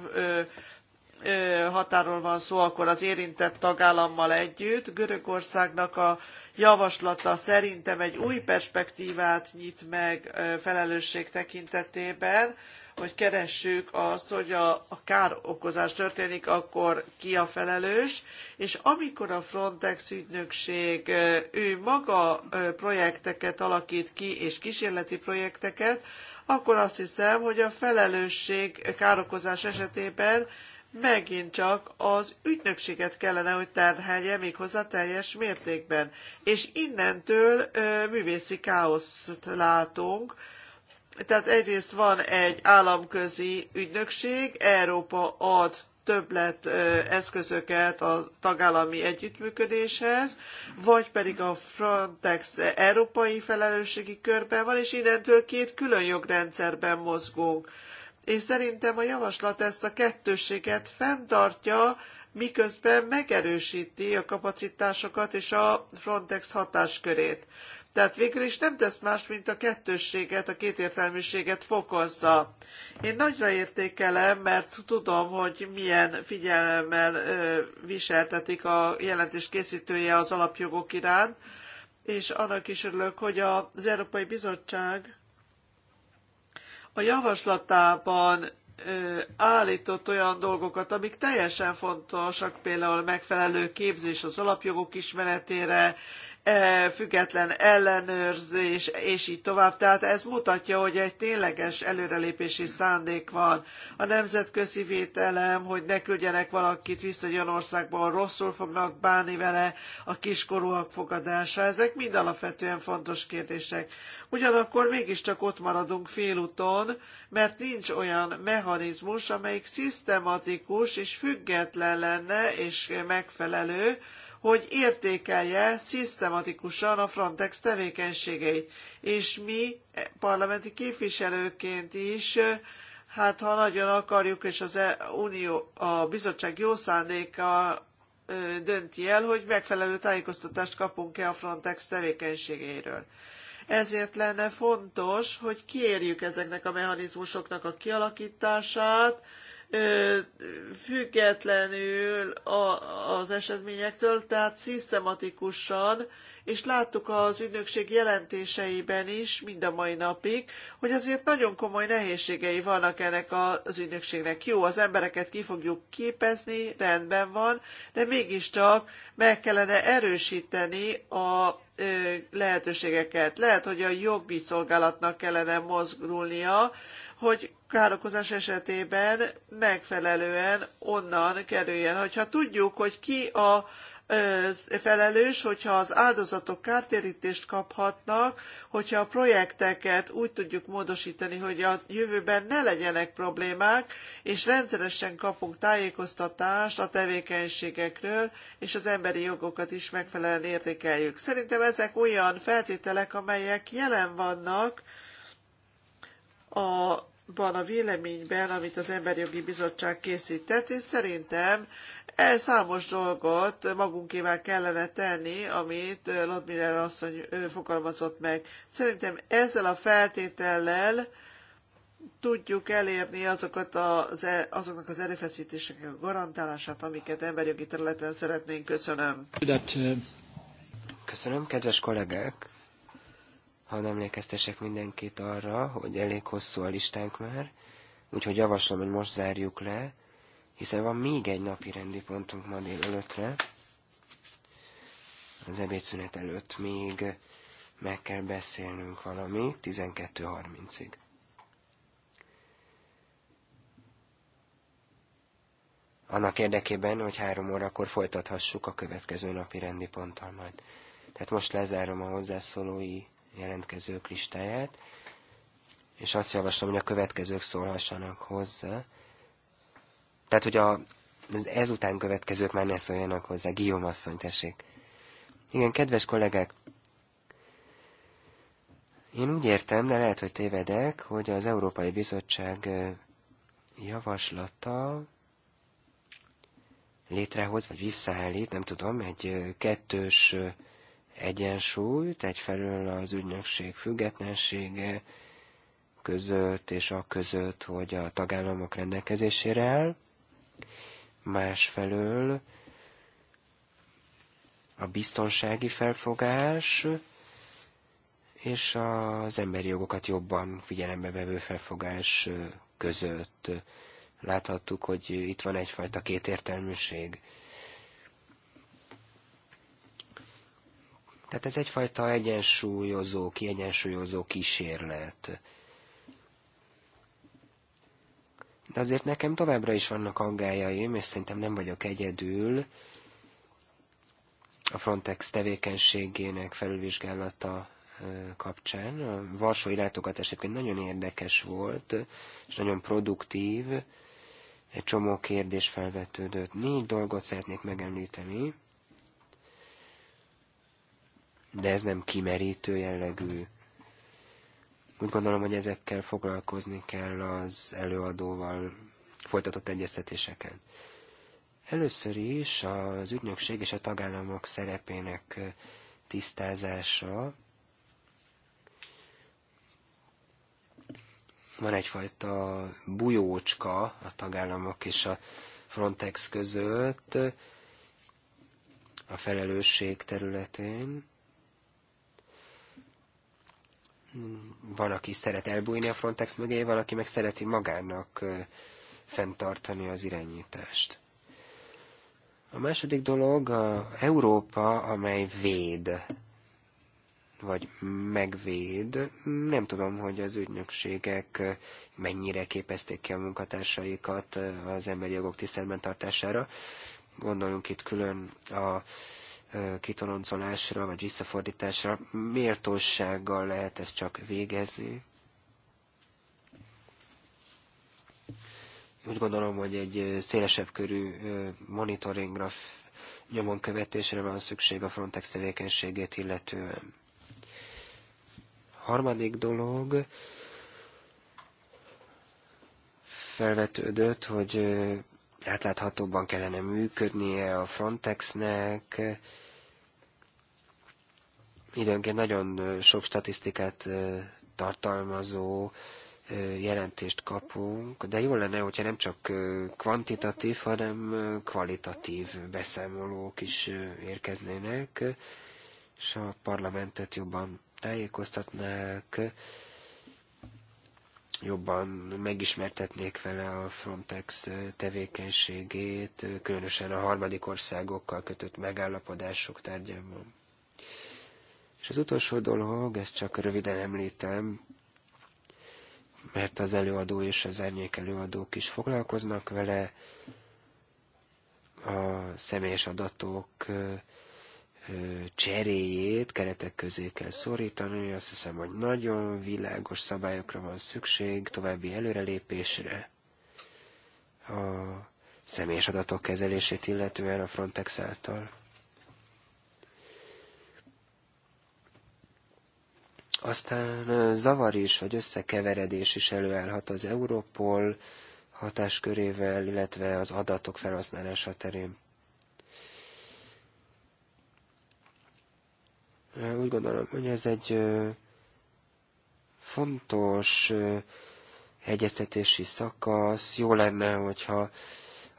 határól van szó, akkor az érintett tagállammal együtt. Görögországnak a javaslata szerintem egy új perspektívát nyit meg felelősség tekintetében, hogy keressük azt, hogy a, a károkozás történik, akkor ki a felelős, és amikor a Frontex ügynökség ő maga projekteket alakít ki, és kísérleti projekteket, akkor azt hiszem, hogy a felelősség károkozás esetében megint csak az ügynökséget kellene, hogy terhelje méghozzá teljes mértékben. És innentől ö, művészi káoszt látunk, tehát egyrészt van egy államközi ügynökség, Európa ad többlet eszközöket a tagállami együttműködéshez, vagy pedig a Frontex európai felelősségi körben van, és innentől két külön jogrendszerben mozgunk és szerintem a javaslat ezt a kettősséget fenntartja, miközben megerősíti a kapacitásokat és a Frontex hatáskörét. Tehát végül is nem tesz más, mint a kettősséget, a kétértelműséget fokozza. Én nagyra értékelem, mert tudom, hogy milyen figyelemmel ö, viseltetik a jelentés készítője az alapjogok iránt, és annak is örülök, hogy az Európai Bizottság a javaslatában állított olyan dolgokat, amik teljesen fontosak, például megfelelő képzés az alapjogok ismeretére, E, független ellenőrzés, és így tovább. Tehát ez mutatja, hogy egy tényleges előrelépési szándék van. A nemzetközi vételem, hogy ne küldjenek valakit vissza egy olyan országból, rosszul fognak bánni vele, a kiskorúak fogadása, ezek mind alapvetően fontos kérdések. Ugyanakkor mégiscsak ott maradunk félúton, mert nincs olyan mechanizmus, amelyik szisztematikus és független lenne és megfelelő, hogy értékelje szisztematikusan a Frontex tevékenységeit. És mi eh, parlamenti képviselőként is eh, hát ha nagyon akarjuk, és az e Unió, a bizottság jó szándéka eh, dönti el, hogy megfelelő tájékoztatást kapunk-e a Frontex tevékenységéről. Ezért lenne fontos, hogy kérjük ezeknek a mechanizmusoknak a kialakítását, függetlenül a, az eseményektől, tehát szisztematikusan, és láttuk az ügynökség jelentéseiben is, mind a mai napig, hogy azért nagyon komoly nehézségei vannak ennek az ügynökségnek. Jó, az embereket ki fogjuk képezni, rendben van, de mégiscsak meg kellene erősíteni a lehetőségeket. Lehet, hogy a jogi szolgálatnak kellene mozgulnia, hogy károkozás esetében megfelelően onnan kerüljen. Hogyha tudjuk, hogy ki a felelős, hogyha az áldozatok kártérítést kaphatnak, hogyha a projekteket úgy tudjuk módosítani, hogy a jövőben ne legyenek problémák, és rendszeresen kapunk tájékoztatást a tevékenységekről, és az emberi jogokat is megfelelően értékeljük. Szerintem ezek olyan feltételek, amelyek jelen vannak a van a véleményben, amit az Emberi Jogi Bizottság készített, és szerintem számos dolgot magunkével kellene tenni, amit Lodmiller asszony fogalmazott meg. Szerintem ezzel a feltétellel tudjuk elérni azokat az, e, azoknak az erőfeszítéseknek a garantálását, amiket emberjogi területen szeretnénk. Köszönöm. Köszönöm, kedves kollégák! hanem emlékeztesek mindenkit arra, hogy elég hosszú a listánk már, úgyhogy javaslom, hogy most zárjuk le, hiszen van még egy napi rendi pontunk ma délelőttre. Az ebédszünet előtt még meg kell beszélnünk valami 12.30-ig. Annak érdekében, hogy három órakor folytathassuk a következő napi rendi ponttal majd. Tehát most lezárom a hozzászólói jelentkezők listáját, és azt javaslom, hogy a következők szólhassanak hozzá. Tehát, hogy a, az ezután következők már ne szóljanak hozzá. Guillaume asszony, tessék. Igen, kedves kollégák, én úgy értem, de lehet, hogy tévedek, hogy az Európai Bizottság javaslata létrehoz, vagy visszaállít, nem tudom, egy kettős egyensúlyt, egyfelől az ügynökség függetlensége között és a között, hogy a tagállamok rendelkezésére áll, másfelől a biztonsági felfogás és az emberi jogokat jobban figyelembe vevő felfogás között. Láthattuk, hogy itt van egyfajta kétértelműség. Tehát ez egyfajta egyensúlyozó, kiegyensúlyozó kísérlet. De azért nekem továbbra is vannak aggájaim, és szerintem nem vagyok egyedül. A Frontex tevékenységének felülvizsgálata kapcsán. A Varsói látogatás egyébként nagyon érdekes volt, és nagyon produktív. Egy csomó kérdés felvetődött. Négy dolgot szeretnék megemlíteni de ez nem kimerítő jellegű. Úgy gondolom, hogy ezekkel foglalkozni kell az előadóval folytatott egyeztetéseken. Először is az ügynökség és a tagállamok szerepének tisztázása. Van egyfajta bujócska a tagállamok és a Frontex között a felelősség területén aki szeret elbújni a Frontex mögé, valaki meg szereti magának fenntartani az irányítást. A második dolog a Európa, amely véd, vagy megvéd. Nem tudom, hogy az ügynökségek mennyire képezték ki a munkatársaikat az emberi jogok tiszteletben tartására. Gondoljunk itt külön a kitoloncolásra vagy visszafordításra méltósággal lehet ezt csak végezni. Úgy gondolom, hogy egy szélesebb körű monitoringra, nyomon követésre van szükség a Frontex tevékenységét illetően. Harmadik dolog, felvetődött, hogy átláthatóban kellene működnie a Frontexnek, időnként nagyon sok statisztikát tartalmazó jelentést kapunk, de jó lenne, hogyha nem csak kvantitatív, hanem kvalitatív beszámolók is érkeznének, és a parlamentet jobban tájékoztatnák, jobban megismertetnék vele a Frontex tevékenységét, különösen a harmadik országokkal kötött megállapodások tárgyában. És az utolsó dolog, ezt csak röviden említem, mert az előadó és az árnyék előadók is foglalkoznak vele, a személyes adatok cseréjét keretek közé kell szorítani, azt hiszem, hogy nagyon világos szabályokra van szükség, további előrelépésre. A személyes adatok kezelését illetően a Frontex által. Aztán zavar is, vagy összekeveredés is előállhat az Európol hatáskörével, illetve az adatok felhasználása terén. Úgy gondolom, hogy ez egy fontos egyeztetési szakasz. Jó lenne, hogyha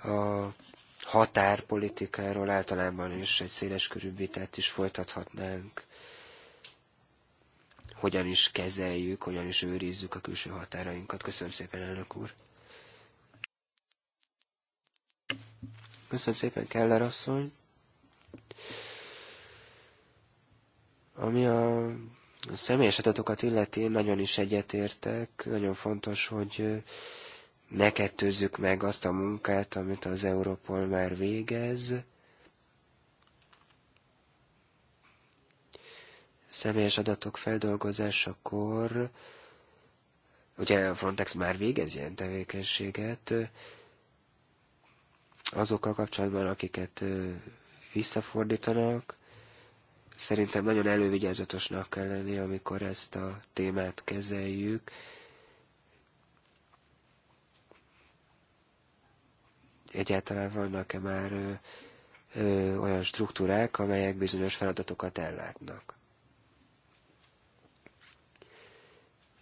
a határpolitikáról általában is egy széleskörű vitát is folytathatnánk hogyan is kezeljük, hogyan is őrizzük a külső határainkat. Köszönöm szépen, elnök úr! Köszönöm szépen, Keller asszony! Ami a személyes adatokat illeti, nagyon is egyetértek. Nagyon fontos, hogy ne kettőzzük meg azt a munkát, amit az Európol már végez, személyes adatok feldolgozásakor, ugye a Frontex már végez ilyen tevékenységet, azokkal kapcsolatban, akiket visszafordítanak, szerintem nagyon elővigyázatosnak kell lenni, amikor ezt a témát kezeljük. Egyáltalán vannak-e már ö, ö, olyan struktúrák, amelyek bizonyos feladatokat ellátnak.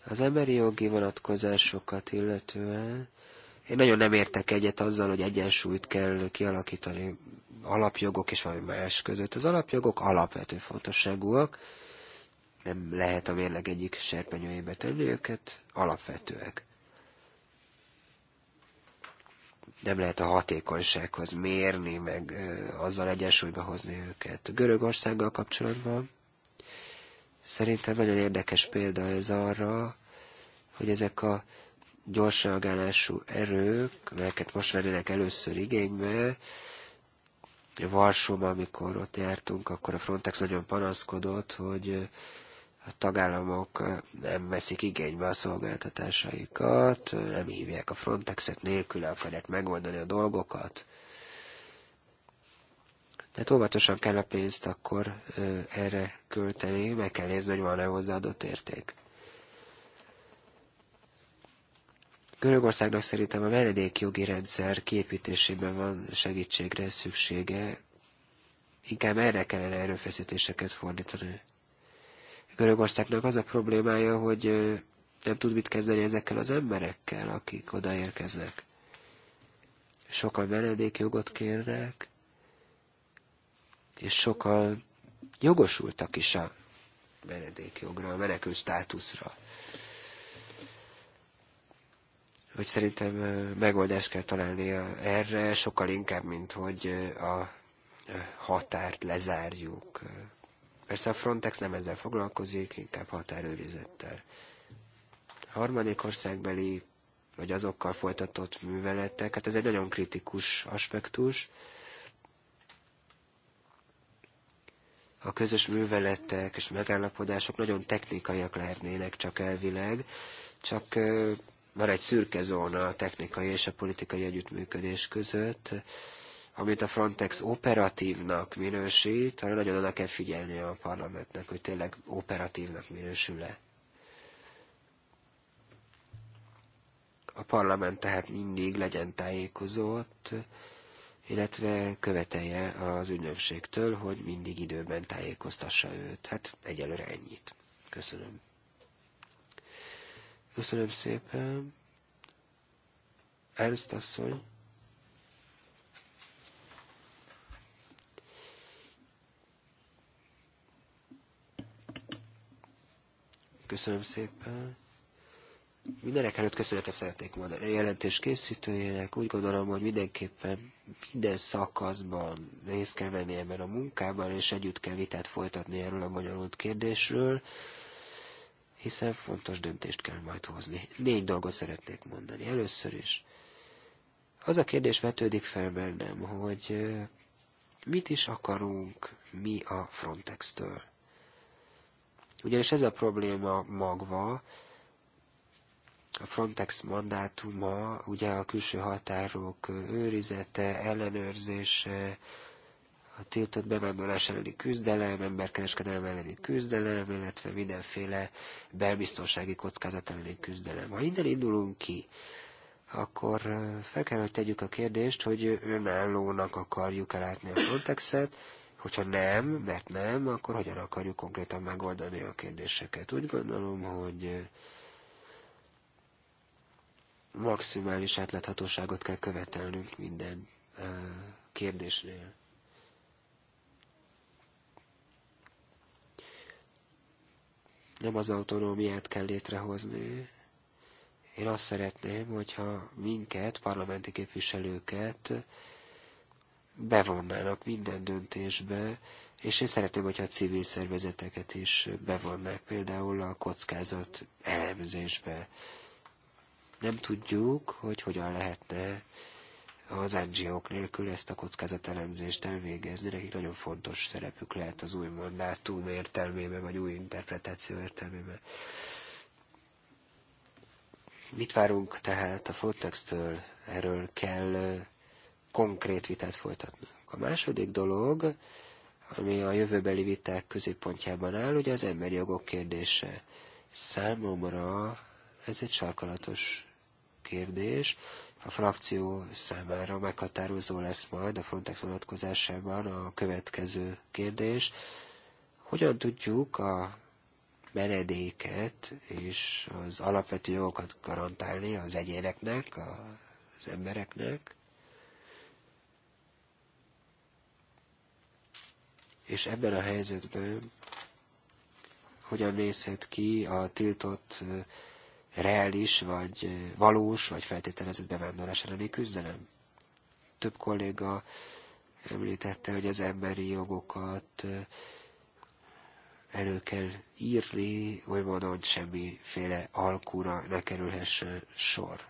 Az emberi jogi vonatkozásokat illetően én nagyon nem értek egyet azzal, hogy egyensúlyt kell kialakítani alapjogok és valami más között. Az alapjogok alapvető fontosságúak, nem lehet a mérleg egyik serpenyőjébe tenni őket, alapvetőek. Nem lehet a hatékonysághoz mérni, meg azzal egyensúlyba hozni őket. Görögországgal kapcsolatban Szerintem nagyon érdekes példa ez arra, hogy ezek a gyors reagálású erők, melyeket most vennének először igénybe, Varsóban, amikor ott jártunk, akkor a Frontex nagyon panaszkodott, hogy a tagállamok nem veszik igénybe a szolgáltatásaikat, nem hívják a Frontexet, nélküle akarják megoldani a dolgokat. Tehát óvatosan kell a pénzt akkor erre költeni, meg kell nézni, hogy van-e hozzáadott érték. Görögországnak szerintem a menedékjogi rendszer kiépítésében van segítségre szüksége, inkább erre kellene erőfeszítéseket fordítani. Görögországnak az a problémája, hogy nem tud mit kezdeni ezekkel az emberekkel, akik odaérkeznek. Sokan menedékjogot kérnek, és sokkal jogosultak is a menedékjogra, a menekül státuszra. Hogy szerintem megoldást kell találni erre, sokkal inkább, mint hogy a határt lezárjuk. Persze a Frontex nem ezzel foglalkozik, inkább határőrizettel. A harmadik országbeli, vagy azokkal folytatott műveletek, hát ez egy nagyon kritikus aspektus, a közös műveletek és megállapodások nagyon technikaiak lehetnének csak elvileg, csak van egy szürke zóna a technikai és a politikai együttműködés között, amit a Frontex operatívnak minősít, hanem nagyon oda kell figyelni a parlamentnek, hogy tényleg operatívnak minősül-e. A parlament tehát mindig legyen tájékozott, illetve követelje az ügynökségtől, hogy mindig időben tájékoztassa őt. Hát egyelőre ennyit. Köszönöm. Köszönöm szépen. Ernst asszony. Köszönöm szépen. Mindenek előtt köszönetet szeretnék mondani a jelentés készítőjének. Úgy gondolom, hogy mindenképpen minden szakaszban részt kell venni ebben a munkában, és együtt kell vitát folytatni erről a bonyolult kérdésről, hiszen fontos döntést kell majd hozni. Négy dolgot szeretnék mondani. Először is az a kérdés vetődik fel bennem, hogy mit is akarunk mi a Frontex-től. Ugyanis ez a probléma magva, a Frontex mandátuma, ugye a külső határok őrizete, ellenőrzése, a tiltott bevándorlás elleni küzdelem, emberkereskedelem elleni küzdelem, illetve mindenféle belbiztonsági kockázat elleni küzdelem. Ha innen indulunk ki, akkor fel kell, hogy tegyük a kérdést, hogy önállónak akarjuk elátni a Frontexet, hogyha nem, mert nem, akkor hogyan akarjuk konkrétan megoldani a kérdéseket. Úgy gondolom, hogy maximális átláthatóságot kell követelnünk minden kérdésnél. Nem az autonómiát kell létrehozni. Én azt szeretném, hogyha minket, parlamenti képviselőket bevonnának minden döntésbe, és én szeretném, hogyha a civil szervezeteket is bevonnák, például a kockázat elemzésbe nem tudjuk, hogy hogyan lehetne az ngo nélkül ezt a kockázatelemzést elvégezni, nekik nagyon fontos szerepük lehet az új mandátum értelmében, vagy új interpretáció értelmében. Mit várunk tehát a Frontex-től? Erről kell konkrét vitát folytatnunk. A második dolog, ami a jövőbeli viták középpontjában áll, ugye az emberi jogok kérdése. Számomra ez egy sarkalatos kérdés. A frakció számára meghatározó lesz majd a Frontex vonatkozásában a következő kérdés. Hogyan tudjuk a menedéket és az alapvető jogokat garantálni az egyéneknek, az embereknek, és ebben a helyzetben hogyan nézhet ki a tiltott reális, vagy valós, vagy feltételezett bevándorlás elleni küzdelem. Több kolléga említette, hogy az emberi jogokat elő kell írni, oly módon, hogy semmiféle alkúra ne kerülhessen sor.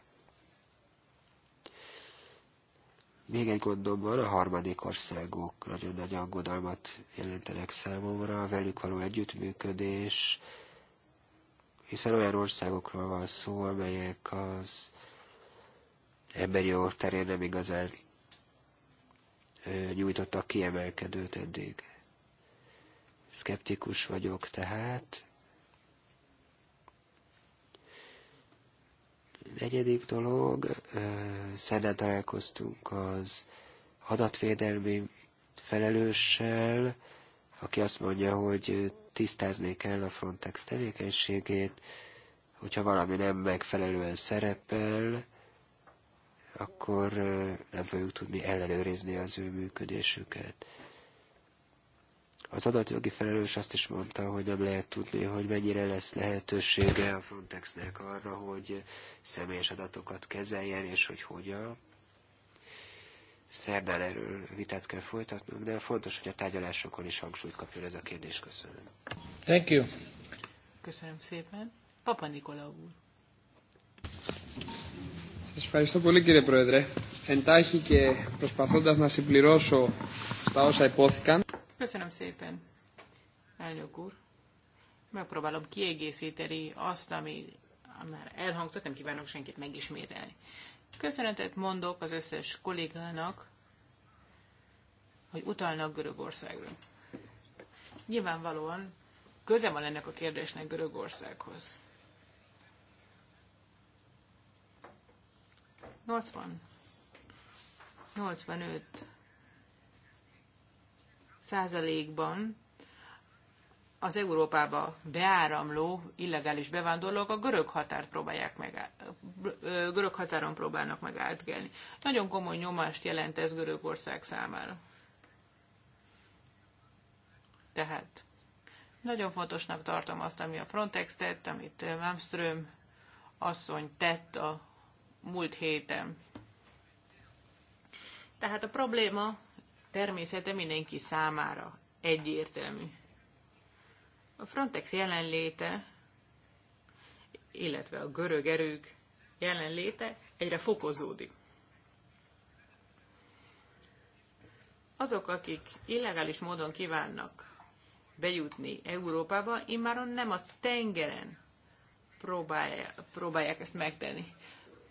Még egy gondom van, a harmadik országok nagyon nagy aggodalmat jelentenek számomra, velük való együttműködés, hiszen olyan országokról van szó, amelyek az emberi jogok terén nem igazán nyújtottak kiemelkedőt eddig. Szkeptikus vagyok tehát. Negyedik dolog, szerdán találkoztunk az adatvédelmi felelőssel, aki azt mondja, hogy tisztázni kell a Frontex tevékenységét, hogyha valami nem megfelelően szerepel, akkor nem fogjuk tudni ellenőrizni az ő működésüket. Az adatjogi felelős azt is mondta, hogy nem lehet tudni, hogy mennyire lesz lehetősége a Frontexnek arra, hogy személyes adatokat kezeljen, és hogy hogyan szerdán erről vitát kell folytatnunk, de fontos, hogy a tárgyalásokon is hangsúlyt kapjon ez a kérdés. Köszönöm. Thank you. Köszönöm szépen. Papa Nikola úr. ευχαριστώ πολύ κύριε Πρόεδρε. Εντάχει και προσπαθώντας να συμπληρώσω στα όσα υπόθηκαν. Köszönöm szépen, elnök úr. Megpróbálom kiegészíteni azt, ami már elhangzott, nem kívánok senkit megismételni. Köszönetet mondok az összes kollégának, hogy utalnak Görögországra. Nyilvánvalóan köze van ennek a kérdésnek Görögországhoz. 80. 85 százalékban az Európába beáramló illegális bevándorlók a görög határt próbálják meg, görög határon próbálnak meg átgelni. Nagyon komoly nyomást jelent ez Görögország számára. Tehát nagyon fontosnak tartom azt, ami a Frontex tett, amit Malmström asszony tett a múlt héten. Tehát a probléma természete mindenki számára egyértelmű. A Frontex jelenléte, illetve a görög erők jelenléte egyre fokozódik. Azok, akik illegális módon kívánnak bejutni Európába, immáron nem a tengeren próbálják, próbálják ezt megtenni.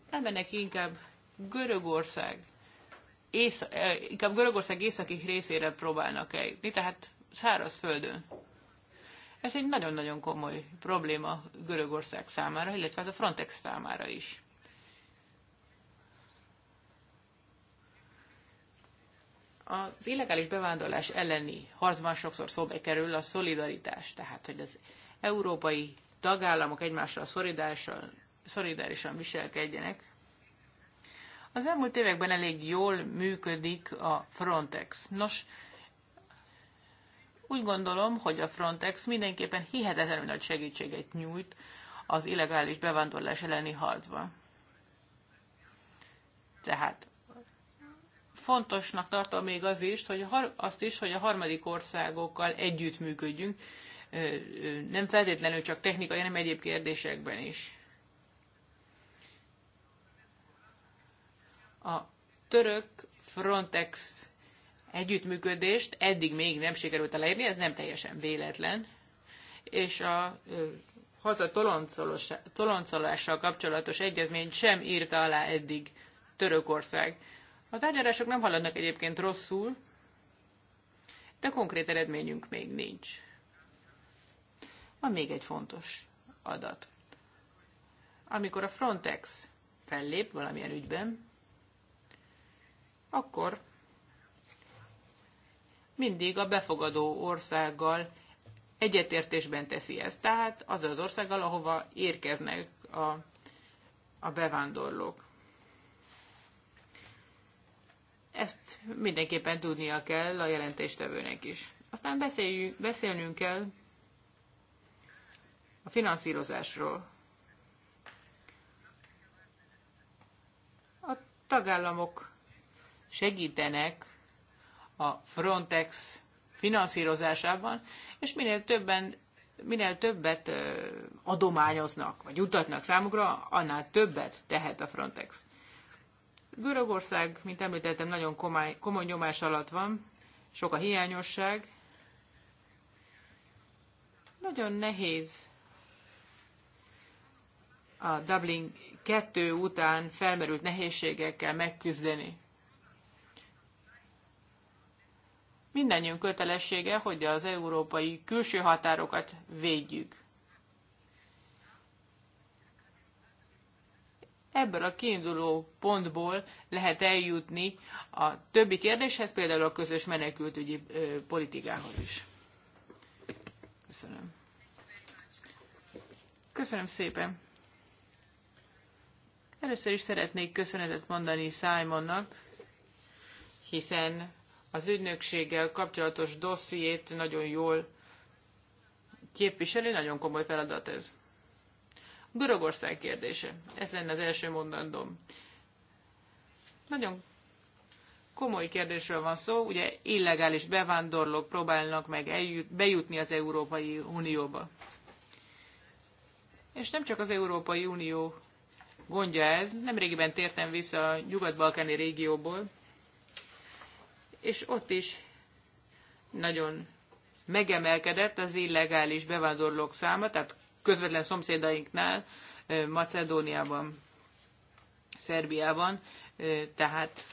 Elmennek inkább Görögország, ész, eh, inkább Görögország északi részére próbálnak eljutni, tehát szárazföldön. földön ez egy nagyon-nagyon komoly probléma Görögország számára, illetve hát a Frontex számára is. Az illegális bevándorlás elleni harcban sokszor szóba kerül a szolidaritás, tehát hogy az európai tagállamok egymással szolidárisan, szolidárisan viselkedjenek. Az elmúlt években elég jól működik a Frontex. Nos, úgy gondolom, hogy a Frontex mindenképpen hihetetlenül nagy segítséget nyújt az illegális bevándorlás elleni harcban. Tehát fontosnak tartom még az is, hogy azt is, hogy a harmadik országokkal együttműködjünk, nem feltétlenül csak technikai, hanem egyéb kérdésekben is. A török Frontex együttműködést eddig még nem sikerült elérni, ez nem teljesen véletlen. És a haza toloncolással kapcsolatos egyezményt sem írta alá eddig Törökország. A tárgyalások nem haladnak egyébként rosszul, de konkrét eredményünk még nincs. Van még egy fontos adat. Amikor a Frontex fellép valamilyen ügyben, akkor mindig a befogadó országgal egyetértésben teszi ezt. Tehát az az országgal, ahova érkeznek a, a bevándorlók. Ezt mindenképpen tudnia kell a jelentéstevőnek is. Aztán beszéljünk, beszélnünk kell a finanszírozásról. A tagállamok segítenek a Frontex finanszírozásában, és minél többen minél többet adományoznak, vagy utatnak számukra, annál többet tehet a Frontex. Görögország, mint említettem, nagyon komoly, komoly nyomás alatt van, sok a hiányosság. Nagyon nehéz a Dublin 2 után felmerült nehézségekkel megküzdeni. mindannyiunk kötelessége, hogy az európai külső határokat védjük. Ebből a kiinduló pontból lehet eljutni a többi kérdéshez, például a közös menekültügyi politikához is. Köszönöm. Köszönöm szépen. Először is szeretnék köszönetet mondani Simonnak, hiszen az ügynökséggel kapcsolatos dossziét nagyon jól képviseli, nagyon komoly feladat ez. Görögország kérdése. Ez lenne az első mondandóm. Nagyon komoly kérdésről van szó, ugye illegális bevándorlók próbálnak meg eljut, bejutni az Európai Unióba. És nem csak az Európai Unió gondja ez, nemrégiben tértem vissza a nyugat-balkáni régióból, és ott is nagyon megemelkedett az illegális bevándorlók száma, tehát közvetlen szomszédainknál, Macedóniában, Szerbiában, tehát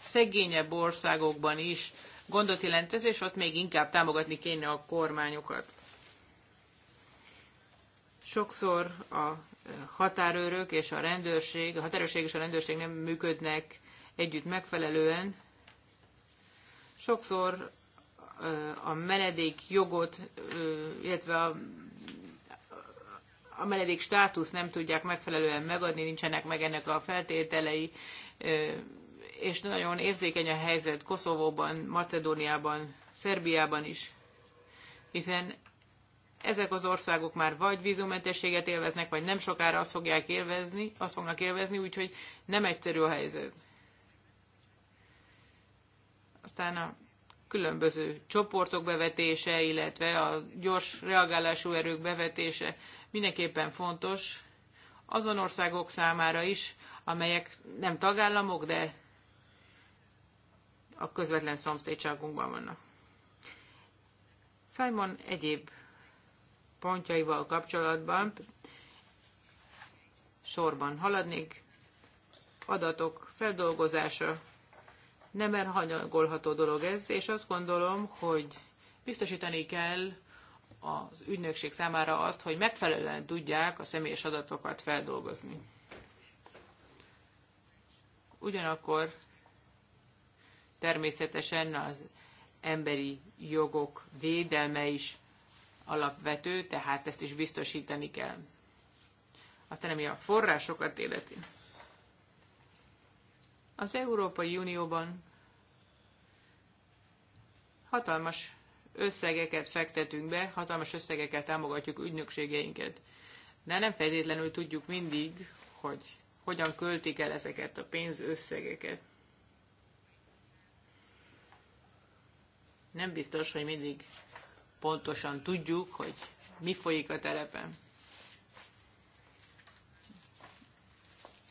szegényebb országokban is gondot jelent ez, és ott még inkább támogatni kéne a kormányokat. Sokszor a határőrök és a rendőrség, a határőrség és a rendőrség nem működnek együtt megfelelően, Sokszor a menedék jogot, illetve a, a menedék státusz nem tudják megfelelően megadni, nincsenek meg ennek a feltételei, és nagyon érzékeny a helyzet Koszovóban, Macedóniában, Szerbiában is, hiszen ezek az országok már vagy vízumentességet élveznek, vagy nem sokára azt fogják élvezni, azt fognak élvezni, úgyhogy nem egyszerű a helyzet. Aztán a különböző csoportok bevetése, illetve a gyors reagálású erők bevetése mindenképpen fontos azon országok számára is, amelyek nem tagállamok, de a közvetlen szomszédságunkban vannak. Simon egyéb pontjaival kapcsolatban sorban haladnék. Adatok feldolgozása, nem elhanyagolható dolog ez, és azt gondolom, hogy biztosítani kell az ügynökség számára azt, hogy megfelelően tudják a személyes adatokat feldolgozni. Ugyanakkor természetesen az emberi jogok védelme is alapvető, tehát ezt is biztosítani kell. Aztán ami a forrásokat életi. Az Európai Unióban hatalmas összegeket fektetünk be, hatalmas összegeket támogatjuk ügynökségeinket. De nem feltétlenül tudjuk mindig, hogy hogyan költik el ezeket a pénzösszegeket. Nem biztos, hogy mindig pontosan tudjuk, hogy mi folyik a terepen.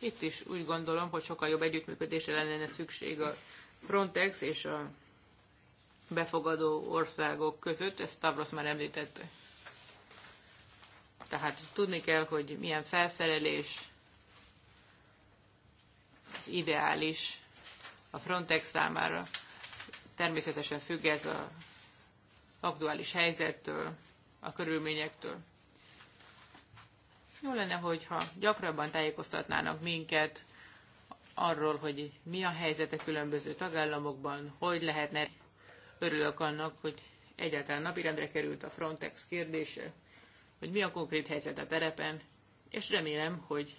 Itt is úgy gondolom, hogy sokkal jobb együttműködésre lenne szükség a Frontex és a befogadó országok között, ezt Tavrosz már említette. Tehát tudni kell, hogy milyen felszerelés az ideális a Frontex számára. Természetesen függ ez az aktuális helyzettől, a körülményektől. Jó lenne, hogyha gyakrabban tájékoztatnának minket arról, hogy mi a helyzet a különböző tagállamokban, hogy lehetne. Örülök annak, hogy egyáltalán napirendre került a Frontex kérdése, hogy mi a konkrét helyzet a terepen, és remélem, hogy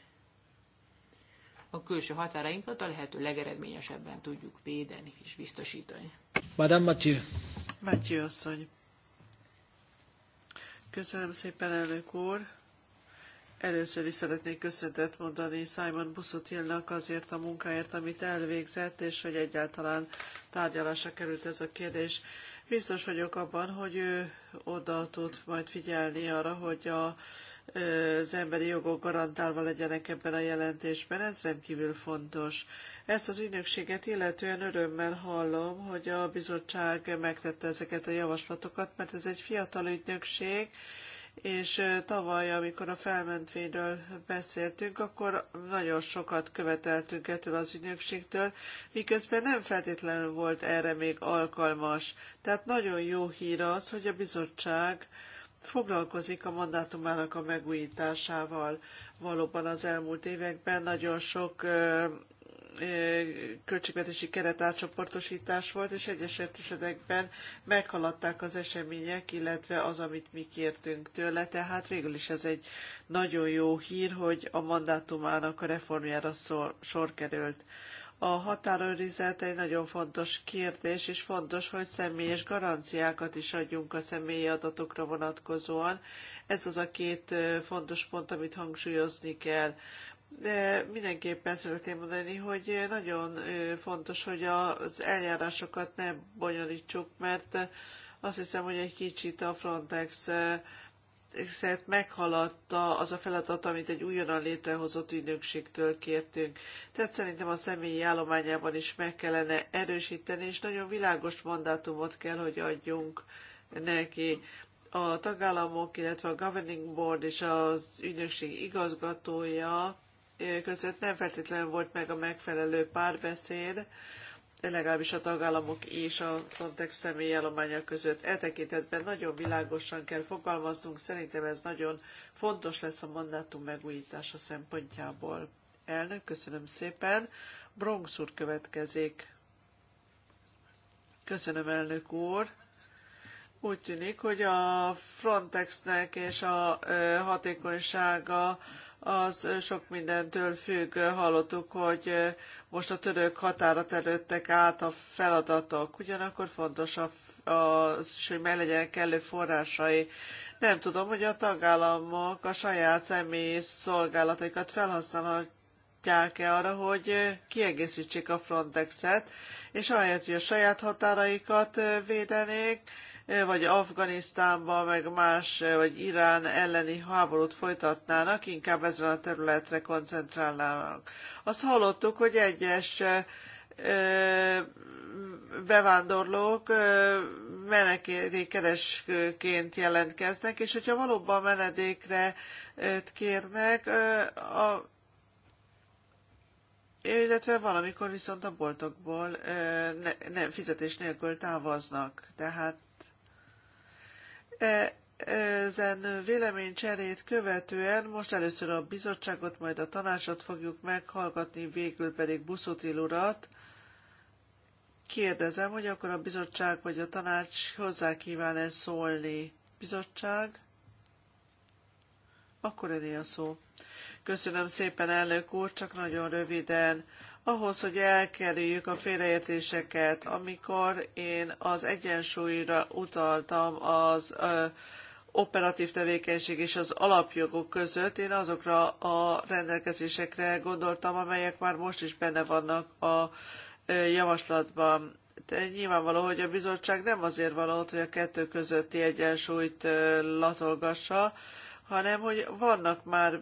a külső határainkat a lehető legeredményesebben tudjuk védeni és biztosítani. Madame Mathieu. Mathieu asszony. Köszönöm szépen, elnök úr. Először is szeretnék köszöntet mondani Simon Buszutilnak azért a munkáért, amit elvégzett, és hogy egyáltalán tárgyalásra került ez a kérdés. Biztos vagyok abban, hogy ő oda tud majd figyelni arra, hogy a, az emberi jogok garantálva legyenek ebben a jelentésben. Ez rendkívül fontos. Ezt az ügynökséget illetően örömmel hallom, hogy a bizottság megtette ezeket a javaslatokat, mert ez egy fiatal ügynökség, és tavaly, amikor a felmentvényről beszéltünk, akkor nagyon sokat követeltünk ettől az ügynökségtől, miközben nem feltétlenül volt erre még alkalmas. Tehát nagyon jó hír az, hogy a bizottság foglalkozik a mandátumának a megújításával. Valóban az elmúlt években nagyon sok költségvetési keretátcsoportosítás volt, és egyes esetekben meghaladták az események, illetve az, amit mi kértünk tőle. Tehát végül is ez egy nagyon jó hír, hogy a mandátumának a reformjára szor, sor került. A határőrizet egy nagyon fontos kérdés, és fontos, hogy személyes garanciákat is adjunk a személyi adatokra vonatkozóan. Ez az a két fontos pont, amit hangsúlyozni kell de mindenképpen szeretném mondani, hogy nagyon fontos, hogy az eljárásokat ne bonyolítsuk, mert azt hiszem, hogy egy kicsit a Frontex szerint meghaladta az a feladat, amit egy újonnan létrehozott ügynökségtől kértünk. Tehát szerintem a személyi állományában is meg kellene erősíteni, és nagyon világos mandátumot kell, hogy adjunk neki. A tagállamok, illetve a Governing Board és az ügynökség igazgatója között nem feltétlenül volt meg a megfelelő párbeszéd, legalábbis a tagállamok és a Frontex állománya között. E tekintetben nagyon világosan kell fogalmaznunk, szerintem ez nagyon fontos lesz a mandátum megújítása szempontjából. Elnök, köszönöm szépen. Bronx úr következik. Köszönöm, elnök úr. Úgy tűnik, hogy a Frontexnek és a hatékonysága az sok mindentől függ. Hallottuk, hogy most a török határa előttek át a feladatok, ugyanakkor fontos az hogy meg legyen kellő forrásai. Nem tudom, hogy a tagállamok a saját személyi szolgálataikat felhasználhatják-e arra, hogy kiegészítsék a Frontexet, és ahelyett, hogy a saját határaikat védenék, vagy Afganisztánba, meg más, vagy Irán elleni háborút folytatnának, inkább ezen a területre koncentrálnának. Azt hallottuk, hogy egyes bevándorlók menedékkeresként jelentkeznek, és hogyha valóban menedékre kérnek, a, illetve valamikor viszont a boltokból nem, fizetés nélkül távoznak. Tehát E, ezen véleménycserét követően most először a bizottságot, majd a tanácsot fogjuk meghallgatni, végül pedig Buszotil urat. Kérdezem, hogy akkor a bizottság vagy a tanács hozzá kíván-e szólni? Bizottság? Akkor öné a szó. Köszönöm szépen, elnök úr, csak nagyon röviden ahhoz, hogy elkerüljük a félreértéseket. Amikor én az egyensúlyra utaltam az ö, operatív tevékenység és az alapjogok között, én azokra a rendelkezésekre gondoltam, amelyek már most is benne vannak a ö, javaslatban. De nyilvánvaló, hogy a bizottság nem azért van ott, hogy a kettő közötti egyensúlyt ö, latolgassa, hanem hogy vannak már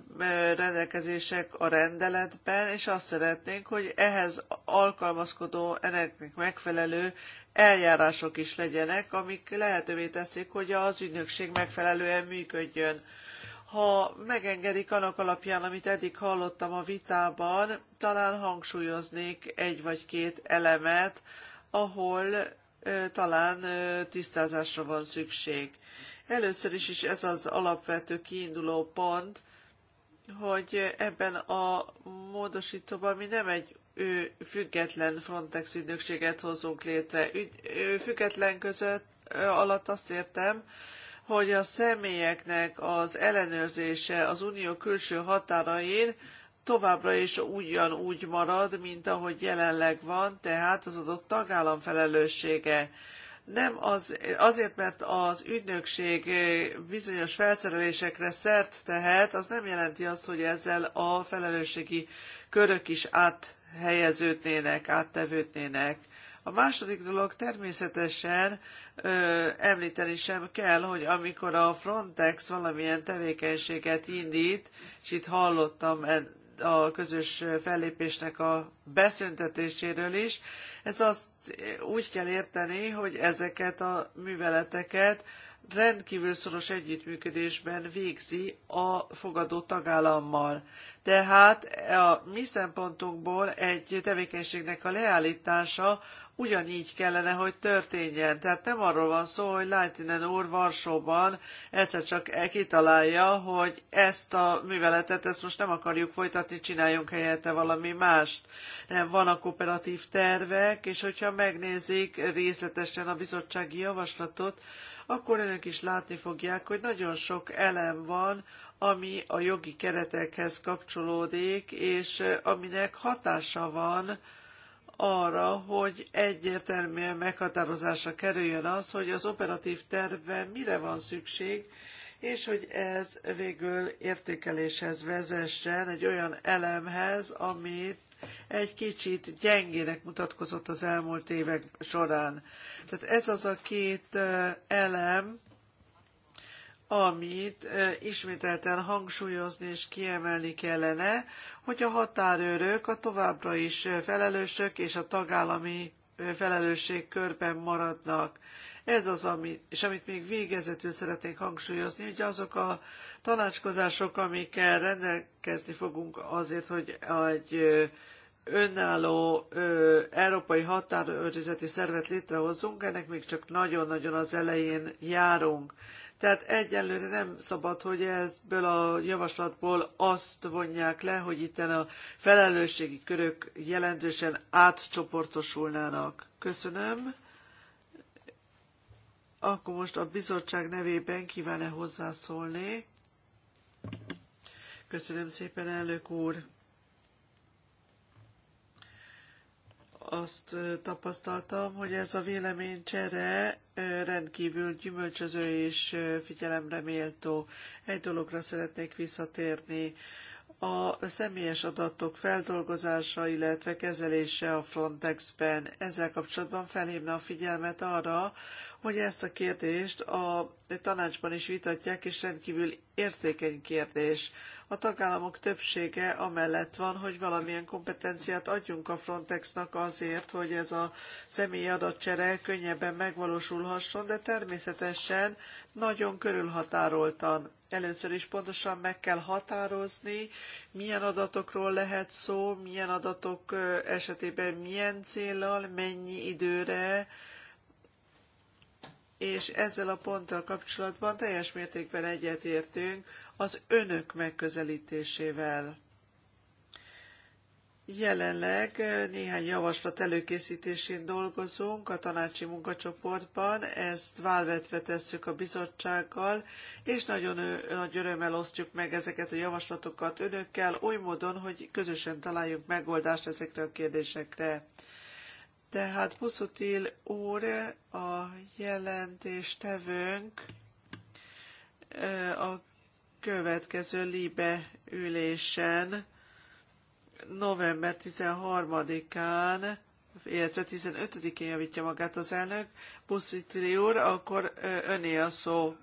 rendelkezések a rendeletben, és azt szeretnénk, hogy ehhez alkalmazkodó, ennek megfelelő eljárások is legyenek, amik lehetővé teszik, hogy az ügynökség megfelelően működjön. Ha megengedik annak alapján, amit eddig hallottam a vitában, talán hangsúlyoznék egy vagy két elemet, ahol talán tisztázásra van szükség. Először is, is ez az alapvető kiinduló pont, hogy ebben a módosítóban mi nem egy ő független Frontex ügynökséget hozunk létre. Ügy, ő független között ő alatt azt értem, hogy a személyeknek az ellenőrzése az unió külső határain továbbra is ugyanúgy marad, mint ahogy jelenleg van, tehát az adott tagállam felelőssége nem az, azért, mert az ügynökség bizonyos felszerelésekre szert tehet, az nem jelenti azt, hogy ezzel a felelősségi körök is áthelyeződnének, áttevődnének. A második dolog természetesen ö, említeni sem kell, hogy amikor a Frontex valamilyen tevékenységet indít, és itt hallottam a közös fellépésnek a beszüntetéséről is. Ez azt úgy kell érteni, hogy ezeket a műveleteket rendkívül szoros együttműködésben végzi a fogadó tagállammal. Tehát a mi szempontunkból egy tevékenységnek a leállítása ugyanígy kellene, hogy történjen. Tehát nem arról van szó, hogy Lightinen úr Varsóban egyszer csak kitalálja, hogy ezt a műveletet, ezt most nem akarjuk folytatni, csináljunk helyette valami mást. Nem, vannak kooperatív tervek, és hogyha megnézik részletesen a bizottsági javaslatot, akkor önök is látni fogják, hogy nagyon sok elem van, ami a jogi keretekhez kapcsolódik, és eh, aminek hatása van arra, hogy egyértelműen meghatározásra kerüljön az, hogy az operatív terve mire van szükség, és hogy ez végül értékeléshez vezessen, egy olyan elemhez, amit egy kicsit gyengének mutatkozott az elmúlt évek során. Tehát ez az a két elem, amit ismételten hangsúlyozni és kiemelni kellene, hogy a határőrök a továbbra is felelősök és a tagállami felelősség körben maradnak. Ez az, amit, és amit még végezetül szeretnék hangsúlyozni, hogy azok a tanácskozások, amikkel rendelkezni fogunk azért, hogy egy önálló ö, európai határőrizeti szervet létrehozzunk, ennek még csak nagyon-nagyon az elején járunk. Tehát egyelőre nem szabad, hogy ebből a javaslatból azt vonják le, hogy itten a felelősségi körök jelentősen átcsoportosulnának. Köszönöm. Akkor most a bizottság nevében kíván-e hozzászólni? Köszönöm szépen, elnök úr. azt tapasztaltam, hogy ez a vélemény csere rendkívül gyümölcsöző és figyelemre méltó. Egy dologra szeretnék visszatérni a személyes adatok feldolgozása, illetve kezelése a Frontexben. Ezzel kapcsolatban felhívna a figyelmet arra, hogy ezt a kérdést a tanácsban is vitatják, és rendkívül érzékeny kérdés. A tagállamok többsége amellett van, hogy valamilyen kompetenciát adjunk a Frontexnak azért, hogy ez a személyi adatcsere könnyebben megvalósulhasson, de természetesen nagyon körülhatároltan először is pontosan meg kell határozni, milyen adatokról lehet szó, milyen adatok esetében milyen célral, mennyi időre, és ezzel a ponttal kapcsolatban teljes mértékben egyetértünk az önök megközelítésével. Jelenleg néhány javaslat előkészítésén dolgozunk a tanácsi munkacsoportban, ezt válvetve tesszük a bizottsággal, és nagyon nagy örömmel osztjuk meg ezeket a javaslatokat önökkel, oly módon, hogy közösen találjuk megoldást ezekre a kérdésekre. Tehát Buszutil úr, a jelentéstevőnk a következő libe ülésen november 13-án, illetve 15-én javítja magát az elnök. Buszitli úr, akkor öné a szó.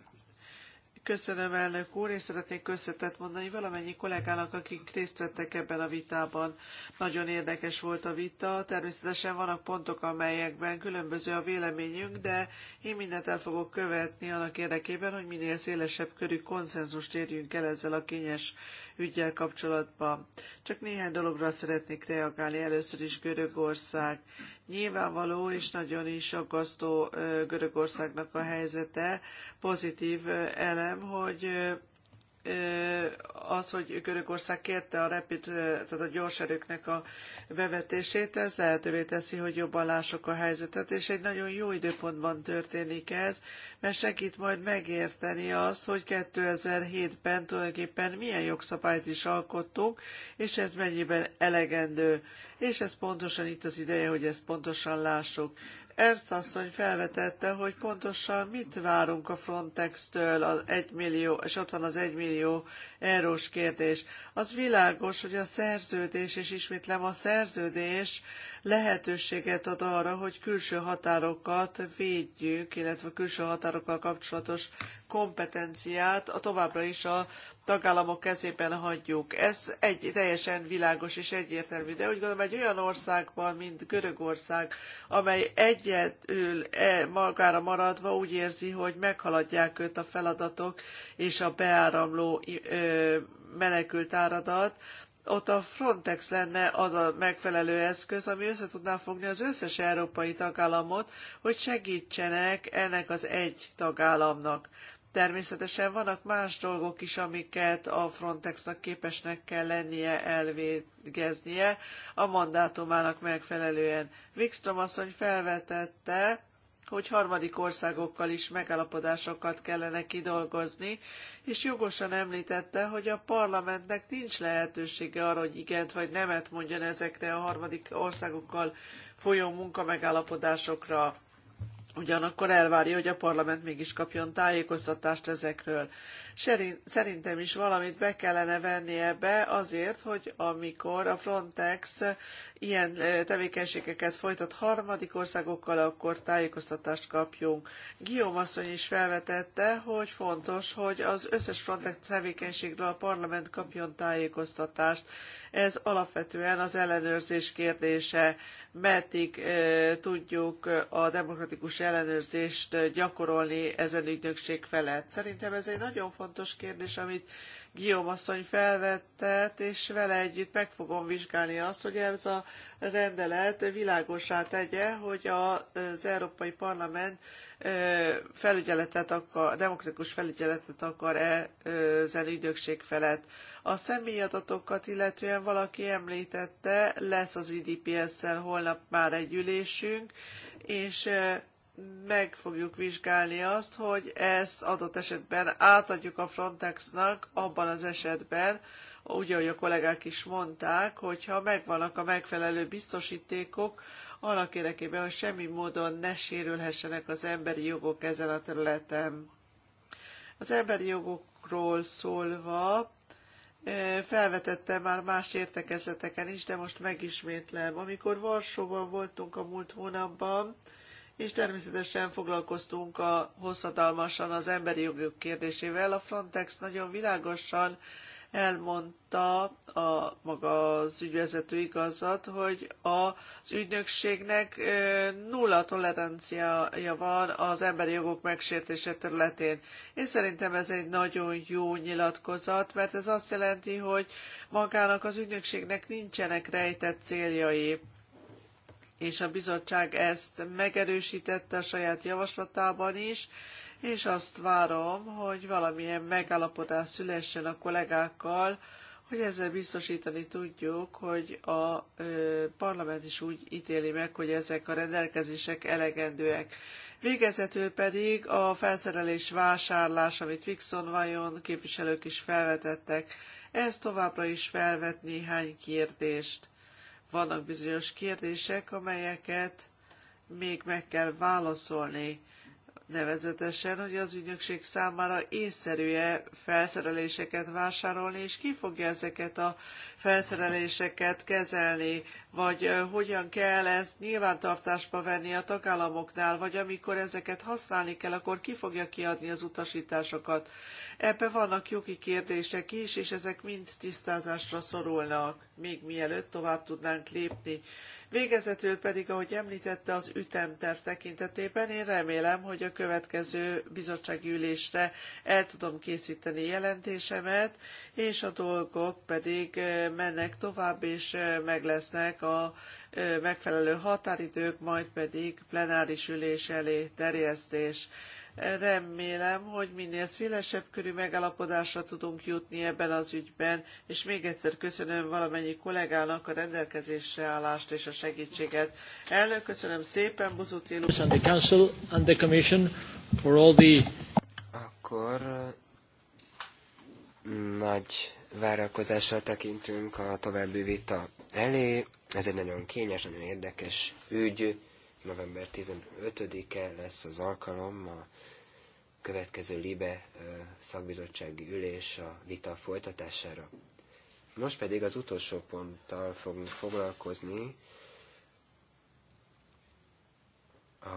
Köszönöm, elnök úr, és szeretnék köszönetet mondani valamennyi kollégának, akik részt vettek ebben a vitában. Nagyon érdekes volt a vita, természetesen vannak pontok, amelyekben különböző a véleményünk, de én mindent el fogok követni annak érdekében, hogy minél szélesebb körű konszenzust érjünk el ezzel a kényes ügyel kapcsolatban. Csak néhány dologra szeretnék reagálni. Először is Görögország. Nyilvánvaló és nagyon is aggasztó Görögországnak a helyzete. Pozitív elem, hogy az, hogy Görögország kérte a rapid, tehát a gyors erőknek a bevetését, ez lehetővé teszi, hogy jobban lássuk a helyzetet, és egy nagyon jó időpontban történik ez, mert segít majd megérteni azt, hogy 2007-ben tulajdonképpen milyen jogszabályt is alkottunk, és ez mennyiben elegendő. És ez pontosan itt az ideje, hogy ezt pontosan lássuk. Ernst asszony felvetette, hogy pontosan mit várunk a Frontex-től, az 1 millió, és ott van az 1 millió eurós kérdés. Az világos, hogy a szerződés, és ismétlem a szerződés lehetőséget ad arra, hogy külső határokat védjük, illetve külső határokkal kapcsolatos kompetenciát a továbbra is a tagállamok kezében hagyjuk. Ez egy teljesen világos és egyértelmű, de úgy gondolom egy olyan országban, mint Görögország, amely egyedül e, magára maradva úgy érzi, hogy meghaladják őt a feladatok és a beáramló menekült áradat, ott a Frontex lenne az a megfelelő eszköz, ami össze tudná fogni az összes európai tagállamot, hogy segítsenek ennek az egy tagállamnak. Természetesen vannak más dolgok is, amiket a Frontexnak képesnek kell lennie elvégeznie a mandátumának megfelelően. Wikström asszony felvetette, hogy harmadik országokkal is megállapodásokat kellene kidolgozni, és jogosan említette, hogy a parlamentnek nincs lehetősége arra, hogy igent vagy nemet mondjon ezekre a harmadik országokkal folyó munkamegállapodásokra ugyanakkor elvárja, hogy a parlament mégis kapjon tájékoztatást ezekről. Szerintem is valamit be kellene venni ebbe azért, hogy amikor a Frontex ilyen tevékenységeket folytat harmadik országokkal, akkor tájékoztatást kapjunk. Guillaume asszony is felvetette, hogy fontos, hogy az összes Frontex tevékenységről a parlament kapjon tájékoztatást. Ez alapvetően az ellenőrzés kérdése meddig tudjuk a demokratikus ellenőrzést gyakorolni ezen ügynökség felett. Szerintem ez egy nagyon fontos kérdés, amit Guillaume asszony felvettet, és vele együtt meg fogom vizsgálni azt, hogy ez a rendelet világosá tegye, hogy az Európai Parlament felügyeletet akar, demokratikus felügyeletet akar-e ezen ügynökség felett. A személyadatokat illetően valaki említette, lesz az IDPS-szel holnap már egy ülésünk, és meg fogjuk vizsgálni azt, hogy ezt adott esetben átadjuk a Frontexnak abban az esetben, úgy, ahogy a kollégák is mondták, hogyha megvannak a megfelelő biztosítékok, annak érdekében, hogy semmi módon ne sérülhessenek az emberi jogok ezen a területen. Az emberi jogokról szólva, eh, felvetettem már más értekezeteken is, de most megismétlem. Amikor Varsóban voltunk a múlt hónapban, és természetesen foglalkoztunk a hosszadalmasan az emberi jogok kérdésével. A Frontex nagyon világosan elmondta a maga az ügyvezető igazat, hogy az ügynökségnek nulla toleranciája van az emberi jogok megsértése területén. Én szerintem ez egy nagyon jó nyilatkozat, mert ez azt jelenti, hogy magának az ügynökségnek nincsenek rejtett céljai és a bizottság ezt megerősítette a saját javaslatában is, és azt várom, hogy valamilyen megállapodás szülessen a kollégákkal, hogy ezzel biztosítani tudjuk, hogy a parlament is úgy ítéli meg, hogy ezek a rendelkezések elegendőek. Végezetül pedig a felszerelés vásárlás, amit Fixon vajon képviselők is felvetettek. Ez továbbra is felvet néhány kérdést vannak bizonyos kérdések, amelyeket még meg kell válaszolni nevezetesen, hogy az ügynökség számára észszerű-e felszereléseket vásárolni, és ki fogja ezeket a felszereléseket kezelni, vagy hogyan kell ezt nyilvántartásba venni a tagállamoknál, vagy amikor ezeket használni kell, akkor ki fogja kiadni az utasításokat. Ebben vannak jogi kérdések is, és ezek mind tisztázásra szorulnak, még mielőtt tovább tudnánk lépni Végezetül pedig, ahogy említette, az ütemterv tekintetében én remélem, hogy a következő bizottsági ülésre el tudom készíteni jelentésemet, és a dolgok pedig mennek tovább, és meg lesznek a megfelelő határidők, majd pedig plenáris ülés elé terjesztés. Remélem, hogy minél szélesebb körű megállapodásra tudunk jutni ebben az ügyben, és még egyszer köszönöm valamennyi kollégának a rendelkezésre állást és a segítséget. Elnök, köszönöm szépen, Buzutil. Akkor uh, nagy várakozással tekintünk a további vita elé. Ez egy nagyon kényes, nagyon érdekes ügy november 15-e lesz az alkalom, a következő LIBE szakbizottsági ülés a vita folytatására. Most pedig az utolsó ponttal fogunk foglalkozni, a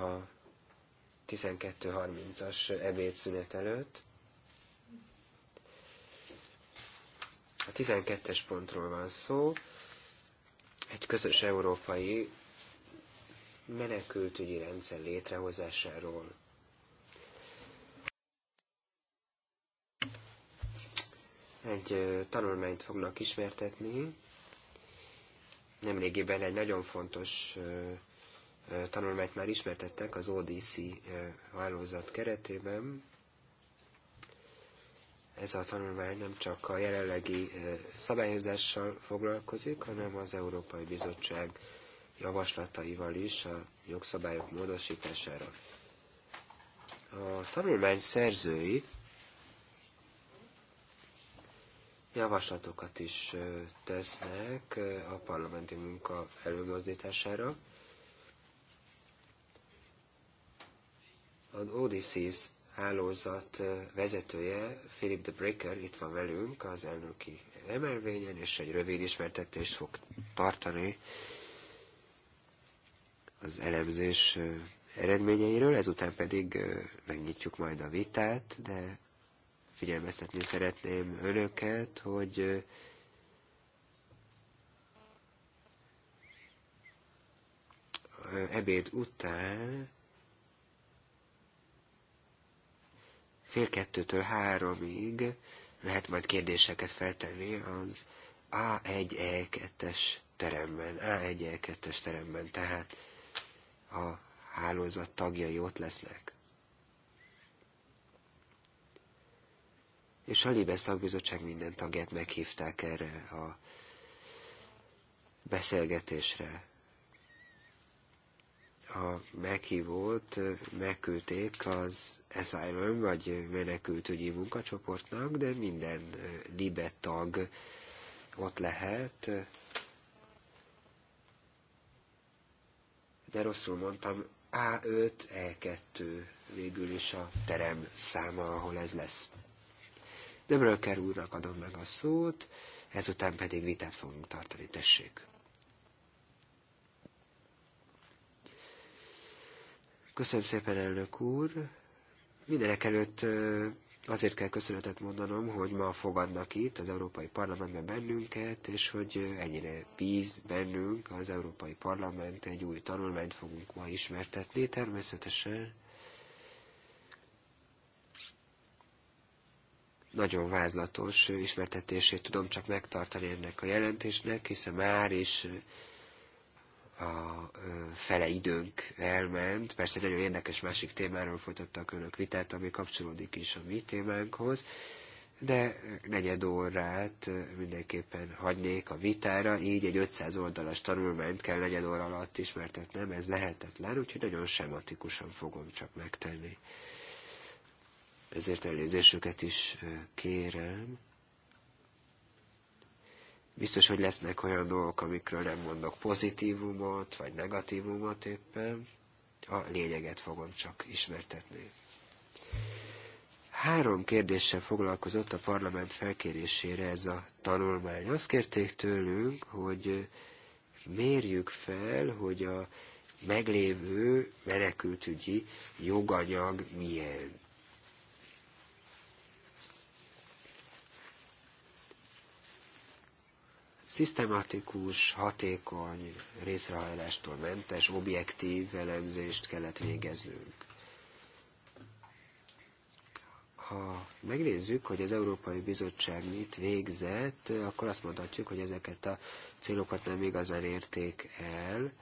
12.30-as ebédszünet előtt. A 12-es pontról van szó, egy közös európai menekültügyi rendszer létrehozásáról. Egy tanulmányt fognak ismertetni. Nemrégiben egy nagyon fontos tanulmányt már ismertettek az ODC hálózat keretében. Ez a tanulmány nem csak a jelenlegi szabályozással foglalkozik, hanem az Európai Bizottság javaslataival is a jogszabályok módosítására. A tanulmány szerzői javaslatokat is tesznek a parlamenti munka előmozdítására. Az Odysseys hálózat vezetője, Philip de Breaker itt van velünk az elnöki emelvényen, és egy rövid ismertetést fog tartani az elemzés eredményeiről, ezután pedig megnyitjuk majd a vitát, de figyelmeztetni szeretném önöket, hogy ebéd után fél kettőtől háromig lehet majd kérdéseket feltenni az A1-E2-es e teremben, A1-E2-es e teremben, tehát a hálózat tagjai ott lesznek. És a Libe szakbizottság minden tagját meghívták erre a beszélgetésre. A meghívót megküldték az Asylum, vagy menekültügyi munkacsoportnak, de minden Libe tag ott lehet, de rosszul mondtam, A5-E2 végül is a terem száma, ahol ez lesz. Dömrölker úrnak adom meg a szót, ezután pedig vitát fogunk tartani, tessék. Köszönöm szépen, elnök úr. Mindenek előtt Azért kell köszönetet mondanom, hogy ma fogadnak itt az Európai Parlamentben bennünket, és hogy ennyire bíz bennünk az Európai Parlament, egy új tanulmányt fogunk ma ismertetni, természetesen nagyon vázlatos ismertetését tudom csak megtartani ennek a jelentésnek, hiszen már is a fele időnk elment. Persze egy nagyon érdekes másik témáról folytattak önök vitát, ami kapcsolódik is a mi témánkhoz, de negyed órát mindenképpen hagynék a vitára, így egy 500 oldalas tanulmányt kell negyed óra alatt ismertetnem, ez lehetetlen, úgyhogy nagyon sematikusan fogom csak megtenni. Ezért elnézésüket is kérem Biztos, hogy lesznek olyan dolgok, amikről nem mondok pozitívumot, vagy negatívumot éppen. A lényeget fogom csak ismertetni. Három kérdéssel foglalkozott a parlament felkérésére ez a tanulmány. Azt kérték tőlünk, hogy mérjük fel, hogy a meglévő menekültügyi joganyag milyen. szisztematikus, hatékony, részrehajlástól mentes, objektív elemzést kellett végeznünk. Ha megnézzük, hogy az Európai Bizottság mit végzett, akkor azt mondhatjuk, hogy ezeket a célokat nem igazán érték el,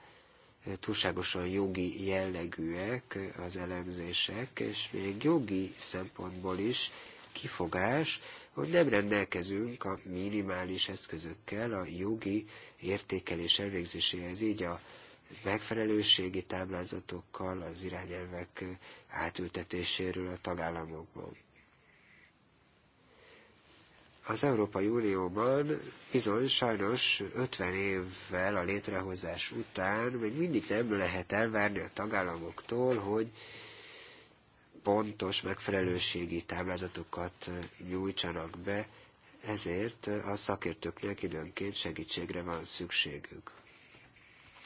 túlságosan jogi jellegűek az elemzések, és még jogi szempontból is kifogás, hogy nem rendelkezünk a minimális eszközökkel a jogi értékelés elvégzéséhez, így a megfelelőségi táblázatokkal az irányelvek átültetéséről a tagállamokban. Az Európai Unióban bizony sajnos 50 évvel a létrehozás után még mindig nem lehet elvárni a tagállamoktól, hogy pontos megfelelőségi táblázatokat nyújtsanak be, ezért a szakértőknek időnként segítségre van szükségük.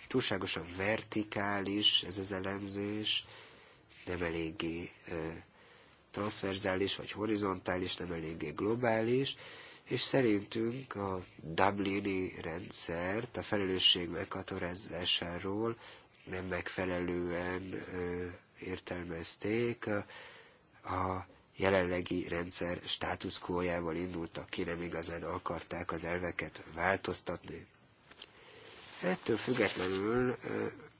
Túlságosan vertikális ez az elemzés, nem eléggé transzverzális vagy horizontális, nem eléggé globális, és szerintünk a Dublini rendszert a felelősség meghatározásáról nem megfelelően értelmezték, a jelenlegi rendszer státuszkójával indultak ki, nem igazán akarták az elveket változtatni. Ettől függetlenül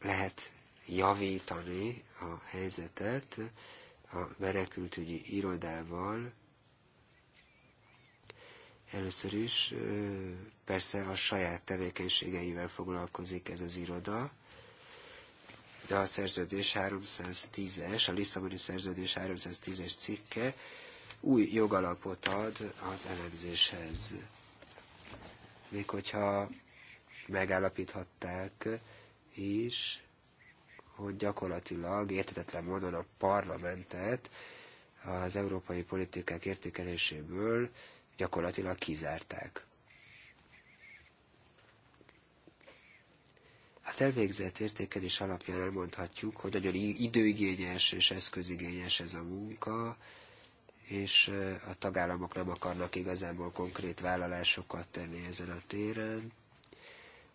lehet javítani a helyzetet a menekültügyi irodával. Először is persze a saját tevékenységeivel foglalkozik ez az iroda, de a szerződés 310-es, a Lisszaboni szerződés 310-es cikke új jogalapot ad az elemzéshez. Még hogyha megállapíthatták is, hogy gyakorlatilag értetetlen módon a parlamentet az európai politikák értékeléséből gyakorlatilag kizárták. Az elvégzett értékelés alapján elmondhatjuk, hogy nagyon időigényes és eszközigényes ez a munka, és a tagállamok nem akarnak igazából konkrét vállalásokat tenni ezen a téren.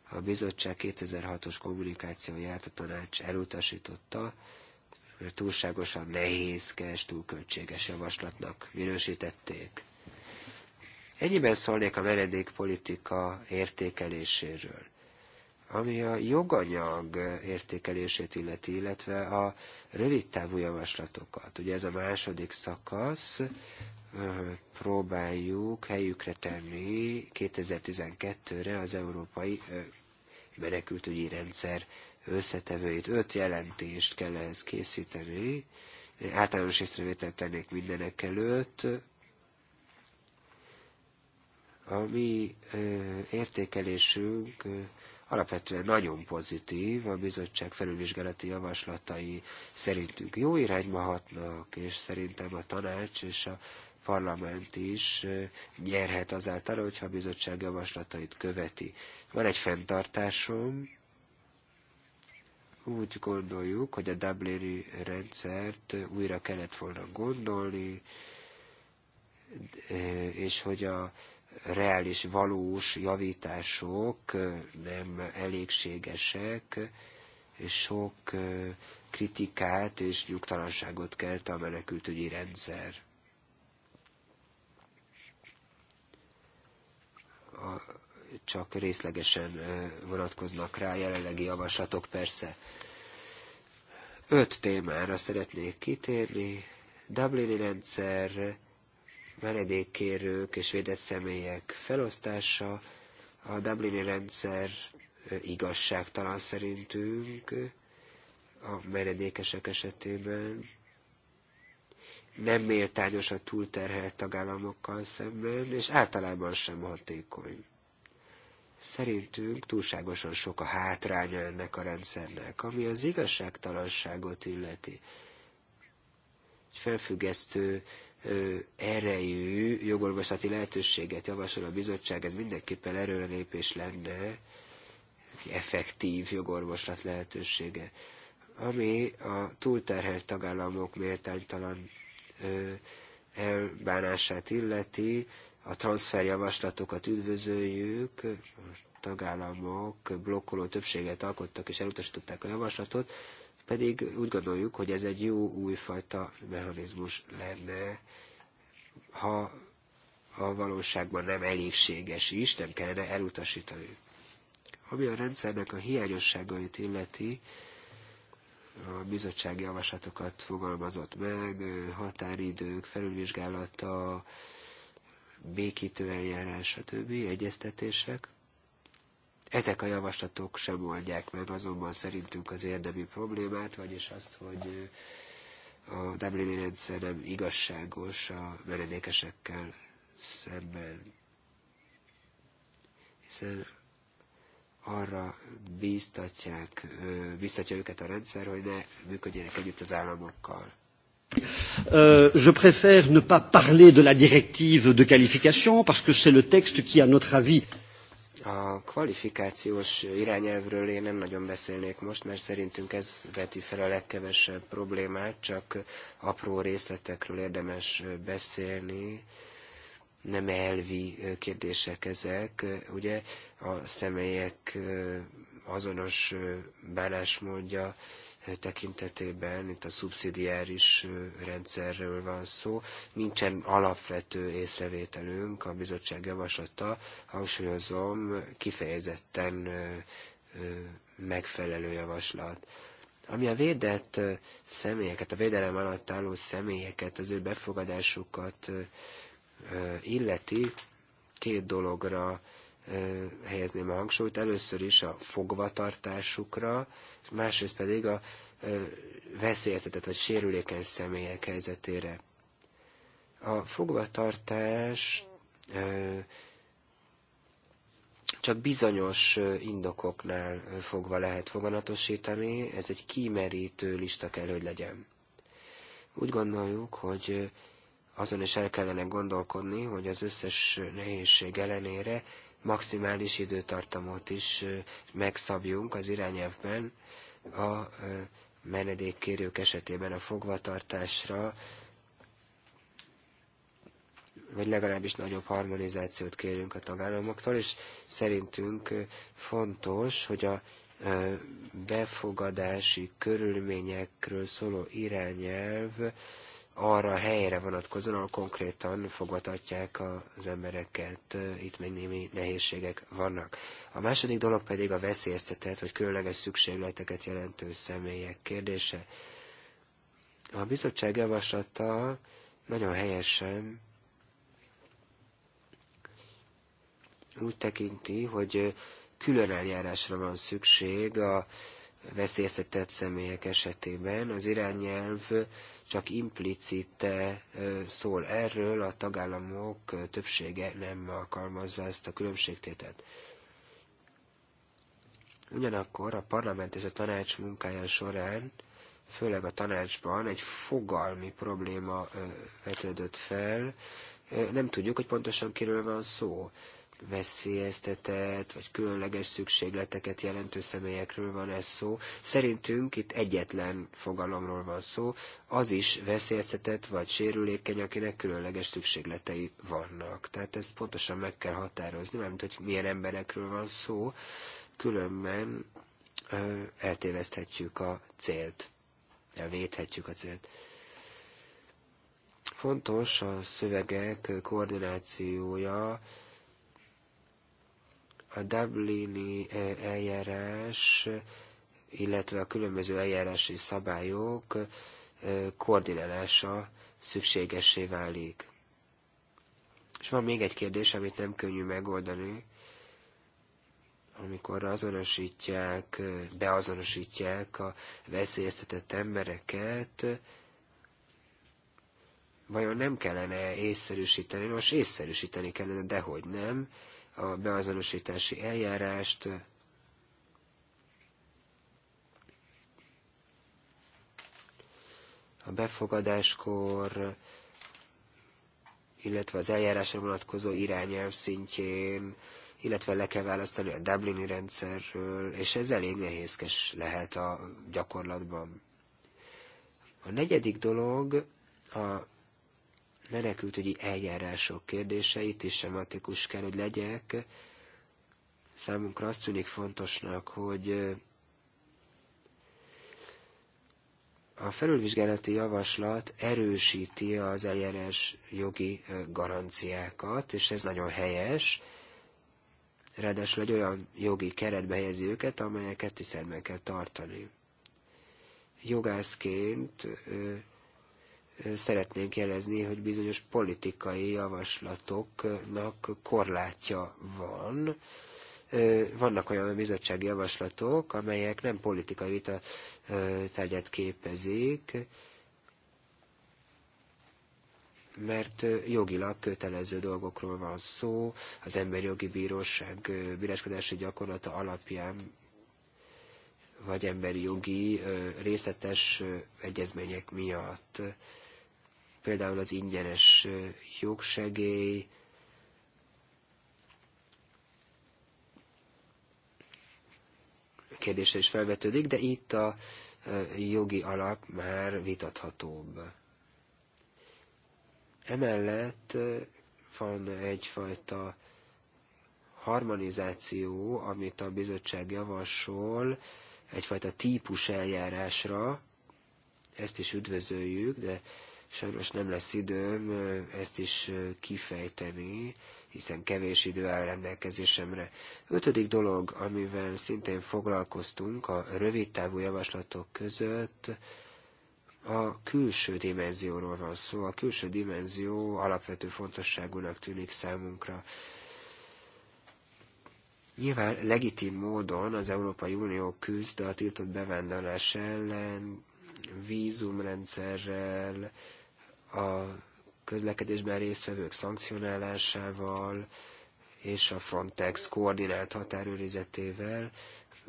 A bizottság 2006-os kommunikációját a tanács elutasította, mert túlságosan nehézkes, túlköltséges javaslatnak minősítették. Ennyiben szólnék a menedékpolitika értékeléséről. Ami a joganyag értékelését illeti, illetve a rövid távú javaslatokat. Ugye ez a második szakasz, próbáljuk helyükre tenni 2012-re az európai menekültügyi rendszer összetevőit. Öt jelentést kell ehhez készíteni. Általános észrevételt tennék mindenek előtt. A mi értékelésünk Alapvetően nagyon pozitív, a bizottság felülvizsgálati javaslatai szerintünk jó irányba hatnak, és szerintem a tanács és a parlament is nyerhet azáltal, hogyha a bizottság javaslatait követi. Van egy fenntartásom, úgy gondoljuk, hogy a Dublini rendszert újra kellett volna gondolni, és hogy a reális, valós javítások nem elégségesek, sok kritikát és nyugtalanságot kelt a menekültügyi rendszer. A, csak részlegesen vonatkoznak rá jelenlegi javaslatok persze. Öt témára szeretnék kitérni. Dublini rendszer, menedékkérők és védett személyek felosztása, a Dublini rendszer igazságtalan szerintünk a menedékesek esetében, nem méltányos a túlterhelt tagállamokkal szemben, és általában sem hatékony. Szerintünk túlságosan sok a hátránya ennek a rendszernek, ami az igazságtalanságot illeti. Egy felfüggesztő erejű jogorvoslati lehetőséget javasol a bizottság, ez mindenképpen erőrelépés lenne, egy effektív jogorvoslat lehetősége, ami a túlterhelt tagállamok méltánytalan elbánását illeti, a transferjavaslatokat üdvözöljük, a tagállamok blokkoló többséget alkottak és elutasították a javaslatot, pedig úgy gondoljuk, hogy ez egy jó újfajta mechanizmus lenne, ha a valóságban nem elégséges is, nem kellene elutasítani. Ami a rendszernek a hiányosságait illeti, a bizottsági javaslatokat fogalmazott meg, határidők, felülvizsgálata, békítő eljárás, stb. egyeztetések. Ezek a javaslatok sem oldják meg azonban szerintünk az érdemi problémát, vagyis azt, hogy a Dublini rendszer nem igazságos a menedékesekkel szemben. Hiszen arra bíztatják, bíztatja őket a rendszer, hogy ne működjenek együtt az államokkal. Euh, je préfère ne pas parler de la directive de qualification parce que c'est le texte qui, à notre avis, a kvalifikációs irányelvről én nem nagyon beszélnék most, mert szerintünk ez veti fel a legkevesebb problémát, csak apró részletekről érdemes beszélni, nem elvi kérdések ezek. Ugye a személyek azonos bánásmódja tekintetében, itt a szubszidiáris rendszerről van szó, nincsen alapvető észrevételünk a bizottság javaslata, hangsúlyozom, kifejezetten megfelelő javaslat. Ami a védett személyeket, a védelem alatt álló személyeket, az ő befogadásukat illeti, két dologra helyezném a hangsúlyt. Először is a fogvatartásukra, másrészt pedig a veszélyeztetett vagy sérülékeny személyek helyzetére. A fogvatartás csak bizonyos indokoknál fogva lehet foganatosítani, ez egy kimerítő lista kell, hogy legyen. Úgy gondoljuk, hogy azon is el kellene gondolkodni, hogy az összes nehézség ellenére maximális időtartamot is megszabjunk az irányelvben a menedékkérők esetében a fogvatartásra, vagy legalábbis nagyobb harmonizációt kérünk a tagállamoktól, és szerintünk fontos, hogy a befogadási körülményekről szóló irányelv arra a helyre vonatkozóan, ahol konkrétan fogvatatják az embereket, itt még némi nehézségek vannak. A második dolog pedig a veszélyeztetett vagy különleges szükségleteket jelentő személyek kérdése. A bizottság javaslata nagyon helyesen úgy tekinti, hogy külön eljárásra van szükség a veszélyeztetett személyek esetében. Az irányelv csak implicite szól erről, a tagállamok többsége nem alkalmazza ezt a különbségtételt. Ugyanakkor a parlament és a tanács munkája során, főleg a tanácsban egy fogalmi probléma vetődött fel, nem tudjuk, hogy pontosan kiről van szó veszélyeztetett vagy különleges szükségleteket jelentő személyekről van ez szó. Szerintünk itt egyetlen fogalomról van szó, az is veszélyeztetett vagy sérülékeny, akinek különleges szükségletei vannak. Tehát ezt pontosan meg kell határozni, mert hogy milyen emberekről van szó, különben ö, eltéveszthetjük a célt, elvédhetjük a célt. Fontos a szövegek koordinációja, a Dublini eh, eljárás, illetve a különböző eljárási szabályok eh, koordinálása szükségessé válik. És van még egy kérdés, amit nem könnyű megoldani, amikor azonosítják, eh, beazonosítják a veszélyeztetett embereket, vajon nem kellene észszerűsíteni? Most észszerűsíteni kellene, dehogy nem a beazonosítási eljárást, a befogadáskor, illetve az eljárásra vonatkozó irányelv szintjén, illetve le kell választani a Dublini rendszerről, és ez elég nehézkes lehet a gyakorlatban. A negyedik dolog a menekültügyi eljárások kérdéseit is sematikus kell, hogy legyek. Számunkra azt tűnik fontosnak, hogy a felülvizsgálati javaslat erősíti az eljárás jogi garanciákat, és ez nagyon helyes. Ráadásul egy olyan jogi keretbe helyezi őket, amelyeket tiszteletben kell tartani. Jogászként szeretnénk jelezni, hogy bizonyos politikai javaslatoknak korlátja van. Vannak olyan bizottsági javaslatok, amelyek nem politikai vita tárgyát képezik, mert jogilag kötelező dolgokról van szó, az emberi jogi Bíróság bíráskodási gyakorlata alapján vagy emberi jogi részletes egyezmények miatt például az ingyenes jogsegély, kérdése is felvetődik, de itt a jogi alap már vitathatóbb. Emellett van egyfajta harmonizáció, amit a bizottság javasol, egyfajta típus eljárásra, ezt is üdvözöljük, de Sajnos nem lesz időm ezt is kifejteni, hiszen kevés idő áll rendelkezésemre. Ötödik dolog, amivel szintén foglalkoztunk a rövid távú javaslatok között, a külső dimenzióról van szó. A külső dimenzió alapvető fontosságúnak tűnik számunkra. Nyilván legitim módon az Európai Unió küzd a tiltott bevándorlás ellen, vízumrendszerrel, a közlekedésben résztvevők szankcionálásával és a Frontex koordinált határőrizetével,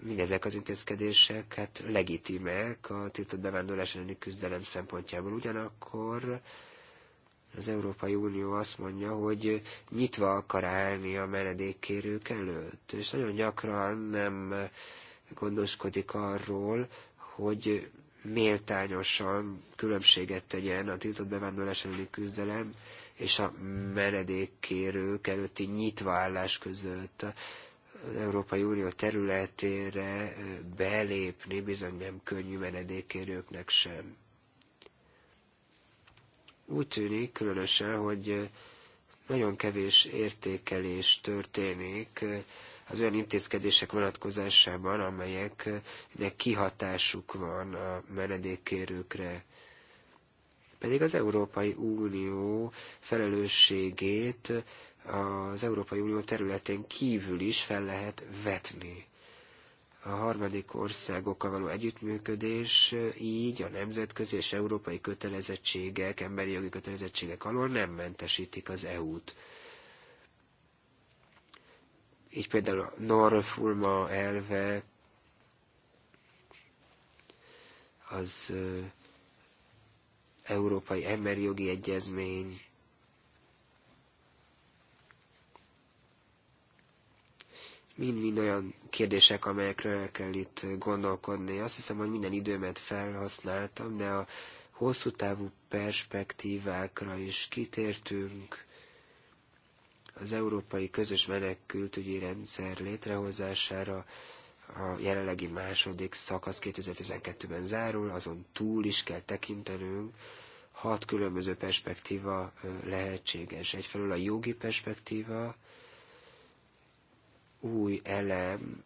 mindezek az intézkedések hát legitimek a tiltott bevándorlás elleni küzdelem szempontjából. Ugyanakkor az Európai Unió azt mondja, hogy nyitva akar állni a menedékkérők előtt, és nagyon gyakran nem gondoskodik arról, hogy méltányosan különbséget tegyen a tiltott bevándorlás elleni küzdelem és a menedékkérők előtti nyitvállás között az Európai Unió területére belépni bizony nem könnyű menedékkérőknek sem. Úgy tűnik különösen, hogy nagyon kevés értékelés történik az olyan intézkedések vonatkozásában, amelyeknek kihatásuk van a menedékkérőkre. Pedig az Európai Unió felelősségét az Európai Unió területén kívül is fel lehet vetni a harmadik országokkal való együttműködés így a nemzetközi és európai kötelezettségek, emberi jogi kötelezettségek alól nem mentesítik az EU-t így például a norfulma elve az Európai Emberi Jogi Egyezmény, mind-mind olyan kérdések, amelyekről kell itt gondolkodni. Azt hiszem, hogy minden időmet felhasználtam, de a hosszú távú perspektívákra is kitértünk az európai közös menekültügyi rendszer létrehozására a jelenlegi második szakasz 2012-ben zárul, azon túl is kell tekintenünk, hat különböző perspektíva lehetséges. Egyfelől a jogi perspektíva, új elem,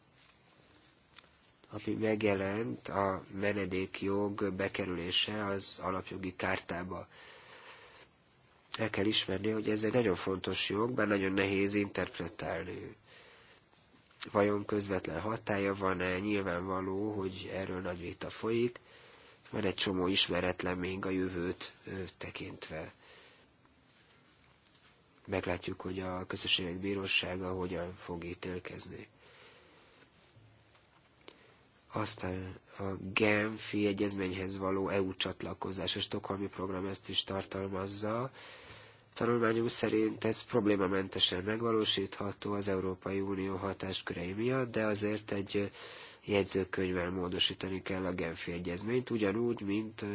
ami megjelent a menedékjog bekerülése az alapjogi kártába el kell ismerni, hogy ez egy nagyon fontos jog, bár nagyon nehéz interpretálni. Vajon közvetlen hatája van-e? Nyilvánvaló, hogy erről nagy vita folyik. mert egy csomó ismeretlen még a jövőt tekintve. Meglátjuk, hogy a közösségek bírósága hogyan fog ítélkezni aztán a Genfi egyezményhez való EU csatlakozás, a Stockholmi program ezt is tartalmazza, tanulmányunk szerint ez problémamentesen megvalósítható az Európai Unió hatáskörei miatt, de azért egy jegyzőkönyvvel módosítani kell a Genfi Egyezményt, ugyanúgy, mint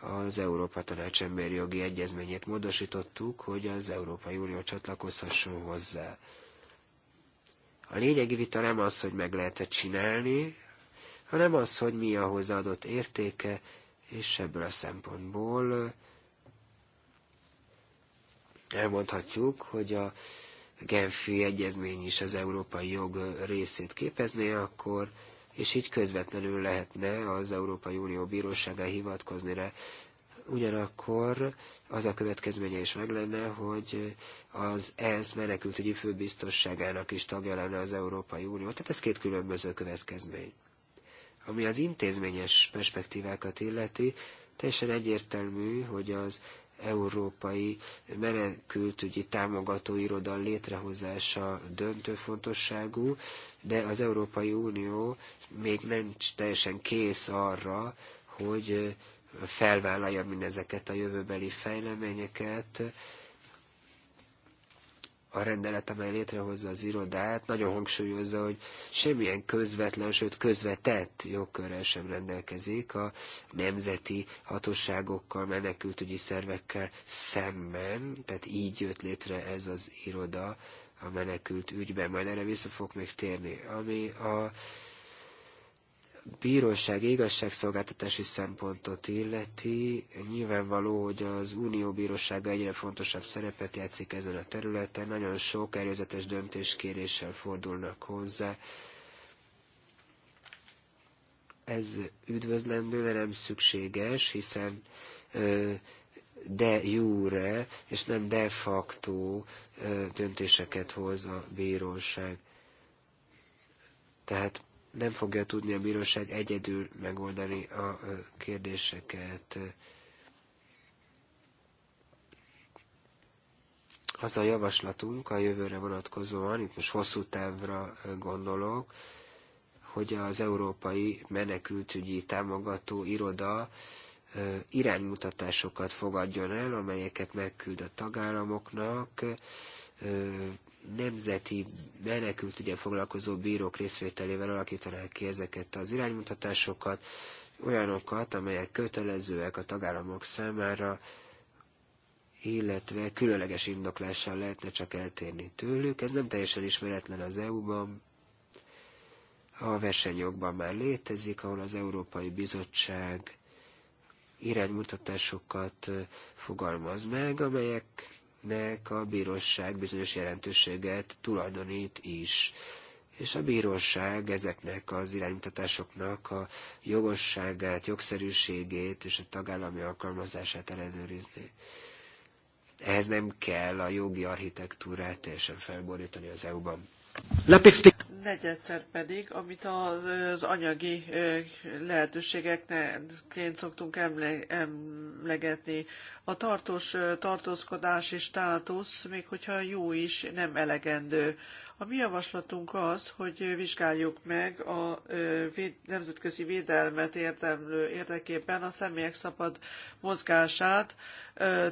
az Európa Tanács emberjogi egyezményét módosítottuk, hogy az Európai Unió csatlakozhasson hozzá. A lényegi vita nem az, hogy meg lehet -e csinálni, hanem az, hogy mi a hozzáadott értéke, és ebből a szempontból elmondhatjuk, hogy a Genfi egyezmény is az európai jog részét képezné, akkor és így közvetlenül lehetne az Európai Unió bíróságá hivatkozni rá. Ugyanakkor az a következménye is meg lenne, hogy az ENSZ menekültügyi főbiztosságának is tagja lenne az Európai Unió. Tehát ez két különböző következmény. Ami az intézményes perspektívákat illeti, teljesen egyértelmű, hogy az európai menekültügyi támogató iroda létrehozása döntő fontosságú, de az Európai Unió még nem teljesen kész arra, hogy felvállalja mindezeket a jövőbeli fejleményeket, a rendelet, amely létrehozza az irodát, nagyon hangsúlyozza, hogy semmilyen közvetlen, sőt közvetett jogkörrel sem rendelkezik a nemzeti hatóságokkal, menekültügyi szervekkel szemben, tehát így jött létre ez az iroda a menekült ügyben. Majd erre vissza fogok még térni. Ami a bíróság igazságszolgáltatási szempontot illeti, nyilvánvaló, hogy az Unió bírósága egyre fontosabb szerepet játszik ezen a területen, nagyon sok erőzetes döntéskéréssel fordulnak hozzá. Ez üdvözlendő, de nem szükséges, hiszen de jure és nem de facto döntéseket hoz a bíróság. Tehát nem fogja tudni a bíróság egyedül megoldani a kérdéseket. Az a javaslatunk a jövőre vonatkozóan, itt most hosszú távra gondolok, hogy az Európai Menekültügyi Támogató Iroda iránymutatásokat fogadjon el, amelyeket megküld a tagállamoknak, nemzeti menekült, ugye foglalkozó bírók részvételével alakítanák ki ezeket az iránymutatásokat, olyanokat, amelyek kötelezőek a tagállamok számára, illetve különleges indoklással lehetne csak eltérni tőlük. Ez nem teljesen ismeretlen az EU-ban. A versenyjogban már létezik, ahol az Európai Bizottság iránymutatásokat fogalmaz meg, amelyek nek a bíróság bizonyos jelentőséget tulajdonít is. És a bíróság ezeknek az iránymutatásoknak a jogosságát, jogszerűségét és a tagállami alkalmazását ellenőrizni. Ehhez nem kell a jogi architektúrát teljesen felborítani az EU-ban. Negyedszer pedig, amit az, anyagi lehetőségekként szoktunk emlegetni. A tartós tartózkodási státusz, még hogyha jó is, nem elegendő. A mi javaslatunk az, hogy vizsgáljuk meg a nemzetközi védelmet érdemlő érdekében a személyek szabad mozgását,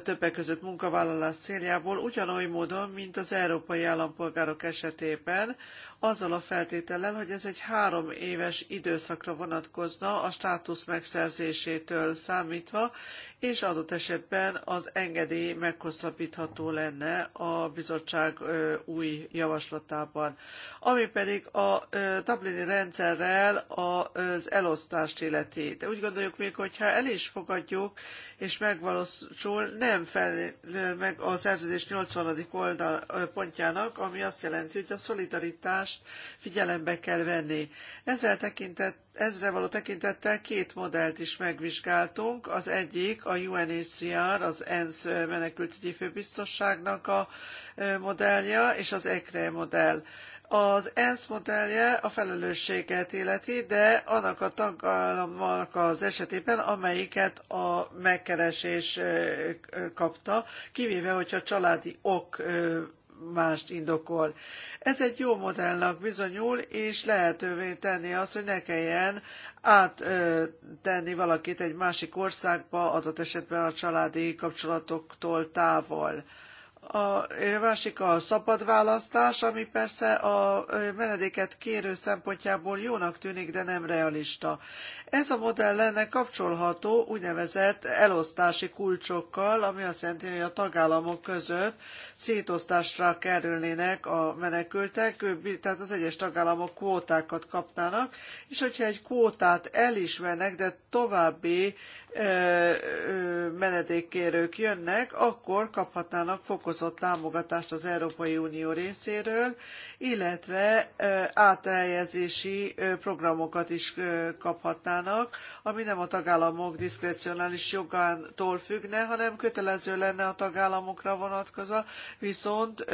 többek között munkavállalás céljából, ugyanoly módon, mint az európai állampolgárok esetében, azzal a feltétellel, hogy ez egy három éves időszakra vonatkozna a státusz megszerzésétől számítva, és adott esetben az engedély meghosszabbítható lenne a bizottság új javaslatában. Ami pedig a tablini rendszerrel az elosztást illeti. De úgy gondoljuk még, hogyha el is fogadjuk és megvalósul, például nem felel meg a szerződés 80. oldal pontjának, ami azt jelenti, hogy a szolidaritást figyelembe kell venni. Ezzel tekintett, ezre való tekintettel két modellt is megvizsgáltunk. Az egyik a UNHCR, az ENSZ menekültügyi főbiztosságnak a modellje, és az ECRE modell. Az ENSZ modellje a felelősséget illeti, de annak a tagállamnak az esetében, amelyiket a megkeresés kapta, kivéve, hogyha családi ok mást indokol. Ez egy jó modellnak bizonyul, és lehetővé tenni azt, hogy ne kelljen áttenni valakit egy másik országba, adott esetben a családi kapcsolatoktól távol. A másik a szabad választás, ami persze a menedéket kérő szempontjából jónak tűnik, de nem realista. Ez a modell lenne kapcsolható úgynevezett elosztási kulcsokkal, ami azt jelenti, hogy a tagállamok között szétosztásra kerülnének a menekültek, tehát az egyes tagállamok kvótákat kapnának, és hogyha egy kvótát elismernek, de további menedékkérők jönnek, akkor kaphatnának fokozott támogatást az Európai Unió részéről, illetve áthelyezési programokat is kaphatnának, ami nem a tagállamok diszkrecionális jogántól függne, hanem kötelező lenne a tagállamokra vonatkozva, viszont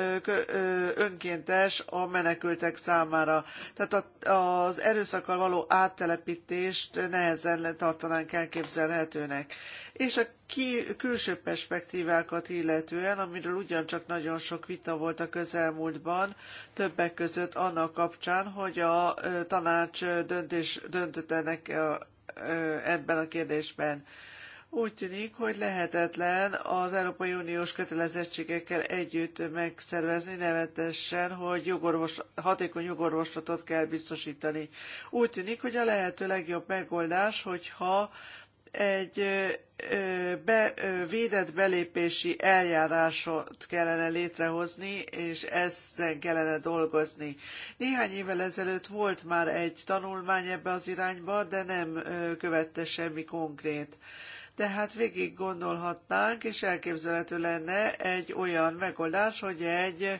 önkéntes a menekültek számára. Tehát az erőszakkal való áttelepítést nehezen tartanánk elképzelhető illetőnek. És a ki, külső perspektívákat illetően, amiről ugyancsak nagyon sok vita volt a közelmúltban, többek között annak kapcsán, hogy a tanács döntés, döntöttenek ebben a kérdésben. Úgy tűnik, hogy lehetetlen az Európai Uniós kötelezettségekkel együtt megszervezni, nevetesen, hogy jogorvos, hatékony jogorvoslatot kell biztosítani. Úgy tűnik, hogy a lehető legjobb megoldás, hogyha egy be, védett belépési eljárásot kellene létrehozni, és ezen kellene dolgozni. Néhány évvel ezelőtt volt már egy tanulmány ebbe az irányba, de nem követte semmi konkrét. Tehát végig gondolhatnánk, és elképzelhető lenne egy olyan megoldás, hogy egy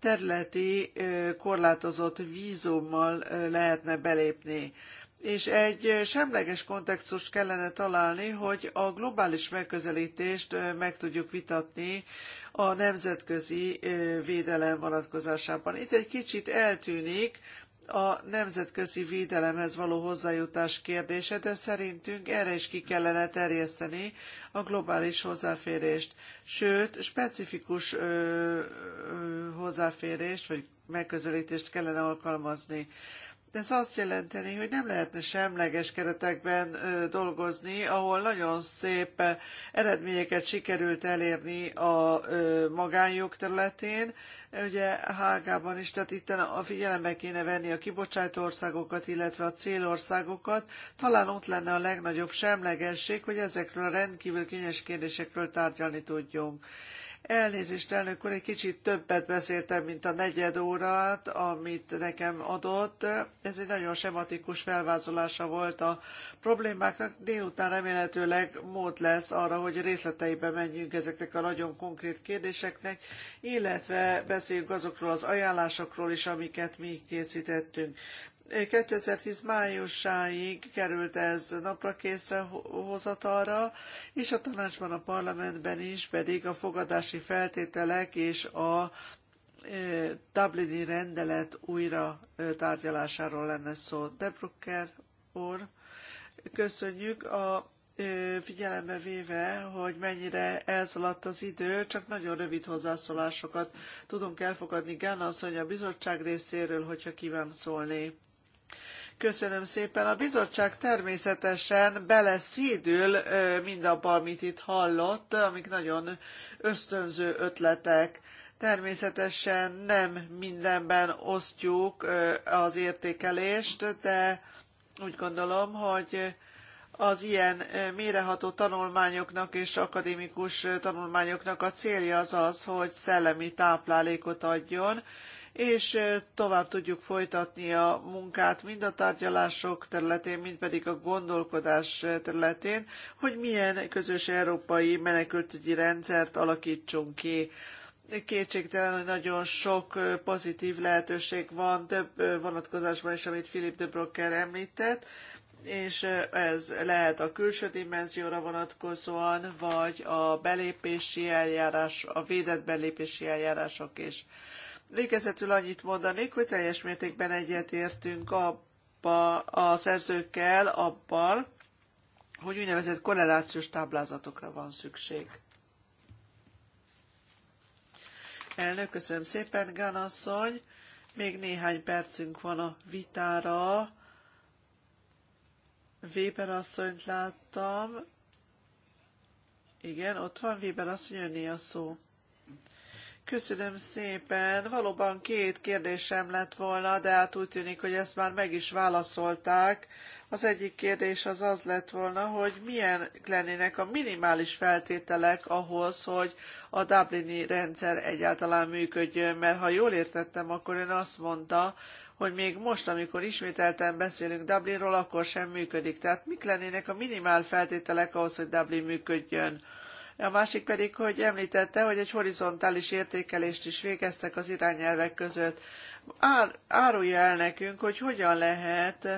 területi korlátozott vízummal lehetne belépni és egy semleges kontextust kellene találni, hogy a globális megközelítést meg tudjuk vitatni a nemzetközi védelem vonatkozásában. Itt egy kicsit eltűnik a nemzetközi védelemhez való hozzájutás kérdése, de szerintünk erre is ki kellene terjeszteni a globális hozzáférést. Sőt, specifikus ö, ö, hozzáférést vagy megközelítést kellene alkalmazni. De ez azt jelenteni, hogy nem lehetne semleges keretekben dolgozni, ahol nagyon szép eredményeket sikerült elérni a magánjog területén. Ugye Hágában is, tehát itt a figyelembe kéne venni a kibocsátó országokat, illetve a célországokat. Talán ott lenne a legnagyobb semlegesség, hogy ezekről a rendkívül kényes kérdésekről tárgyalni tudjunk. Elnézést, elnök úr, egy kicsit többet beszéltem, mint a negyed órát, amit nekem adott. Ez egy nagyon sematikus felvázolása volt a problémáknak. Délután remélhetőleg mód lesz arra, hogy részleteibe menjünk ezeknek a nagyon konkrét kérdéseknek, illetve beszéljünk azokról az ajánlásokról is, amiket mi készítettünk. 2010 májusáig került ez napra készre hozatalra, és a tanácsban, a parlamentben is pedig a fogadási feltételek és a Dublini rendelet újra tárgyalásáról lenne szó. Brucker úr, köszönjük a figyelembe véve, hogy mennyire elszaladt az idő, csak nagyon rövid hozzászólásokat tudunk elfogadni. Gána asszony a bizottság részéről, hogyha kíván szólni. Köszönöm szépen. A bizottság természetesen beleszédül mindabba, amit itt hallott, amik nagyon ösztönző ötletek. Természetesen nem mindenben osztjuk az értékelést, de úgy gondolom, hogy az ilyen méreható tanulmányoknak és akadémikus tanulmányoknak a célja az az, hogy szellemi táplálékot adjon, és tovább tudjuk folytatni a munkát mind a tárgyalások területén, mind pedig a gondolkodás területén, hogy milyen közös európai menekültügyi rendszert alakítsunk ki. Kétségtelen, hogy nagyon sok pozitív lehetőség van több vonatkozásban is, amit Philip de Brocker említett, és ez lehet a külső dimenzióra vonatkozóan, vagy a belépési eljárás, a védett belépési eljárások is. Végezetül annyit mondanék, hogy teljes mértékben egyetértünk abba a szerzőkkel abban, hogy úgynevezett korrelációs táblázatokra van szükség. Elnök, köszönöm szépen, Gánasszony. Még néhány percünk van a vitára. Weber asszonyt láttam. Igen, ott van Weber asszony, önné a szó. Köszönöm szépen. Valóban két kérdésem lett volna, de hát úgy tűnik, hogy ezt már meg is válaszolták. Az egyik kérdés az az lett volna, hogy milyen lennének a minimális feltételek ahhoz, hogy a Dublini rendszer egyáltalán működjön, mert ha jól értettem, akkor ön azt mondta, hogy még most, amikor ismételten beszélünk Dublinról, akkor sem működik. Tehát mik lennének a minimál feltételek ahhoz, hogy Dublin működjön? A másik pedig, hogy említette, hogy egy horizontális értékelést is végeztek az irányelvek között. árulja el nekünk, hogy hogyan lehet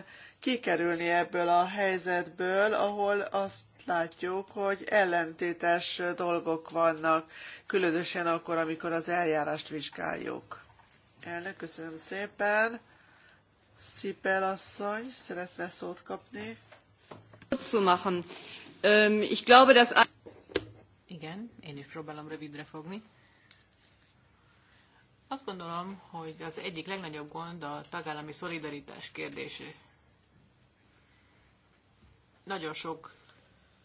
kikerülni ebből a helyzetből, ahol azt látjuk, hogy ellentétes dolgok vannak, különösen akkor, amikor az eljárást vizsgáljuk. Elnök, köszönöm szépen. Szipel asszony, szeretne szót kapni. Ähm, ich glaube, dass igen, én is próbálom rövidre fogni. Azt gondolom, hogy az egyik legnagyobb gond a tagállami szolidaritás kérdése. Nagyon sok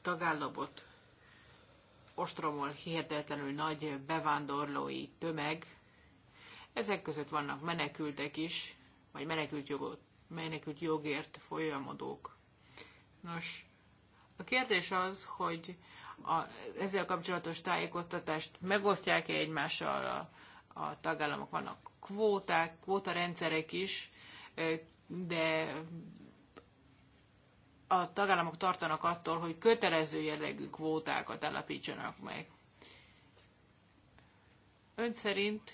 tagállamot ostromol hihetetlenül nagy bevándorlói tömeg. Ezek között vannak menekültek is, vagy menekült, jogot, menekült jogért folyamodók. Nos, a kérdés az, hogy a, ezzel kapcsolatos tájékoztatást megosztják-e egymással a, a tagállamok? Vannak kvóták, kvótarendszerek is, de a tagállamok tartanak attól, hogy kötelező jellegű kvótákat állapítsanak meg. Ön szerint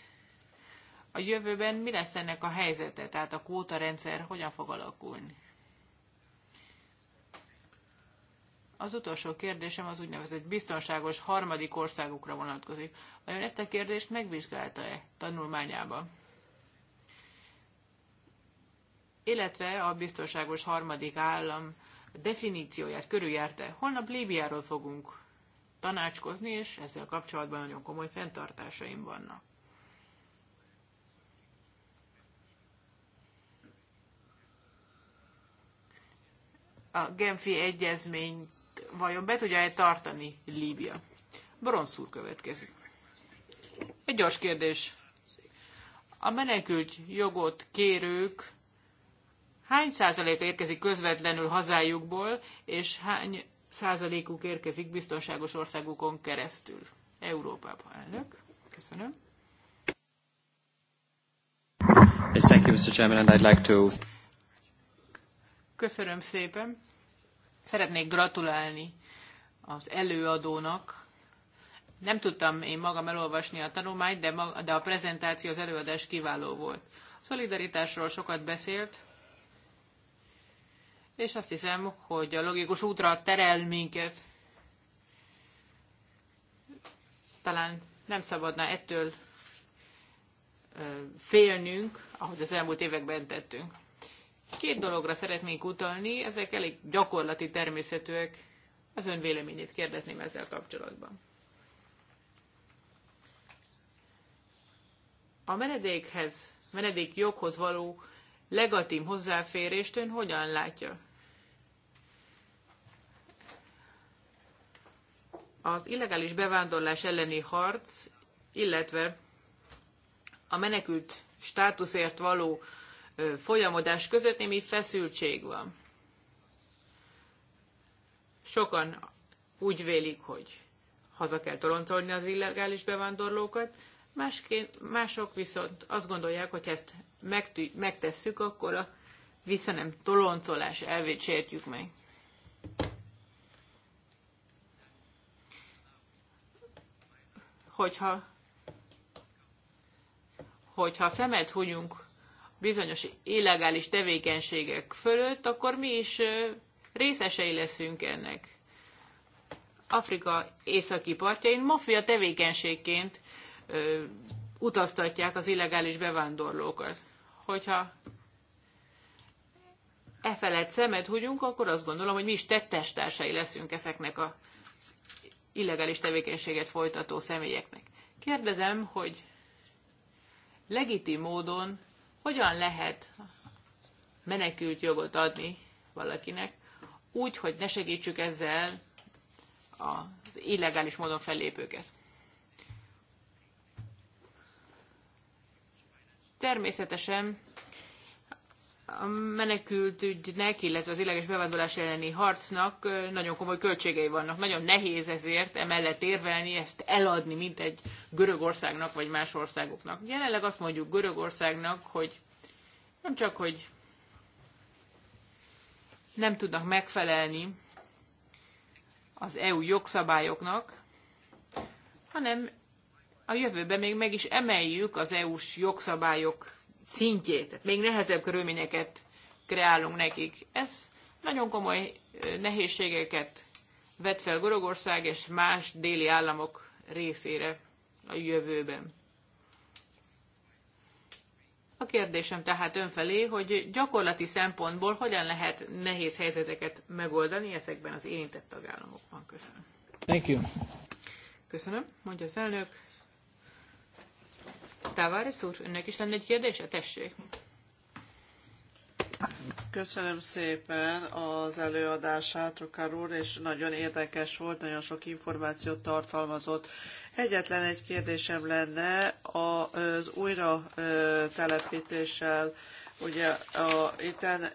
a jövőben mi lesz ennek a helyzete? Tehát a kvótarendszer hogyan fog alakulni? Az utolsó kérdésem az úgynevezett biztonságos harmadik országokra vonatkozik. Vajon ezt a kérdést megvizsgálta-e tanulmányában? Illetve a biztonságos harmadik állam definícióját körüljárta. Holnap Líbiáról fogunk tanácskozni, és ezzel kapcsolatban nagyon komoly fenntartásaim vannak. a Genfi egyezmény vajon be tudja-e tartani Líbia? Bronszúr következik. Egy gyors kérdés. A menekült jogot kérők hány százaléka érkezik közvetlenül hazájukból, és hány százalékuk érkezik biztonságos országukon keresztül Európában Elnök, köszönöm. thank you, Mr. Chairman, and I'd like to... Köszönöm szépen. Szeretnék gratulálni az előadónak. Nem tudtam én magam elolvasni a tanulmányt, de, maga, de a prezentáció, az előadás kiváló volt. A szolidaritásról sokat beszélt, és azt hiszem, hogy a logikus útra terel minket. Talán nem szabadna ettől félnünk, ahogy az elmúlt években tettünk. Két dologra szeretnék utalni, ezek elég gyakorlati természetűek. Az ön véleményét kérdezném ezzel kapcsolatban. A menedékhez, menedék joghoz való legatim hozzáférést ön hogyan látja? Az illegális bevándorlás elleni harc, illetve a menekült státuszért való folyamodás között némi feszültség van. Sokan úgy vélik, hogy haza kell toroncolni az illegális bevándorlókat, másként, mások viszont azt gondolják, hogy ezt megtű, megtesszük, akkor a nem toloncolás elvét sértjük meg. Hogyha hogyha szemet hunyunk bizonyos illegális tevékenységek fölött, akkor mi is részesei leszünk ennek. Afrika északi partjain maffia tevékenységként ö, utaztatják az illegális bevándorlókat. Hogyha e felett szemet húgyunk, akkor azt gondolom, hogy mi is tettestársai leszünk ezeknek a illegális tevékenységet folytató személyeknek. Kérdezem, hogy legitim módon hogyan lehet menekült jogot adni valakinek úgy, hogy ne segítsük ezzel az illegális módon fellépőket? Természetesen a menekültügynek, illetve az illeges bevándorlás elleni harcnak nagyon komoly költségei vannak. Nagyon nehéz ezért emellett érvelni, ezt eladni, mint egy Görögországnak vagy más országoknak. Jelenleg azt mondjuk Görögországnak, hogy nem csak, hogy nem tudnak megfelelni az EU jogszabályoknak, hanem a jövőben még meg is emeljük az EU-s jogszabályok szintjét, még nehezebb körülményeket kreálunk nekik. Ez nagyon komoly nehézségeket vet fel Gorogország és más déli államok részére a jövőben. A kérdésem tehát önfelé, hogy gyakorlati szempontból hogyan lehet nehéz helyzeteket megoldani ezekben az érintett tagállamokban. Köszönöm. Thank you. Köszönöm, mondja az elnök. Tavares úr, önnek is lenne egy kérdése? Tessék! Köszönöm szépen az előadását, Rukar úr, és nagyon érdekes volt, nagyon sok információt tartalmazott. Egyetlen egy kérdésem lenne az újra telepítéssel, ugye a, itten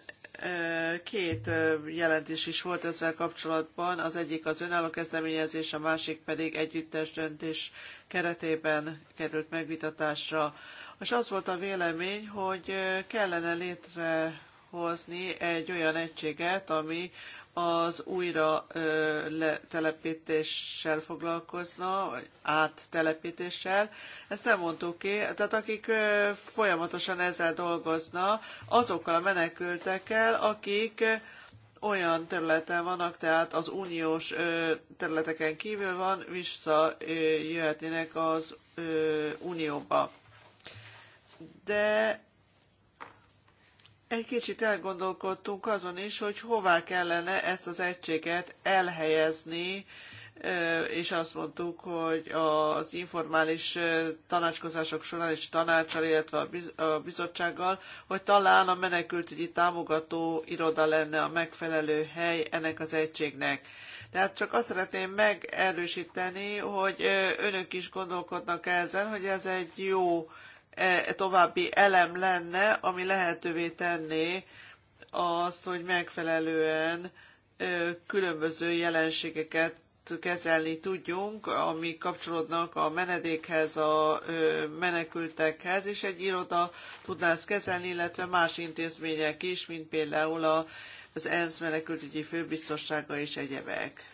Két jelentés is volt ezzel kapcsolatban, az egyik az önálló kezdeményezés, a másik pedig együttes döntés keretében került megvitatásra. És az volt a vélemény, hogy kellene létrehozni egy olyan egységet, ami az újra telepítéssel foglalkozna, vagy áttelepítéssel. Ezt nem mondtuk ki. Tehát akik folyamatosan ezzel dolgozna, azokkal a menekültekkel, akik olyan területen vannak, tehát az uniós területeken kívül van, visszajöhetnének az unióba. De egy kicsit elgondolkodtunk azon is, hogy hová kellene ezt az egységet elhelyezni, és azt mondtuk, hogy az informális tanácskozások során és tanácsal, illetve a bizottsággal, hogy talán a menekültügyi támogató iroda lenne a megfelelő hely ennek az egységnek. Tehát csak azt szeretném megerősíteni, hogy önök is gondolkodnak ezen, hogy ez egy jó E, további elem lenne, ami lehetővé tenné azt, hogy megfelelően e, különböző jelenségeket kezelni tudjunk, ami kapcsolódnak a menedékhez, a e, menekültekhez, és egy iroda tudná ezt kezelni, illetve más intézmények is, mint például az ENSZ menekültügyi főbiztossága és egyebek.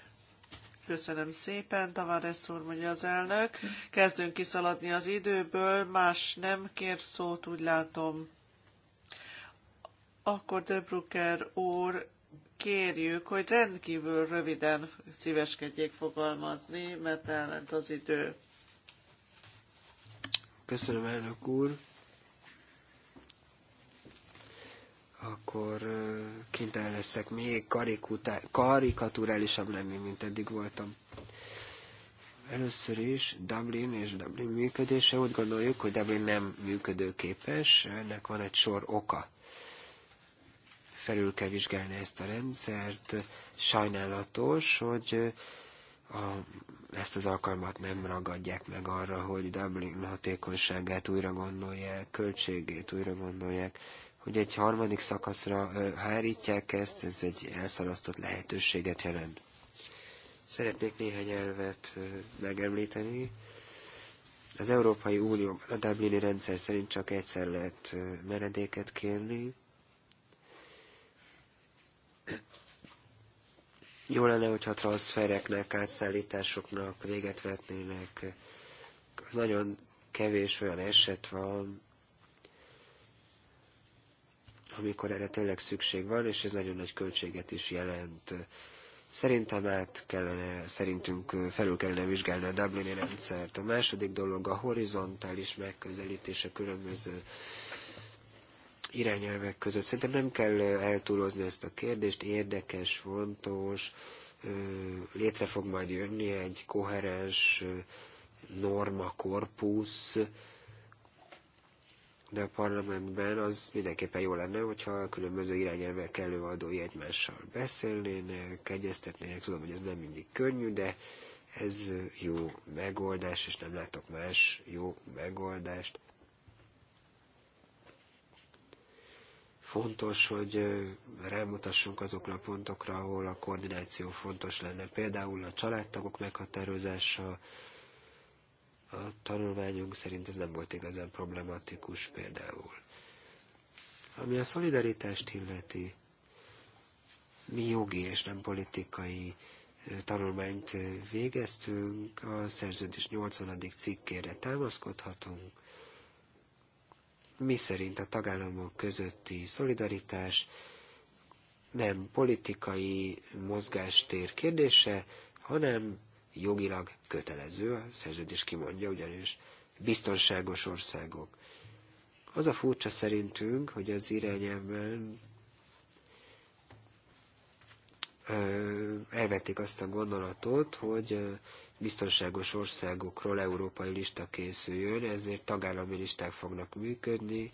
Köszönöm szépen, Tavares úr, mondja az elnök. Kezdünk kiszaladni az időből, más nem kér szót, úgy látom. Akkor De úr, kérjük, hogy rendkívül röviden szíveskedjék fogalmazni, mert elment az idő. Köszönöm, elnök úr. akkor kénytelen leszek még karikaturálisabb lenni, mint eddig voltam. Először is Dublin és Dublin működése. Úgy gondoljuk, hogy Dublin nem működőképes, ennek van egy sor oka. Felül kell vizsgálni ezt a rendszert. Sajnálatos, hogy a, ezt az alkalmat nem ragadják meg arra, hogy Dublin hatékonyságát újra gondolják, költségét újra gondolják hogy egy harmadik szakaszra hárítják ezt, ez egy elszalasztott lehetőséget jelent. Szeretnék néhány elvet megemlíteni. Az Európai Unió a Dublini rendszer szerint csak egyszer lehet menedéket kérni. Jó lenne, hogyha transfereknek, átszállításoknak véget vetnének. Nagyon kevés olyan eset van, amikor erre tényleg szükség van, és ez nagyon nagy költséget is jelent. Szerintem át kellene, szerintünk felül kellene vizsgálni a Dublini rendszert. A második dolog a horizontális megközelítés a különböző irányelvek között. Szerintem nem kell eltúlozni ezt a kérdést, érdekes, fontos, létre fog majd jönni egy koherens normakorpusz, korpusz, de a parlamentben az mindenképpen jó lenne, hogyha a különböző irányelvek előadói egymással beszélnének, egyeztetnének. Tudom, hogy ez nem mindig könnyű, de ez jó megoldás, és nem látok más jó megoldást. Fontos, hogy rámutassunk azokra a pontokra, ahol a koordináció fontos lenne. Például a családtagok meghatározása, a tanulmányunk szerint ez nem volt igazán problematikus például. Ami a szolidaritást illeti, mi jogi és nem politikai tanulmányt végeztünk, a szerződés 80. cikkére támaszkodhatunk, mi szerint a tagállamok közötti szolidaritás nem politikai mozgástér kérdése, hanem jogilag kötelező, a szerződés kimondja ugyanis, biztonságos országok. Az a furcsa szerintünk, hogy az irányelvben elvették azt a gondolatot, hogy biztonságos országokról európai lista készüljön, ezért tagállami listák fognak működni.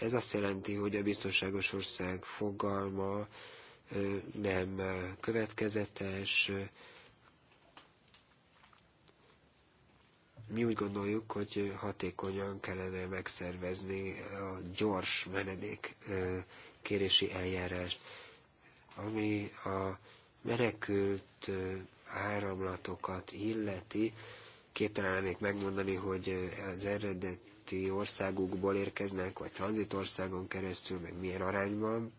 Ez azt jelenti, hogy a biztonságos ország fogalma nem következetes, Mi úgy gondoljuk, hogy hatékonyan kellene megszervezni a gyors menedék kérési eljárást, ami a menekült áramlatokat illeti, képtelen lennék megmondani, hogy az eredeti országukból érkeznek, vagy tranzitországon keresztül, meg milyen arányban,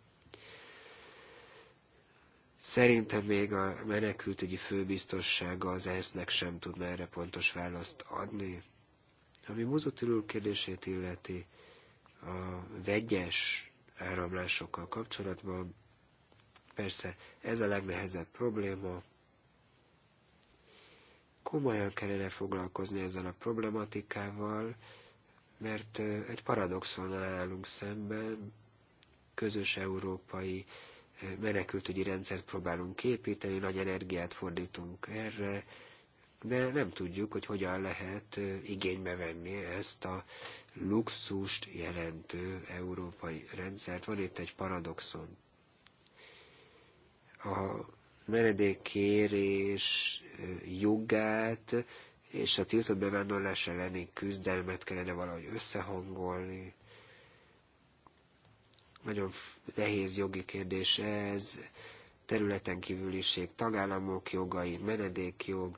Szerintem még a menekültügyi főbiztossága az ESZ-nek sem tudna erre pontos választ adni. Ami Muzutil kérdését illeti, a vegyes áramlásokkal kapcsolatban, persze ez a legnehezebb probléma. Komolyan kellene foglalkozni ezzel a problematikával, mert egy paradoxon állunk szemben, közös európai menekültügyi rendszert próbálunk építeni, nagy energiát fordítunk erre, de nem tudjuk, hogy hogyan lehet igénybe venni ezt a luxust jelentő európai rendszert. Van itt egy paradoxon. A menedékkérés jogát és a tiltott bevándorlás elleni küzdelmet kellene valahogy összehangolni, nagyon nehéz jogi kérdés ez, területen kívüliség, tagállamok jogai, menedékjog,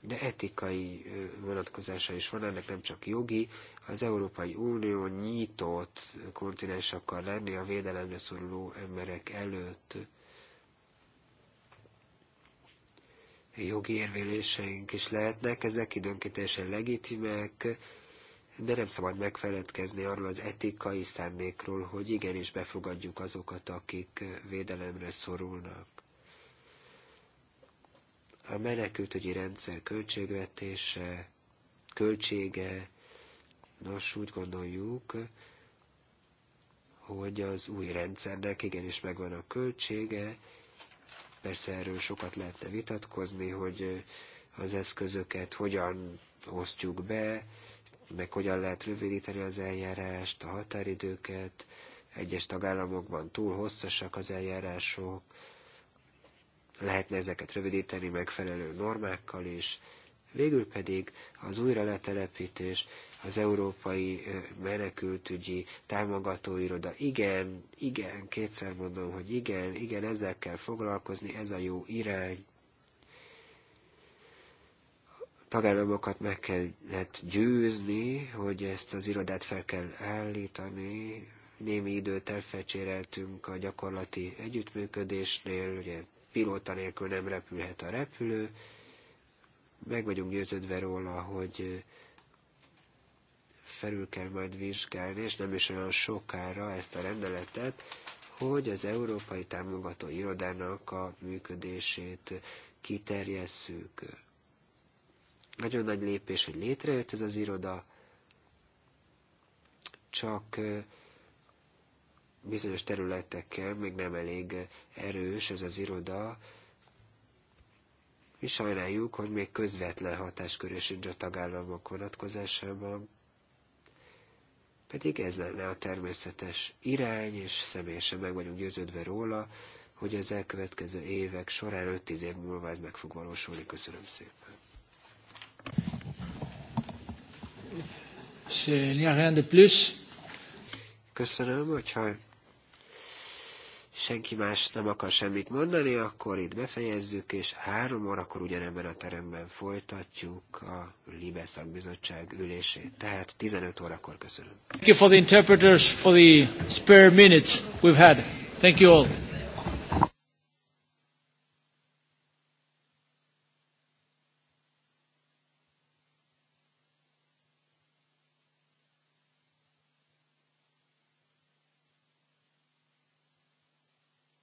de etikai vonatkozása is van, ennek nem csak jogi. Az Európai Unió nyitott kontinens akar lenni a védelemre szoruló emberek előtt. Jogi érvéléseink is lehetnek, ezek időnként teljesen legitimek, de nem szabad megfeledkezni arról az etikai szándékról, hogy igenis befogadjuk azokat, akik védelemre szorulnak. A menekültügyi rendszer költségvetése, költsége, nos úgy gondoljuk, hogy az új rendszernek igenis megvan a költsége, persze erről sokat lehetne vitatkozni, hogy az eszközöket hogyan osztjuk be, meg hogyan lehet rövidíteni az eljárást, a határidőket, egyes tagállamokban túl hosszasak az eljárások, lehetne ezeket rövidíteni megfelelő normákkal is, végül pedig az letelepítés, az Európai Menekültügyi Támogatóiroda. Igen, igen, kétszer mondom, hogy igen, igen, ezzel kell foglalkozni, ez a jó irány tagállamokat meg kellett győzni, hogy ezt az irodát fel kell állítani. Némi időt elfecséreltünk a gyakorlati együttműködésnél, ugye pilóta nélkül nem repülhet a repülő. Meg vagyunk győződve róla, hogy felül kell majd vizsgálni, és nem is olyan sokára ezt a rendeletet, hogy az Európai Támogató Irodának a működését kiterjesszük nagyon nagy lépés, hogy létrejött ez az iroda, csak bizonyos területekkel még nem elég erős ez az iroda, mi sajnáljuk, hogy még közvetlen hatáskörő sincs a tagállamok vonatkozásában, pedig ez lenne a természetes irány, és személyesen meg vagyunk győződve róla, hogy az elkövetkező évek során 5-10 év múlva ez meg fog valósulni. Köszönöm szépen! Köszönöm, hogyha senki más nem akar semmit mondani, akkor itt befejezzük, és három órakor ugyanebben a teremben folytatjuk a Libe szakbizottság ülését. Tehát 15 órakor köszönöm. Thank you for the interpreters for the spare minutes we've had. Thank you all.